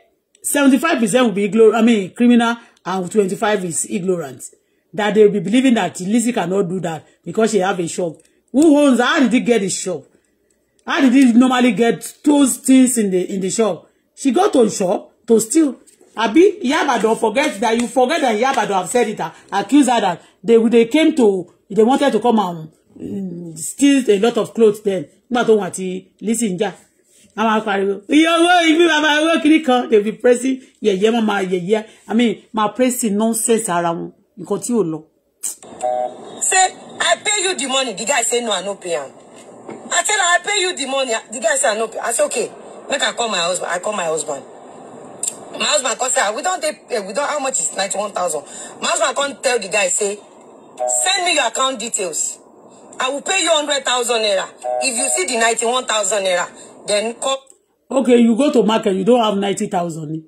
75% will be ignorant, I mean criminal, and 25 is ignorant. That they will be believing that Lizzie cannot do that because she have a shop. Who owns how did he get the shop? How did he normally get those things in the in the shop? She go to shop to steal. Abi Iya Ibadan forget that you forget that Iya Ibadan have said it uh, accuse her that they they came to they wanted to come and um, steal a lot of clothes then nígbà tó wọn àti Lizzy ń jà wọn máa pariwo iye owó ibi bàbá owó kiri kan they be pressing mama, wọn yeah. yẹ̀yẹ́ I mean máa pressing nonsense ara wọn nǹkan tí ò lọ say i pay you the money the guy say no i no pay him. i tell her i pay you the money the guy say i no pay i say okay make i call my husband i call my husband my husband come say ah, we don't pay. we don't. how much is ninety-one thousand my husband come tell the guy say send me your account details i will pay you hundred thousand naira if you see the ninety-one thousand naira then call. okay you go to market you don't have ninety thousand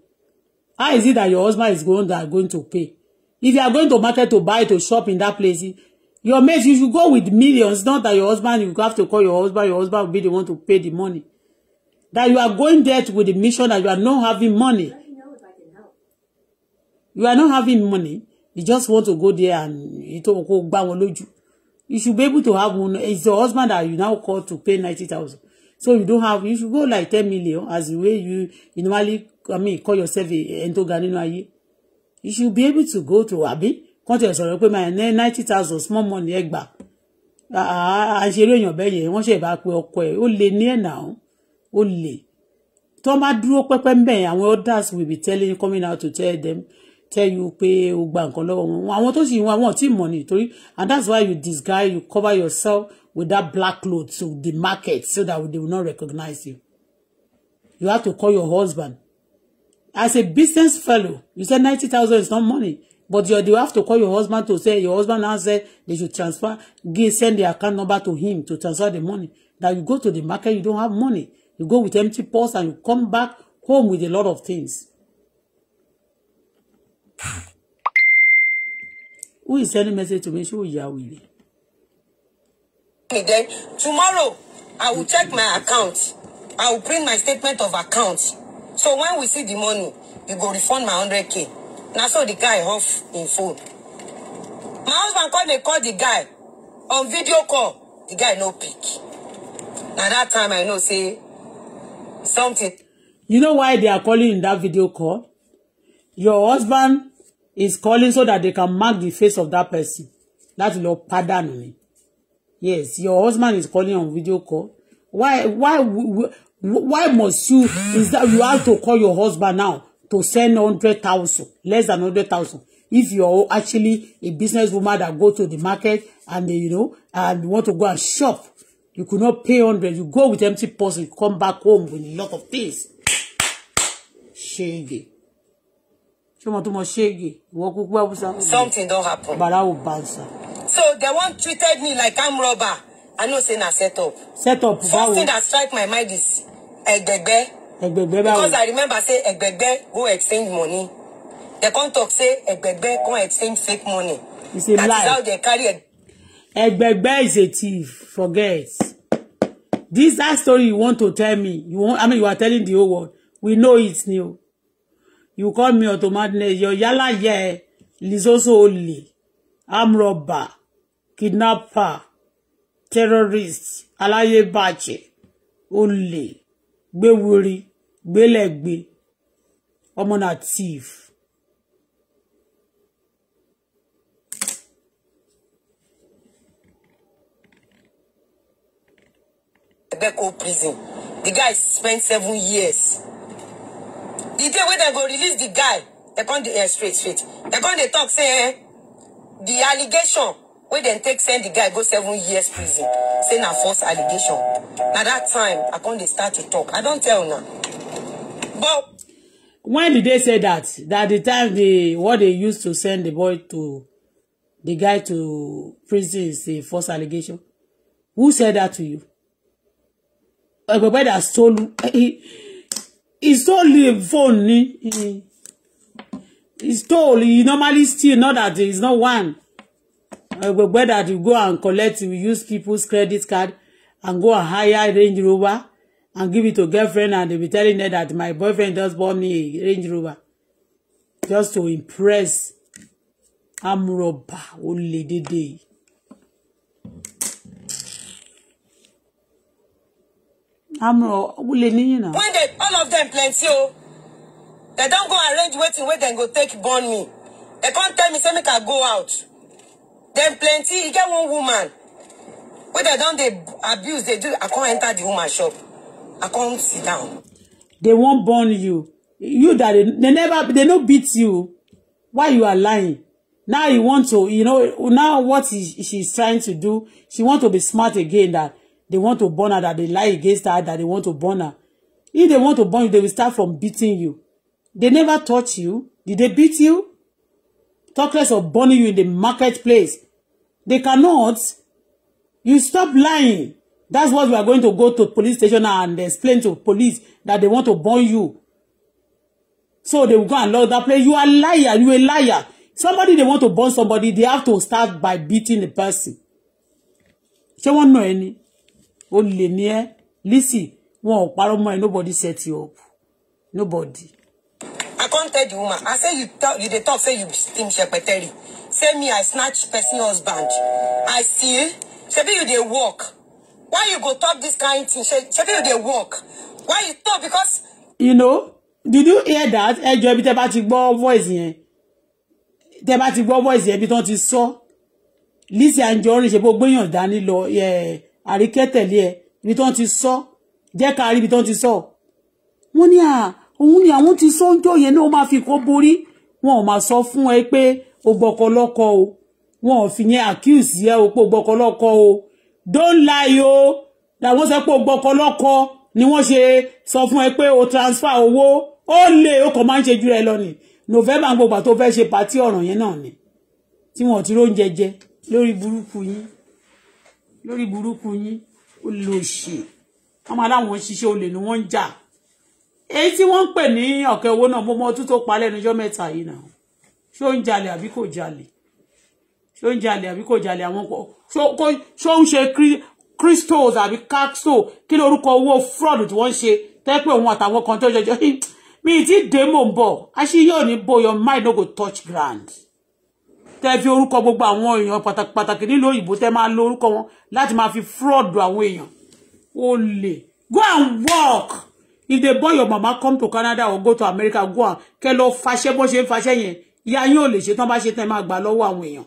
how is it that your husband is going that going to pay if you are going to market to buy to shop in that place your mate you should go with millions not that your husband you have to call your husband your husband will be the one to pay the money that you are going there with the mission that you are not having money you are not having money you just want to go there and you don't go gba you should be able to have one it's your husband that you now call to pay ninety thousand so you don't have you should go like ten million as the way you you normally i mean call yourself a ẹni tó ga nínú ayé you should be able to go to Abi. kàn tẹ̀ sọ̀rọ̀ pé máa ninety thousand small money ẹ gbà àṣeré èèyàn bẹ́ẹ̀ yẹn wọ́n ṣe bá pe ọkọ ẹ̀ ó lè ní ẹ̀nà ó lè tó má dúró pẹ́pẹ́ ń bẹ̀yẹn àwọn others will be telling coming out to tell them tell you pé o gba nǹkan lọ́wọ́ wọn àwọn tó sì ń wá wọn tí mọ̀ ní torí and that's why you disguise you cover yourself with that black cloth to the market so that they will not recognize you you have to call your husband as a business fellow you say ninety thousand is not money but you, you have to call your husband to say your husband now say they should transfer give send the account number to him to transfer the money now you go to the market you don't have money you go with empty purse and you come back home with a lot of things. Who is sending message to me? Ṣé ó yà wèrè? Then tomorrow I will check my account. I will print my statement of account so when we see the money we go refund my hundred k Now so the guy off in phone my husband called. dey call the guy on video call the guy no pick Now that time i know say something. you know why they are calling in that video call your husband is calling so that they can mark the face of that person láti lọ pardon me yes your husband is calling on video call why why why must you is that you have to call your husband now to send hundred thousand less than hundred thousand if you're actually a businesswoman that go to the market and you know and want to go and shop you could not pay hundred you go with empty purse and come back home with a lot of things shege ṣé wọn tó mọ ṣéègì ìwọ kúkú àbúsá. something don't happen. bàrà ò bá ń so the one treated me like I'm robber i know saying I set up. set up báwo. first thing that strike my mind is egbegbe egbegbe báwo because i remember say egbegbe go exchange money dem come talk say egbegbe come exchange fake money it's a that lie that is how dem carry egbegbe is a thief forget this that story you want to tell me you want i mean you are telling the whole world we know it new you call me Auto Madness your yala yeah lizoso olè armed robber kidnapper terrorist aláyébàjẹ́ olè gbéwuri gbélẹ̀gbé ọmọ náà thief. Ebeko prison the guy spent seven years the day wey dem go release the guy dem come dey eh, straight straight dem come dey talk say eh, the allegation wey dem take send di guy go seven years prison say na false allegation na dat time i come dey start to talk. i don tell una but when did they say that that the time the what they used to send the boy to the guy to prison is a false allegation who said that to you a boy that stole he, he stole the phone he, he stole he normally steal not that there is not one Uh, Egbegbe that you go and collect, you use people's credit card and go and hire Range Rover and give it to girlfriend and they be telling her that my boyfriend just bought me a Range Rover just to impress amúrọ̀bà olè dédé yìí. amúrọ̀ olè níyìn náà. when they all of them plenty o oh. they don't go arrange waiting. wey dem go take born me they can't tell me say make i go out dem plenty You e get one woman When they don they abuse They do i can't enter the woman shop i can't sit down. they won't burn you you that they, they never they no beat you why you are lying now you want to you know now what she she's trying to do she want to be smart again that they want to burn her that they lie against her that they want to burn her if they want to burn you they will start from beating you they never touch you did they beat you talk less of burning you in the marketplace They cannot. You stop lying. That's what we are going to go to police station and explain to police that they want to burn you. So they will go and lock that place. You are liar. You a liar. Somebody they want to burn somebody, they have to start by beating the person. Ṣé wọ́n nà ẹni? Ó lè ní ẹ́. Nobody set you up. Nobody i can't tell the woman i say you talk you dey talk say you steam shepeteri say me i snatch person husband i steal shebi you dey walk. why you go talk this kind thing shebi you dey walk. why you talk because. you know did you hear that ẹ you have tẹ bá ti gbọ́ voice here. tẹ bá ti gbọ́ voice yẹn ibi tán ti sọ Lizzy Anjorin ṣe bó gbéyàn dání lọ yeah, tẹ̀lé ẹ ibi tán ti sọ jẹ́ ká rí ibi tán ti sọ wọ́n ní òun ni àwọn ti sọ́njọ́ yẹn náà máa fi kó borí wọn ò máa sọ fún ẹ pé o gbọ́kọ lọ́kọ o wọn ò fi yẹn accuse yẹ o pé o gbọ́kọ lọ́kọ o don't lie o làwọn sọ pé o gbọ́kọ lọ́kọ ni wọ́n ṣe sọ fún ẹ pé o transfer owó ó lè o kàn máa ń ṣe jù rẹ lọ ni november gbogbo àti o fẹ́ ṣe pàtí ọ̀ràn yẹn náà ni tí wọn ò ti róúnjẹ jẹ lórí burúkú yín lórí burúkú yín ó lò ṣe wọn máa ṣiṣẹ́ olè ni wọ́n ń jà èyí tí wọ́n ń pè ní ọ̀kẹ́ owó náà mo mọ ọtún tó pa lẹ́nu ọjọ́ mẹ́ta yìí náà ṣó ń jalè àbí kò jalè ṣó ń jalè àbí kò jalè àwọn kò ṣó ń ṣe crystals àbí caxo kí lórúkọ owó fraud tí wọ́n ń ṣe tẹ́pẹ́ òun àtàwọn kan tó jọjọ mi ti dé mò ń bọ̀ aṣí yóò ní bo your mind no go touch ground tẹ́ fi orúkọ gbogbo àwọn èèyàn pàtàkì nílùú òyìnbó tẹ́ máa lo orúkọ wọn láti máa fi fraud àwọn èèyàn ó lè go and work if they boy your mama come to Canada or go to America go and kẹ́ lọ fàṣẹ bó ṣe ń fàṣẹ yẹn ìyá yín ò lè ṣe tán bá ṣe tán máa gbà lọ́wọ́ àwọn èèyàn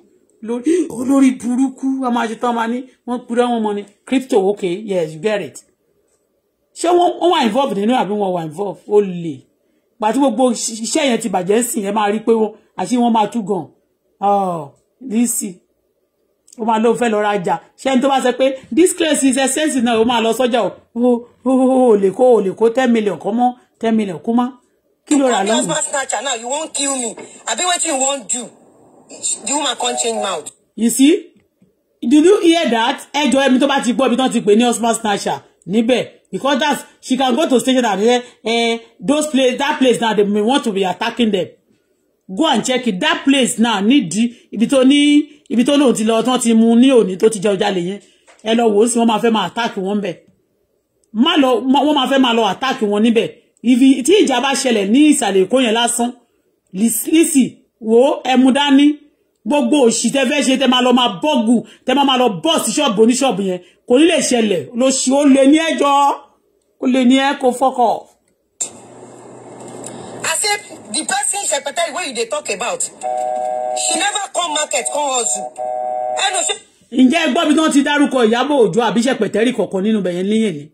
lórí olórí burúkú a máa ṣe tán máa ní wọ́n kúrẹ́ wọn mọ ni crypto okay yes you get it ṣé wọ́n wà involved nínú àbí wọ́n wà involved ó lè pàtí gbogbo iṣẹ́ yẹn ti bàjẹ́ sìn yẹn máa rí pé wọ́n àṣì wọ́n máa tú gan-an lísì oh, ó máa ló fẹ́ lọ rajà ṣé ẹni tó bá sọ pé this case is essence náà ó máa lọ sọ́jà o ó lè kó ó lè kó ten million kọ́ mọ́ ten million kú mọ́ kí ló rà lọ́wọ́. you wan kill me abi wetin you wan do the woman come change mouth. you see did you hear that ẹjọ ẹmi tó bá ti gbọ́ ibi tán ti pè ní husband snatcher níbẹ̀ because that she can go to station and say eh, those place that place now they may want to be attacking them go and check it that place now need ibi tó ní ibi tó lóun ti lọ tán ti mu ní òní tó ti jẹ ọjà lè yẹn ẹ lọ wò ó sí wọn máa fẹ́ máa àtáàkì wọn bẹ̀ má lọ wọn máa fẹ́ máa lọ àtáàkì wọn níbẹ̀ ibi tí ìjà bá ṣẹlẹ̀ ní ìsàlẹ̀ èkó yẹn lásán lisi wo ẹmu dání gbogbo òṣì tẹ fẹ́ ṣe tẹ máa lọ máa bọ́ọ̀gù tẹ máa máa lọ bọ́ọ̀sì ṣọ́ọ̀bù oníṣọ́ọ̀bù yẹn kò ní lè ṣẹlẹ̀ lóṣù ó lè ní ẹjọ́ ó lè ní ẹ kó fọ́kọ̀ọ́. I said the person secretary wey you dey talk about she never come market come hustle. ẹnu ṣe. ǹjẹ́ gbọ́ bí wọ́n ti dárúkọ Ìyábọ̀ Òjó àbí ṣẹ̀pẹ̀tẹ́rì kọ̀ọ̀kan nínú bẹ̀yẹn níyẹn ni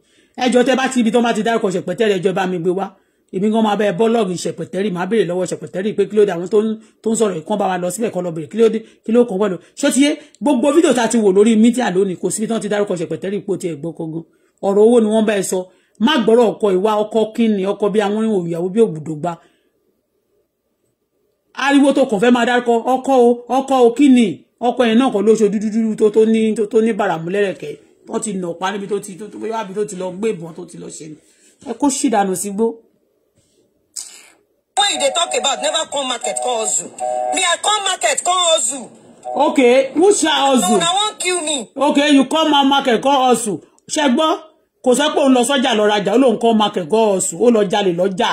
ẹjọ́ tẹ́ bá ti ibi tó bá ti dárúkọ ṣẹ̀pẹ̀tẹ́rì ẹjọ́ bá mi gbé wá èmi gan máa bẹ bọ́lọ́ọ̀gì ṣẹ̀pẹ̀tẹ́rì máa béèrè lọ́wọ́ ṣẹ̀pẹ̀tẹ́rì pé kí ló dé àwọn tó ń sọ̀rọ̀ ìkan bá wa lọ síbẹ̀ kọ́ lọ béèrè kí ló dé kí ló kàn pẹ̀lú ṣé tiye gbogbo fídíò tá a ti wò lórí mídíà lónìí kò síbi tán ti dárúkọ ṣẹ̀pẹ̀tẹ́rì pò tiẹ̀ gbọ́ kọ́gán ọ̀rọ̀ owó ni wọ́n bá ẹ sọ má gbọ́rọ̀ ọkọ ìwà ọkọ kínni ọkọ bí àwọn òyàwó bí òbùdógbà ariwo tó kàn fẹ́ máa dárúkọ ọkọ o ọkọ o kínni ọkọ yẹn náà kọ́ ló ṣe dúdú dúdú tó tó ní tó ní bàràmú lẹ́rẹ̀kẹ́ wọ́n ti nà pa níbi tó ti tó wáyà bí tó ti lọ gbé ìbọn tó ti lọ ṣe ni ẹ kó ṣìdànù sígbó. when you dey talk about never come market come hustle me i come market come hustle. okay who ṣe hustle. no na wan kill me. okay you come market come hustle ṣẹgbọ́n. kò sọ pé òun lọ sọ́jà lọ rajà ó lóun kọ́ market go ọ̀sùn ó lọ jalè lọ́jà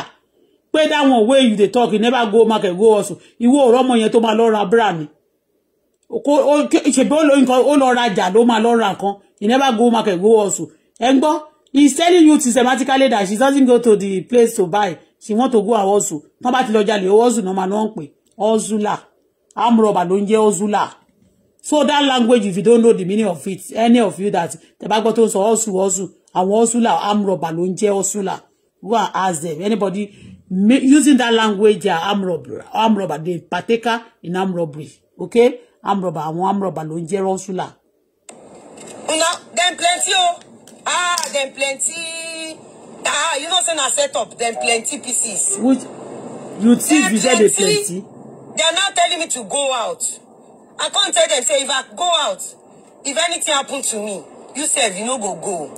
maka dáwọn òwe you dey talk you never go market go ọ̀sùn ìwọ ọ̀rọ̀ ọmọ yẹn tó o lọ ra bra ni ṣèbí ó lọ rajà ló máa lọ ra nǹkan you never go market go ọ̀sùn he you systematically that she doesn't go to the place to buy she want to go her ọ̀sùn tán ti so that language àwọn hustler arm robber ló ń who are as them anybody using that language they are arm robber arm robber they partake in arm robbery okay arm robber àwọn arm robber ló ń jẹ́ hustler. una dem plenty o ah dem plenty ah you know say na set up dem plenty pieces. which you think you said dey plenty. they are now telling me to go out i can't tell them say if i go out if anything happen to me you said you no go go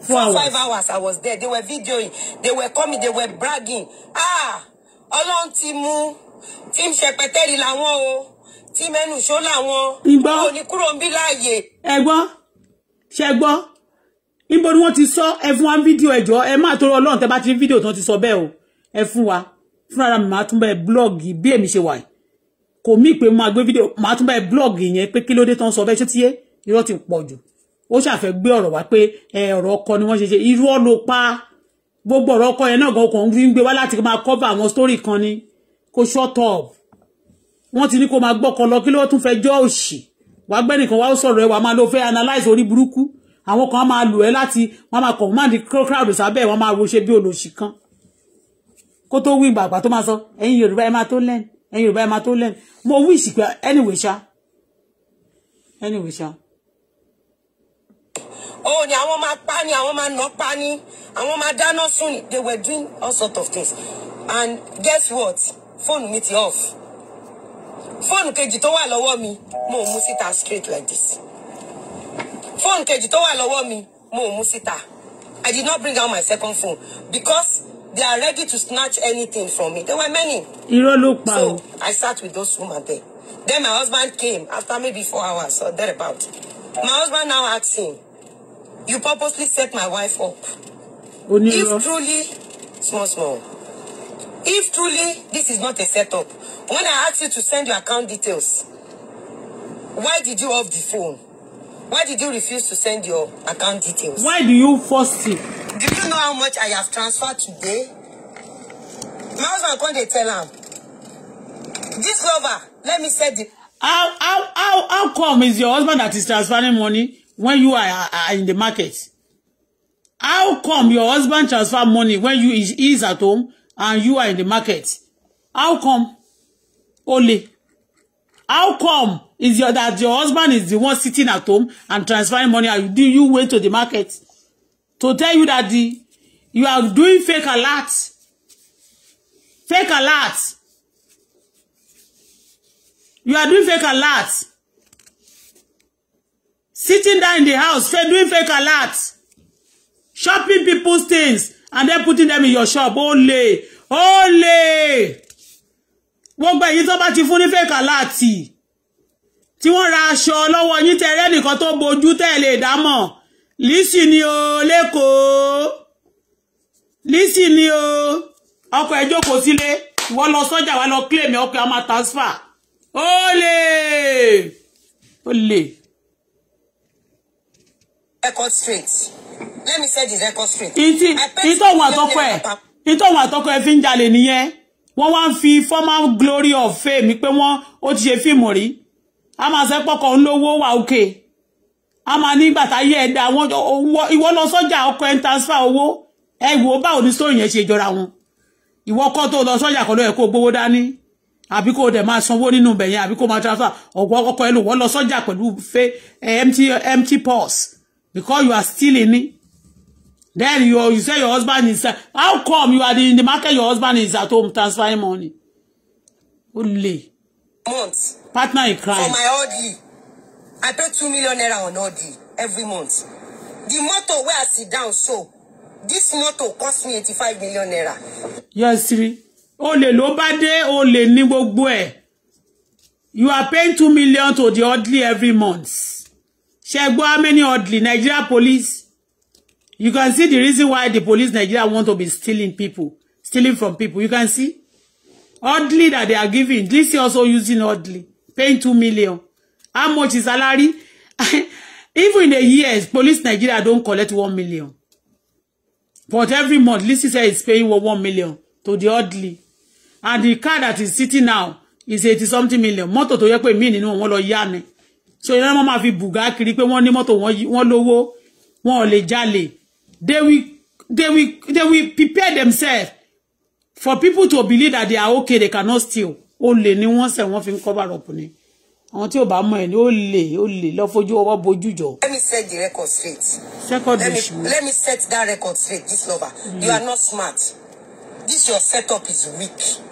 For hours. five hours I was there they were videoing they were coming they were bragging ah ọlọ́run ti mú team ṣẹpẹtẹ́rì làwọn o team ẹnu ṣó làwọn ìgbọ́ òní kúrò ń bí láàyè. ẹ gbọ́ ṣe gbọ́ níbo ni wọ́n ti sọ ẹ fún wa ń fídíò ẹ̀jọ́ ẹ máa torí ọlọ́run tẹ́ bá ti rí fídíò tí wọ́n ti sọ bẹ́ẹ̀ o ẹ fún wa fúnra ara mi máa tún bẹ́ẹ̀ blọ́ọ̀gì bí èmi ṣe wà yìí kò mí pé mo máa gbé fídíò máa tún bẹ́ẹ̀ blọ́ọ̀gì yẹn pé kí ló dé tán tiye irọ́ ti pọ̀ ó ṣàfẹ́ gbé ọ̀rọ̀ wá pé ọ̀rọ̀ ọkọ ni wọ́n ṣe ṣe irú ọ̀lọ́ pa gbogbo ọ̀rọ̀ ọkọ yẹn náà gan kan ń gbé wá láti máa cover àwọn story kan ni kò shut up wọ́n ti ní kó máa gbọ́kọ lọ kí ló tún fẹ́ jọ́ òṣì wàá gbẹ́ nìkan wá ó sọ̀rọ̀ ẹ wàá máa lọ fẹ́ analyze orí burúkú àwọn kan máa lù ẹ́ láti wọ́n máa command crowd sábẹ́ wọ́n máa wo ṣe bí olóṣì kan kó tó wí gbàgbà tó máa sọ ẹ̀yin Yorùbá ẹ máa tó lẹ́nu ẹ̀yin Yorùbá ẹ máa tó lẹ́nu mo wíṣì pé anyway ṣá anyway ṣá oh ni àwọn máa pa ni àwọn máa nà pa ni àwọn máa dáná sùn ni they were doing all sort of things and guess what fóònù mi ti off fóònù kejì tó wà lọ́wọ́ mi mo mú síta straight like this fóònù kejì tó wà lọ́wọ́ mi mo mú síta I did not bring out my second phone because they are ready to snatch anything from me. There were many. Irọ́ ló pa o. So I sat with those women there. Then my husband came after maybe four hours or thereabout. My husband now asked him, you purposely set my wife up. If truly small small if truly this is not a setup when I asked you to send your account details why did you off the phone why did you refuse to send your account details. why do you force it. do you know how much I have transferred today my husband can't tell him. this lover let me set the. how how how how come is your husband that is transferring money when you are, are in the market? How come your husband transfer money when you is, is at home and you are in the market? How come? Only. How come is your that your husband is the one sitting at home and transferring money and do you wait to the market to tell you that the you are doing fake alert fake alert you are doing fake alert sitting down in the house, doing fake alerts, shopping people's things, and then putting them in your shop. Olè! Olè! Wọ́n gbà yín tó bá ti fún ní fake alert. Tí wọ́n ra aṣọ lọ́wọ́ yín tẹ̀rẹ́ nìkan tó bojú tẹ̀ lè dámọ̀. Lísì ni o lẹ́kọ̀ọ́. Lísì ni o. Ọkọ̀ ẹ jókòó sílé. Ìwọ lọ sọ́jà wa lọ claim ọkọ̀ a máa transfer. Olè! Olè! record straight let me set the record straight. Iti, ito wa ẹ ìtòhun àtọkọ ẹ fi ń jalè nìyẹn wọ́n wá ń fi former glory of fame pé wọ́n o ti ṣe fíìmù rí a máa ṣe pọkọ ńlówó wà òkè a máa nígbà táyé ẹ dá wọn ìwọ lọ sọ́jà ọkọ ẹ ń transfer owó ẹ wò ó báwo ni sóòyìn yẹn ṣe jọra wọn ìwọ kọ́ tó lọ sọ́jà kọ́ ló yẹ kó gbowó dání àbí kó dẹ̀ máa sanwó nínú ibẹ̀ yẹn ko kó máa transfer ọ̀gbọ́n ọkọ̀ ẹ lò wọ́n lọ sọ́jà pẹ̀lú eh, empty empty purse because you are stealing me. Then you, you say your husband is... How come you are in the market, your husband is at home transferring money? Only. Months. Partner in crime. For my OD. I pay two million naira on OD every month. The motor where I sit down, so this motor cost me 85 million naira. Yes, three. Olè ló bá dé, olè ní gbogbo ẹ̀. You are paying two million to the oddly every month ṣe gbọ́ how many oddly Nigeria police you can see the reason why the police Nigeria want to be stealing people stealing from people you can see oddly that they are giving this is also using oddly paying two million how much is salary even in the years police Nigeria don't collect one million but every month Lizzy say is paying one million to the oddly and the car that is sitting now is eighty something million mọ́tò tó yẹ pé mí nínú wọn lọ so iná wọn máa fi bùgá kiri pé wọ́n ní mọ́tò wọ́n lówó wọn ò lè jalè they will they will they will prepare themselves for people to believe that they are okay they cannot steal olè ni wọ́n ṣe wọ́n fi cover up ni àwọn tí ò bá mọ ẹ ni ó lè ó lè lọ fojú ọwọ́ bojú let me set the record straight. second let me let me set that record straight this lover. Mm. you are not smart this your setup is weak.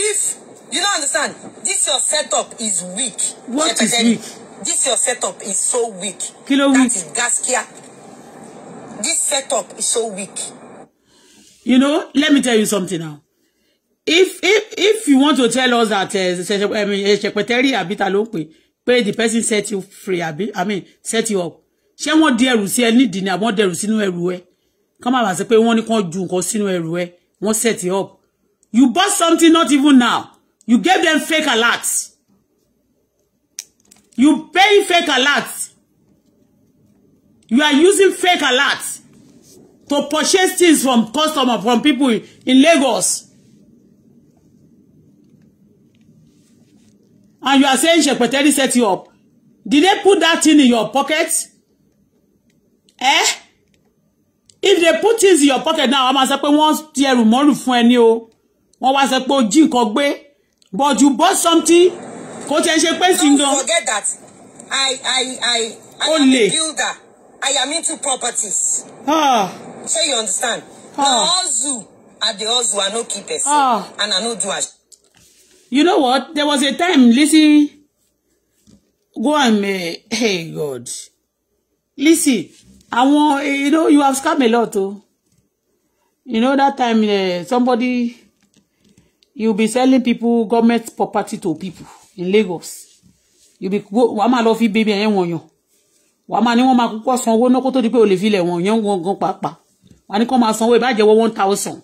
If You don't understand? This your setup is weak. What is weak? This your setup is so weak. Kilo that weak. is Gaskia. This setup is so weak. You know, let me tell you something now. If if if you want to tell us that uh, I mean, secretary eh, Abita ló pè pé the person set you free abi I mean set you up. Ṣé wọ́n di ẹrù sí ẹ nídìí ni àbọ̀ dẹrù sínú ẹrù ẹ? Come máa bàa sọ pé wọ́n ní kàn ju nǹkan sínú ẹrù ẹ. Wọ́n set you up. You bought something not even now. You gave them fake alerts. You pay fake alerts. You are using fake alerts to purchase things from customer, from people in Lagos. And you are saying Shepeteri set you up. Did they put that thing in your pocket? Eh? If they put things in your pocket now, wọ́n máa sọ pé wọ́n ti ẹrù mọ́rù fún ẹni o. Wọ́n wá sọ pé ó jí nǹkan gbé but you bought something kò tẹ̀ ṣe pé single. don't forget that i i i i am a builder i am into properties. Ah. so you understand. Ah. na hustle i dey hustle i no kill person ah. and i no do as. you know what there was a time Lizzy go and uh, hey god Lizzy àwọn eh, you know you have scam a lot o oh. you know that time uh, somebody. You be selling people government property to people in Lagos You be wàá máa lọ fi bébí ẹ̀yẹ́ wọn yàn wàá máa ní wọ́n máa kúkọ́ san owó náà kó tó di pé ò lè filẹ̀ wọn yàn wọn gan pàápàá wàá ní kó máa sanwó ìbájẹ́wọ́ one thousand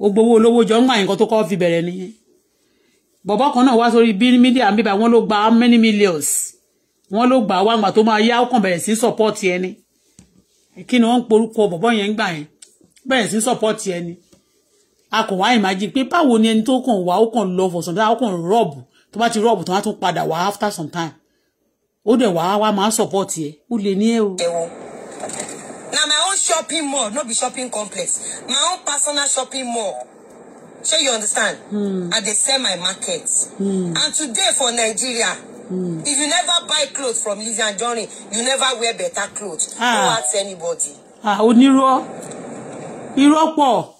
gbogbo owó olówó jọ ń gbà nǹkan tó kọ́ fi bẹ̀rẹ̀ nìyẹn bọ̀bọ́ kan náà wá sórí bí mídíà bíbá wọn ló gba many millions wọn ló gbà wá gbà tó máa yá ó kàn bẹ̀rẹ̀ sí support ẹni kí ni wọ́n ń porúkọ bọ̀bọ́ yẹn ń gbà yẹn bẹ̀rẹ̀ sí support ẹni a kò wá imagine pé báwo ni ẹni tó kàn wá ó kàn lọ for some time ó kàn rọ́ọ̀bù tó bá ti rọ́ọ̀bù tó wá tún padà wá after some time ó dẹ̀ wá wá máa support ye ó lè ní ewu. o. na my own shopping mall no be shopping complex my own personal shopping mall so you understand hmm. i dey sell my market hmm. and today for nigeria hmm. If you never buy clothes from Lizzy johnny you never wear better clothes. Ah. Don't ask anybody. Ah, onírọ́. Irọ́ pọ̀.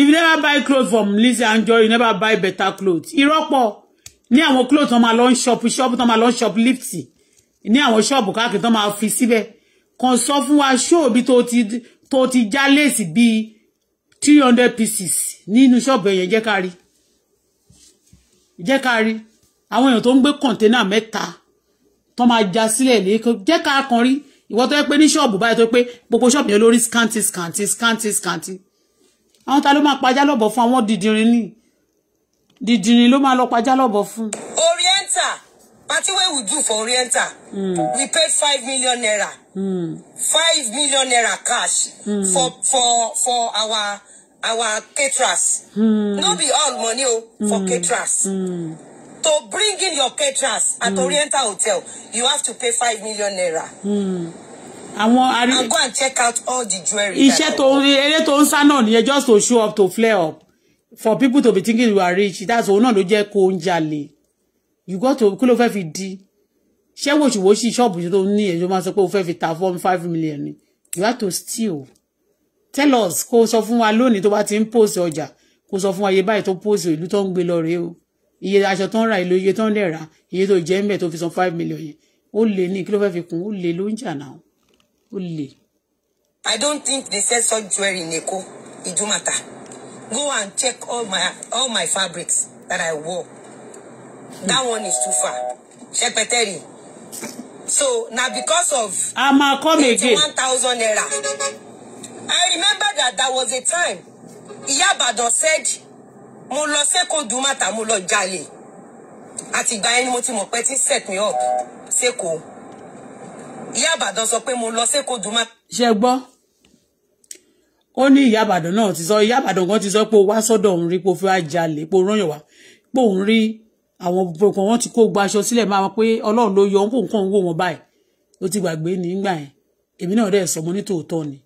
if you never buy clothes from Lizzie and Joy, you never buy better clothes ìrọ́pọ̀ ní àwọn clothes on my lọ shop, ṣọ́ọ̀pù ṣọ́ọ̀pù tó máa lọ ń ṣọ́ọ̀pù lift ní àwọn ṣọ́ọ̀pù káàkiri tó máa fi síbẹ̀ kàn sọ fún wa ṣóò bí tó ti tó ti já three hundred pieces nínú ṣọ́ọ̀bù shop, jẹ́ ká rí jẹ́ ká rí àwọn èèyàn tó ń gbé kọ̀ǹténà mẹ́ta tó máa já sílẹ̀ lẹ́kọ̀ọ́ jẹ́ ká kan rí ìwọ tó yẹ pé ní ṣọ́ọ̀bù báyìí scanty scanty scanty scanty àwọn ta ló máa pajá lọ́bọ̀ fún àwọn dìdìrín ni dìdìrín ló máa lọ pajá lọ́bọ̀ fún. oriental party we do for Orienta, mm. we paid five million naira mm. five million naira cash mm. for for for our our caterers mm. no be all money o for mm. caterers. Mm. To bring in your caterers at mm. Oriental Hotel, you have to pay five million naira. Mm àwọn ari. and go check out all the jewelry. iṣẹ́ tó ń eré tó ń sá náà nìyẹn just to show up to flare up for people to be thinking you are rich that's òun náà ló jẹ́ kó ń jalè you got to kí ló fẹ́ fi di ṣé wòṣìwòṣì ṣọ́ọ̀bù tó ní ẹ̀jọ́ máa sọ pé o fẹ́ fi ta four five million you have to steal tell us kó o sọ fún wa lónìí tó bá ti ń post ọjà kó o sọ fún wa iye báyìí tó post ìlú tó ń gbé lọ rèé o iye aṣọ tó ń ra ìlú iye tó ń dẹ̀ ra iye tó jẹ́ ń bẹ̀ tó fi san five million yẹn ó lè ní kí ló fẹ́ fi kún ó lè ló ń jà náà ó lè. I don't think they sell such jewelry in Èkó, Idumata. Go and check all my all my fabrics that I wore. That one is too far. Shepeteri. So na because of. A máa come again. eighty-one thousand naira. I remember that there was a time Ìyá Ìbàdàn said mo lọ sẹ́kọ̀ọ́ Idumata mo lọ jalè àtìgbà ẹni mo ti mọ̀ pé ti set me up sẹ́kọ̀ọ́ ìyá àbàdàn sọ pé mo lọ sẹ́kọ̀ọ́ dùnmá. ṣe gbọ́ ó ní ìyá àbàdàn náà ti sọ ìyá àbàdàn kan ti sọ pé ó wá sọ́dọ̀ òun rí pé ó fẹ́ wá jalè pé ó rányàn wá pé òun rí àwọn gbogbo wọn ti kó gba aṣọ sílẹ̀ máa pé ọlọ́run ló yọ òun kò ń wò wọn báyìí ó ti gbàgbé nígbà yẹn èmi náà dẹ̀ sọ mo ní tòótọ́ ni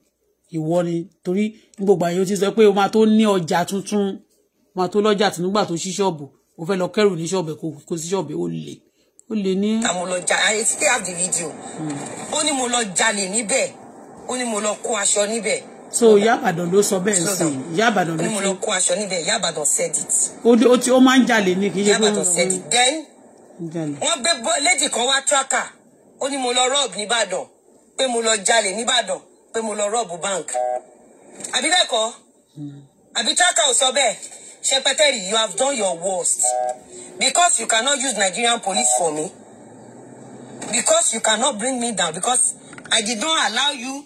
ìwọ ni torí gbogbo àyè ó ti sọ pé ó máa tó ní ọjà tuntun máa tó lọ́jà tìǹgbà tó ṣí ṣọ́ọ̀bù ó fẹ́ lọ kẹ́rù ní ṣọ́ọ̀bù kó sí ṣọ́ọ̀bù ó lè ó lè ní. àmọ́ lọ jà i still have the video. Hmm. ó ní mo lọ jalè níbẹ̀ ó ní mo lọ kó aṣọ níbẹ̀. so ìyá ló sọ bẹ́ẹ̀ sí ìyá ló ti. ó ní mo lọ kó aṣọ níbẹ̀ ìyá said it. ó ti ó máa ń jalè ní kí said it then wọ́n gbé lady kan wá tracker ó ní mo lọ rob nìbàdàn pé mo lọ jalè nìbàdàn pé mo lọ rob bank àbí bẹ́ẹ̀ kọ́ hmm. àbí tracker ò sọ bẹ́ẹ̀. Shepeteri, you have done your worst. Because you cannot use Nigerian police for me. Because you cannot bring me down. Because I did not allow you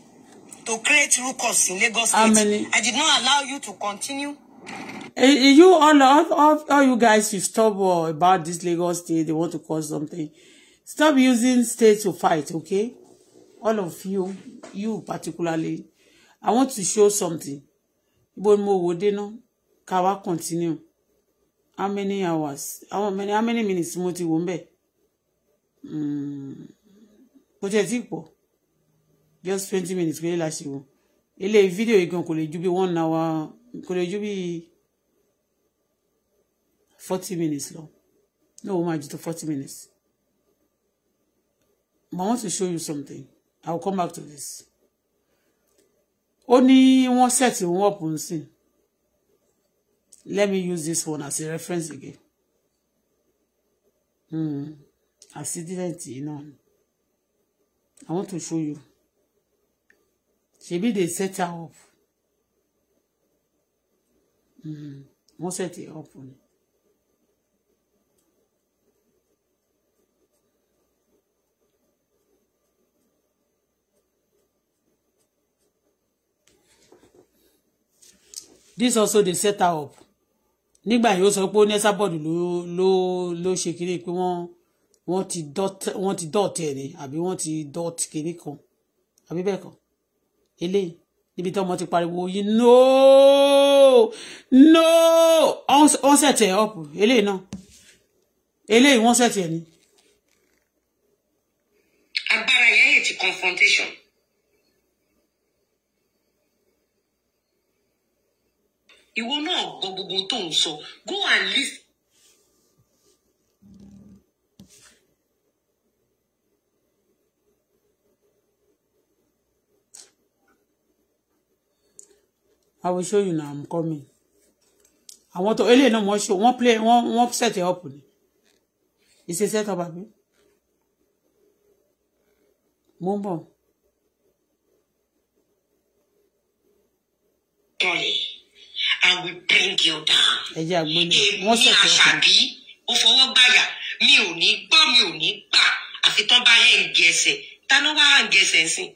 to create ruckus in Lagos State. Ameni. I did not allow you to continue. Eh, eh, you all, all, all you guys you stop uh, about this Lagos State. They want to call something. Stop using state to fight, okay? All of you, you particularly. I want to show something. Ibo ni mo wò dé ká wá continue how many hours how many how many minutes mo ti wò ń bẹ̀ kò hmm. tiẹ̀ tí pọ̀ just twenty minutes péré la ṣe wò eléyìí fídíò yìí gan kò lè ju bí one hour kò lè ju bí forty minutes lọ no ó máa ju tó forty minutes but I want to show you something I will come back to this ó ní wọ́n set òun up nsìn let me use this one as a reference again hmm accident you know i want to show you Maybe they set her up hmm wọ́n set it up ni. This also they set her up nígbà yìí ó sọ pé nẹ́sà bọ́ọ̀dù ló ló ló ṣe kiri pé wọ́n wọ́n ti dọ́tẹ̀ wọ́n ti dọ́tẹ̀ ẹ̀ ni àbí wọ́n ti dọ́t kiri kan àbí bẹ́ẹ̀ kan eléyìí níbi tí ọmọ ti pariwo yìí nóò nóò wọ́n sẹ̀tẹ̀ ọ̀pù eléyìí náà eléyìí wọ́n sẹ̀tẹ̀ ni. agbára yẹn yẹn ti confrontation ìwọ náà gbọ́ gbogbo tó ń sọ go and listen. I will show you now. I'm coming. Àwọn tó eléyìí náà wọ́n show wọ́n play wọ́n wọ́n set it up ni. Is it set up àbí. Mo ń bọ̀. Tọ́yìn. I will bring you down. Èmi àṣàbí ó fọwọ́ gbàyà mi ò ní gbọ́ mi ò ní gbà àfi tán bá hẹ̀ǹgì ẹsẹ̀ tánú wá hẹ̀ǹgì ẹsẹ̀ ń sìn.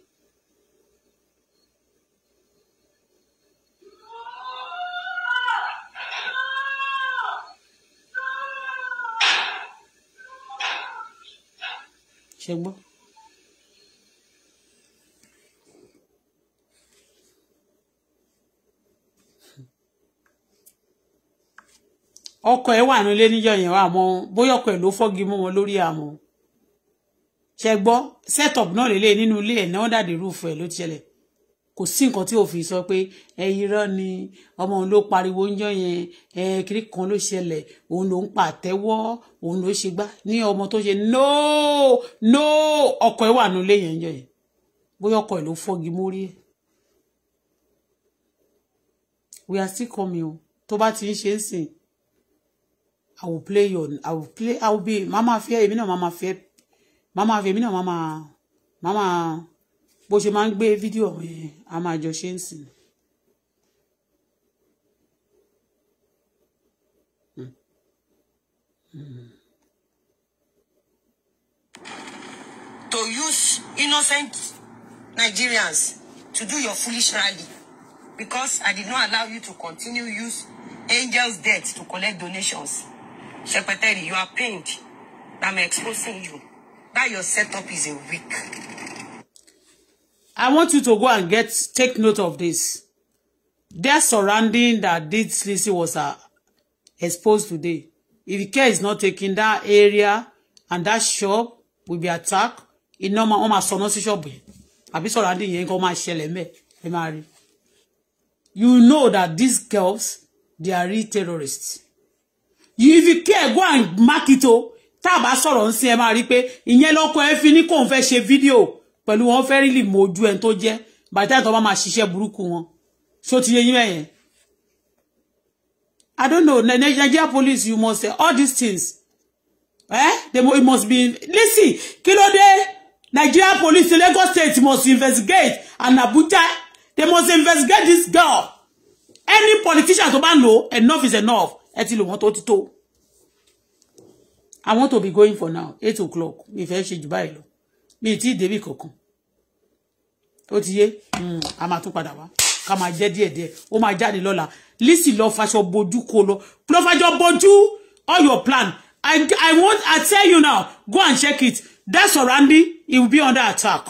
ṣe ọkọ ẹ wà nílé níjọ yẹn àmọ́ bóyá ọkọ ẹ ló fọ́gi mọ́ wọn lórí àmọ́ ṣe gbọ́ setup náà lélẹ̀ e nínú ilé ẹ̀ náà dàdé rúfù ẹ̀ ló ti ṣẹlẹ̀ kò sí nǹkan tí òfin sọ pé ẹ irọ́ ni ọmọ òun ló pariwo ń jọ yẹn ẹ kiri kan ló ṣẹlẹ̀ òun ló ń pa àtẹ́wọ́ òun ló ṣe gbá ní ọmọ tó ṣe no no ọkọ ẹ wà nílé yẹn ń jọ yẹn bóyá ọkọ ẹ ló fọ́gi mórí ẹ̀ we are still coming o tó bá ti ń ṣe ń sìn I will play your I will play I will be Mama fear. èmi náà màmá fẹ́ màmá fẹ́ èmi náà màmá màmá bó ṣe máa ń gbé fídíò ọ̀hún a máa jọ To use innocent Nigerians to do your foolish rally because I did not allow you to continue use angels' debt to collect donations. Secretary, you are pained. I'm exposing you. That your setup is a weak. I want you to go and get take note of this. Their surrounding that did Lizzy was uh, exposed today. If care is not taken, that area and that shop will be attacked. Iná normal, wọ́n máa sọ náà sí ṣọ́ọ̀bù surrounding you kọ́ máa ṣẹlẹ̀ mẹ́ ẹ máa You know that these girls, they are real terrorists you if you care go tá a bá sọ̀rọ̀ ń sin ẹ máa rí i pé ìyẹn lọ́kọ ẹ fi ní kóun fẹ́ ṣe fídíò pẹ̀lú wọn fẹ́ rí lè mọ ojú ẹni tó jẹ́ bàtà tó bá máa ṣiṣẹ́ burúkú wọn ṣó ti yé yín mẹ́yẹn. I don't know Nigeria police you must say all these things eh they must be listen kí ló dé Nigeria police Lagos state must investigate and Abuja they must investigate this girl any politician tó bá lò enough is enough ẹ ti lò wọ́n tó ti tó i want to be going for now eight o'clock mi fẹ́ ṣe jù báyìí lọ mi tí ì débì kankan ó ti yé hmm, a máa tún padà wá ká máa jẹ́ díẹ̀díẹ̀ ó máa jáde lọ́la Lizzy lọ faṣọ bojú kó lọ lọ bojú all your plan i i want i tell you now go and check it that surrounding it will be under attack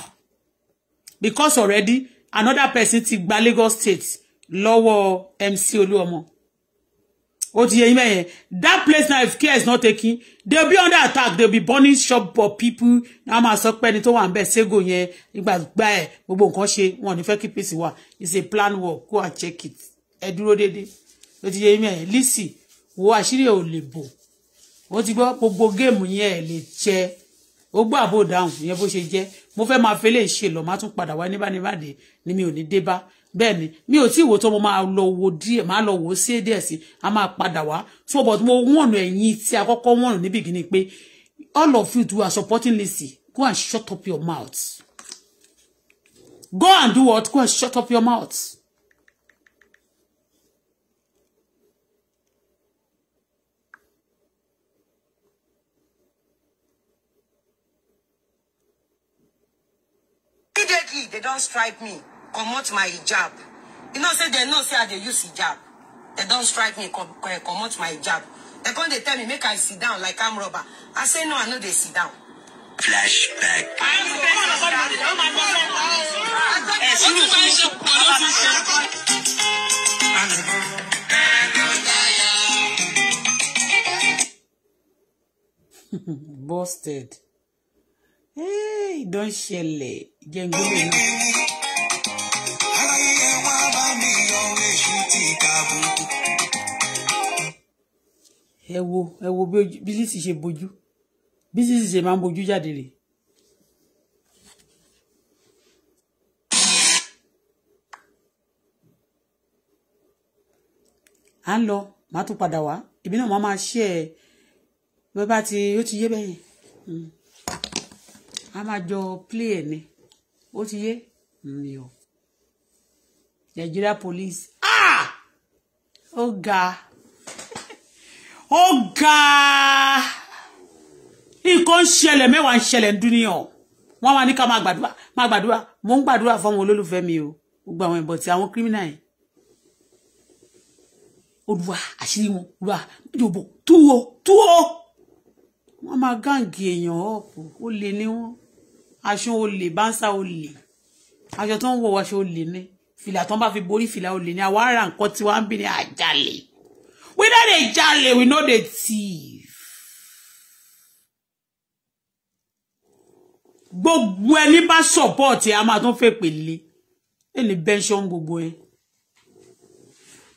because already another person ti gba Lagos state lọ́wọ́ MC Olúọmọ ó ti yẹ that place now if care is not taken they'll be under attack they'll be burning shop for people now my sọ pé ẹni tó wà ń bẹ̀ ségò yẹn ìgbàgbà ẹ̀ gbogbo nǹkan ṣe wọn ò ní fẹ́ kí peace wà it's a plan work go and check it ẹ dúró déédéé ó ti yẹ yín mẹ́yẹn lisi wo àṣírí ò lè bò ó ti gbọ́ gbogbo géèmù yẹn ẹ̀ lè jẹ ó gbọ́ àbò dáhùn ìyẹn bó ṣe jẹ́ mo fẹ́ máa fẹ́ lè ṣe lọ́ọ́ má tún padà wá níbàníbàdé ni mi ò ní bẹ́ẹ̀ ni mi ò tí ì wò tó mo máa lọ wo díẹ̀ máa lọ wò ó sí díẹ̀ sí a máa padà wá so but mo wọ̀nà ẹ̀yìn tí a kọ́kọ́ wọ̀nà ní beginning pé all of you do are supporting Lizzy go and shut up your mouth go and do what go and shut up your mouth. immediately they don strike me comot my hijab you know say dem know say i dey use hijab dem don strike me comot my hijab dem come dey tell me make i sit down like am rubber i say no i no dey sit down. flashback. busted. Hey, don't ṣẹlẹ̀ jẹ́ ẹ wo ẹ wo bí Lizzy ṣe bojú bí Lizzy ṣe máa ń bojú jáde rèé. à ń lọ màá tún padà wá èmi náà màá máa ṣe ẹ bó bá ti ó ti yé bẹ́yẹn hmm. a máa jọ play ẹ̀ ni ó ti yé hmm, mi o police ó ga ó ga nǹkan ń ṣẹlẹ̀ mẹ́wàá ń ṣẹlẹ̀ ń dúníyàn wọ́n wá ní ká máa gbàdúrà máa gbàdúrà mò ń gbàdúrà fọ́wọn olólùfẹ́ mi o gbogbo àwọn ìbọn tí àwọn kírímìnà yìí olùwà àṣírí wọn olùwà yòbò túwo túwo wọ́n máa gáǹgì èèyàn ọ̀pọ̀ ó lè ní wọn aṣọ olè báńsà olè aṣọ tó ń wọ aṣọ olè ní fìlà tán bá fi borí fìlà olè ni àwa ara nǹkan tí wọ́n ń bí ní àjàlè ah, we no dey jalè we no dey thief. gbogbo ẹni bá support ẹ a máa tún fèpè lé ẹ lè bẹ́ńṣọ́n gbogbo ẹ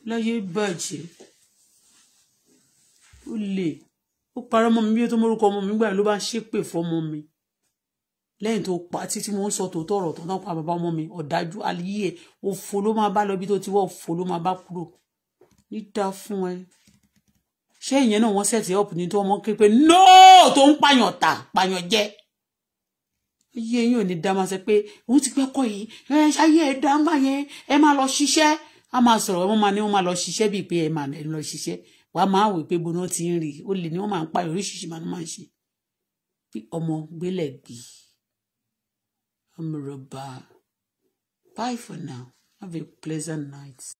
lọ́yẹ́ bàjẹ́ ó lè ó parọ́ mọ́ mi bí ó tó mórúkọ ọmọ mi gbà ló bá ṣépè fọ́mọ mi lẹ́yìn tó pa títí wọ́n sọ tòótọ́ ọ̀rọ̀ tó náà pa bàbá ọmọ mi ọ̀dájú ayé ẹ̀ òfò ló máa bá lọ ibi tó ti wọ́ òfò ló máa bá kúrò níta fún ẹ ṣé ìyẹn náà wọ́n set up ní tó ọmọ képe nóò tó ń pààyàn tà pààyàn jẹ ayé yín ò ní dá máa sọ pé òun ti pẹ́ kọ́ yìí ẹ ṣayé ẹ dá máa yẹn ẹ máa lọ ṣiṣẹ́ a máa sọ̀rọ̀ wọ́n máa ní wọ́n máa lọ ṣiṣẹ́ bíi pé ẹ máa lọ ṣiṣẹ́ wàá máa wò pé gbóná ti ń rì ó lè ní wọ́n máa ń pààyàn oríṣiríṣi máa ń máa ń ṣe bí ọmọ gbélé gbìí I'm Rabba. Bye for now. Have a pleasant night.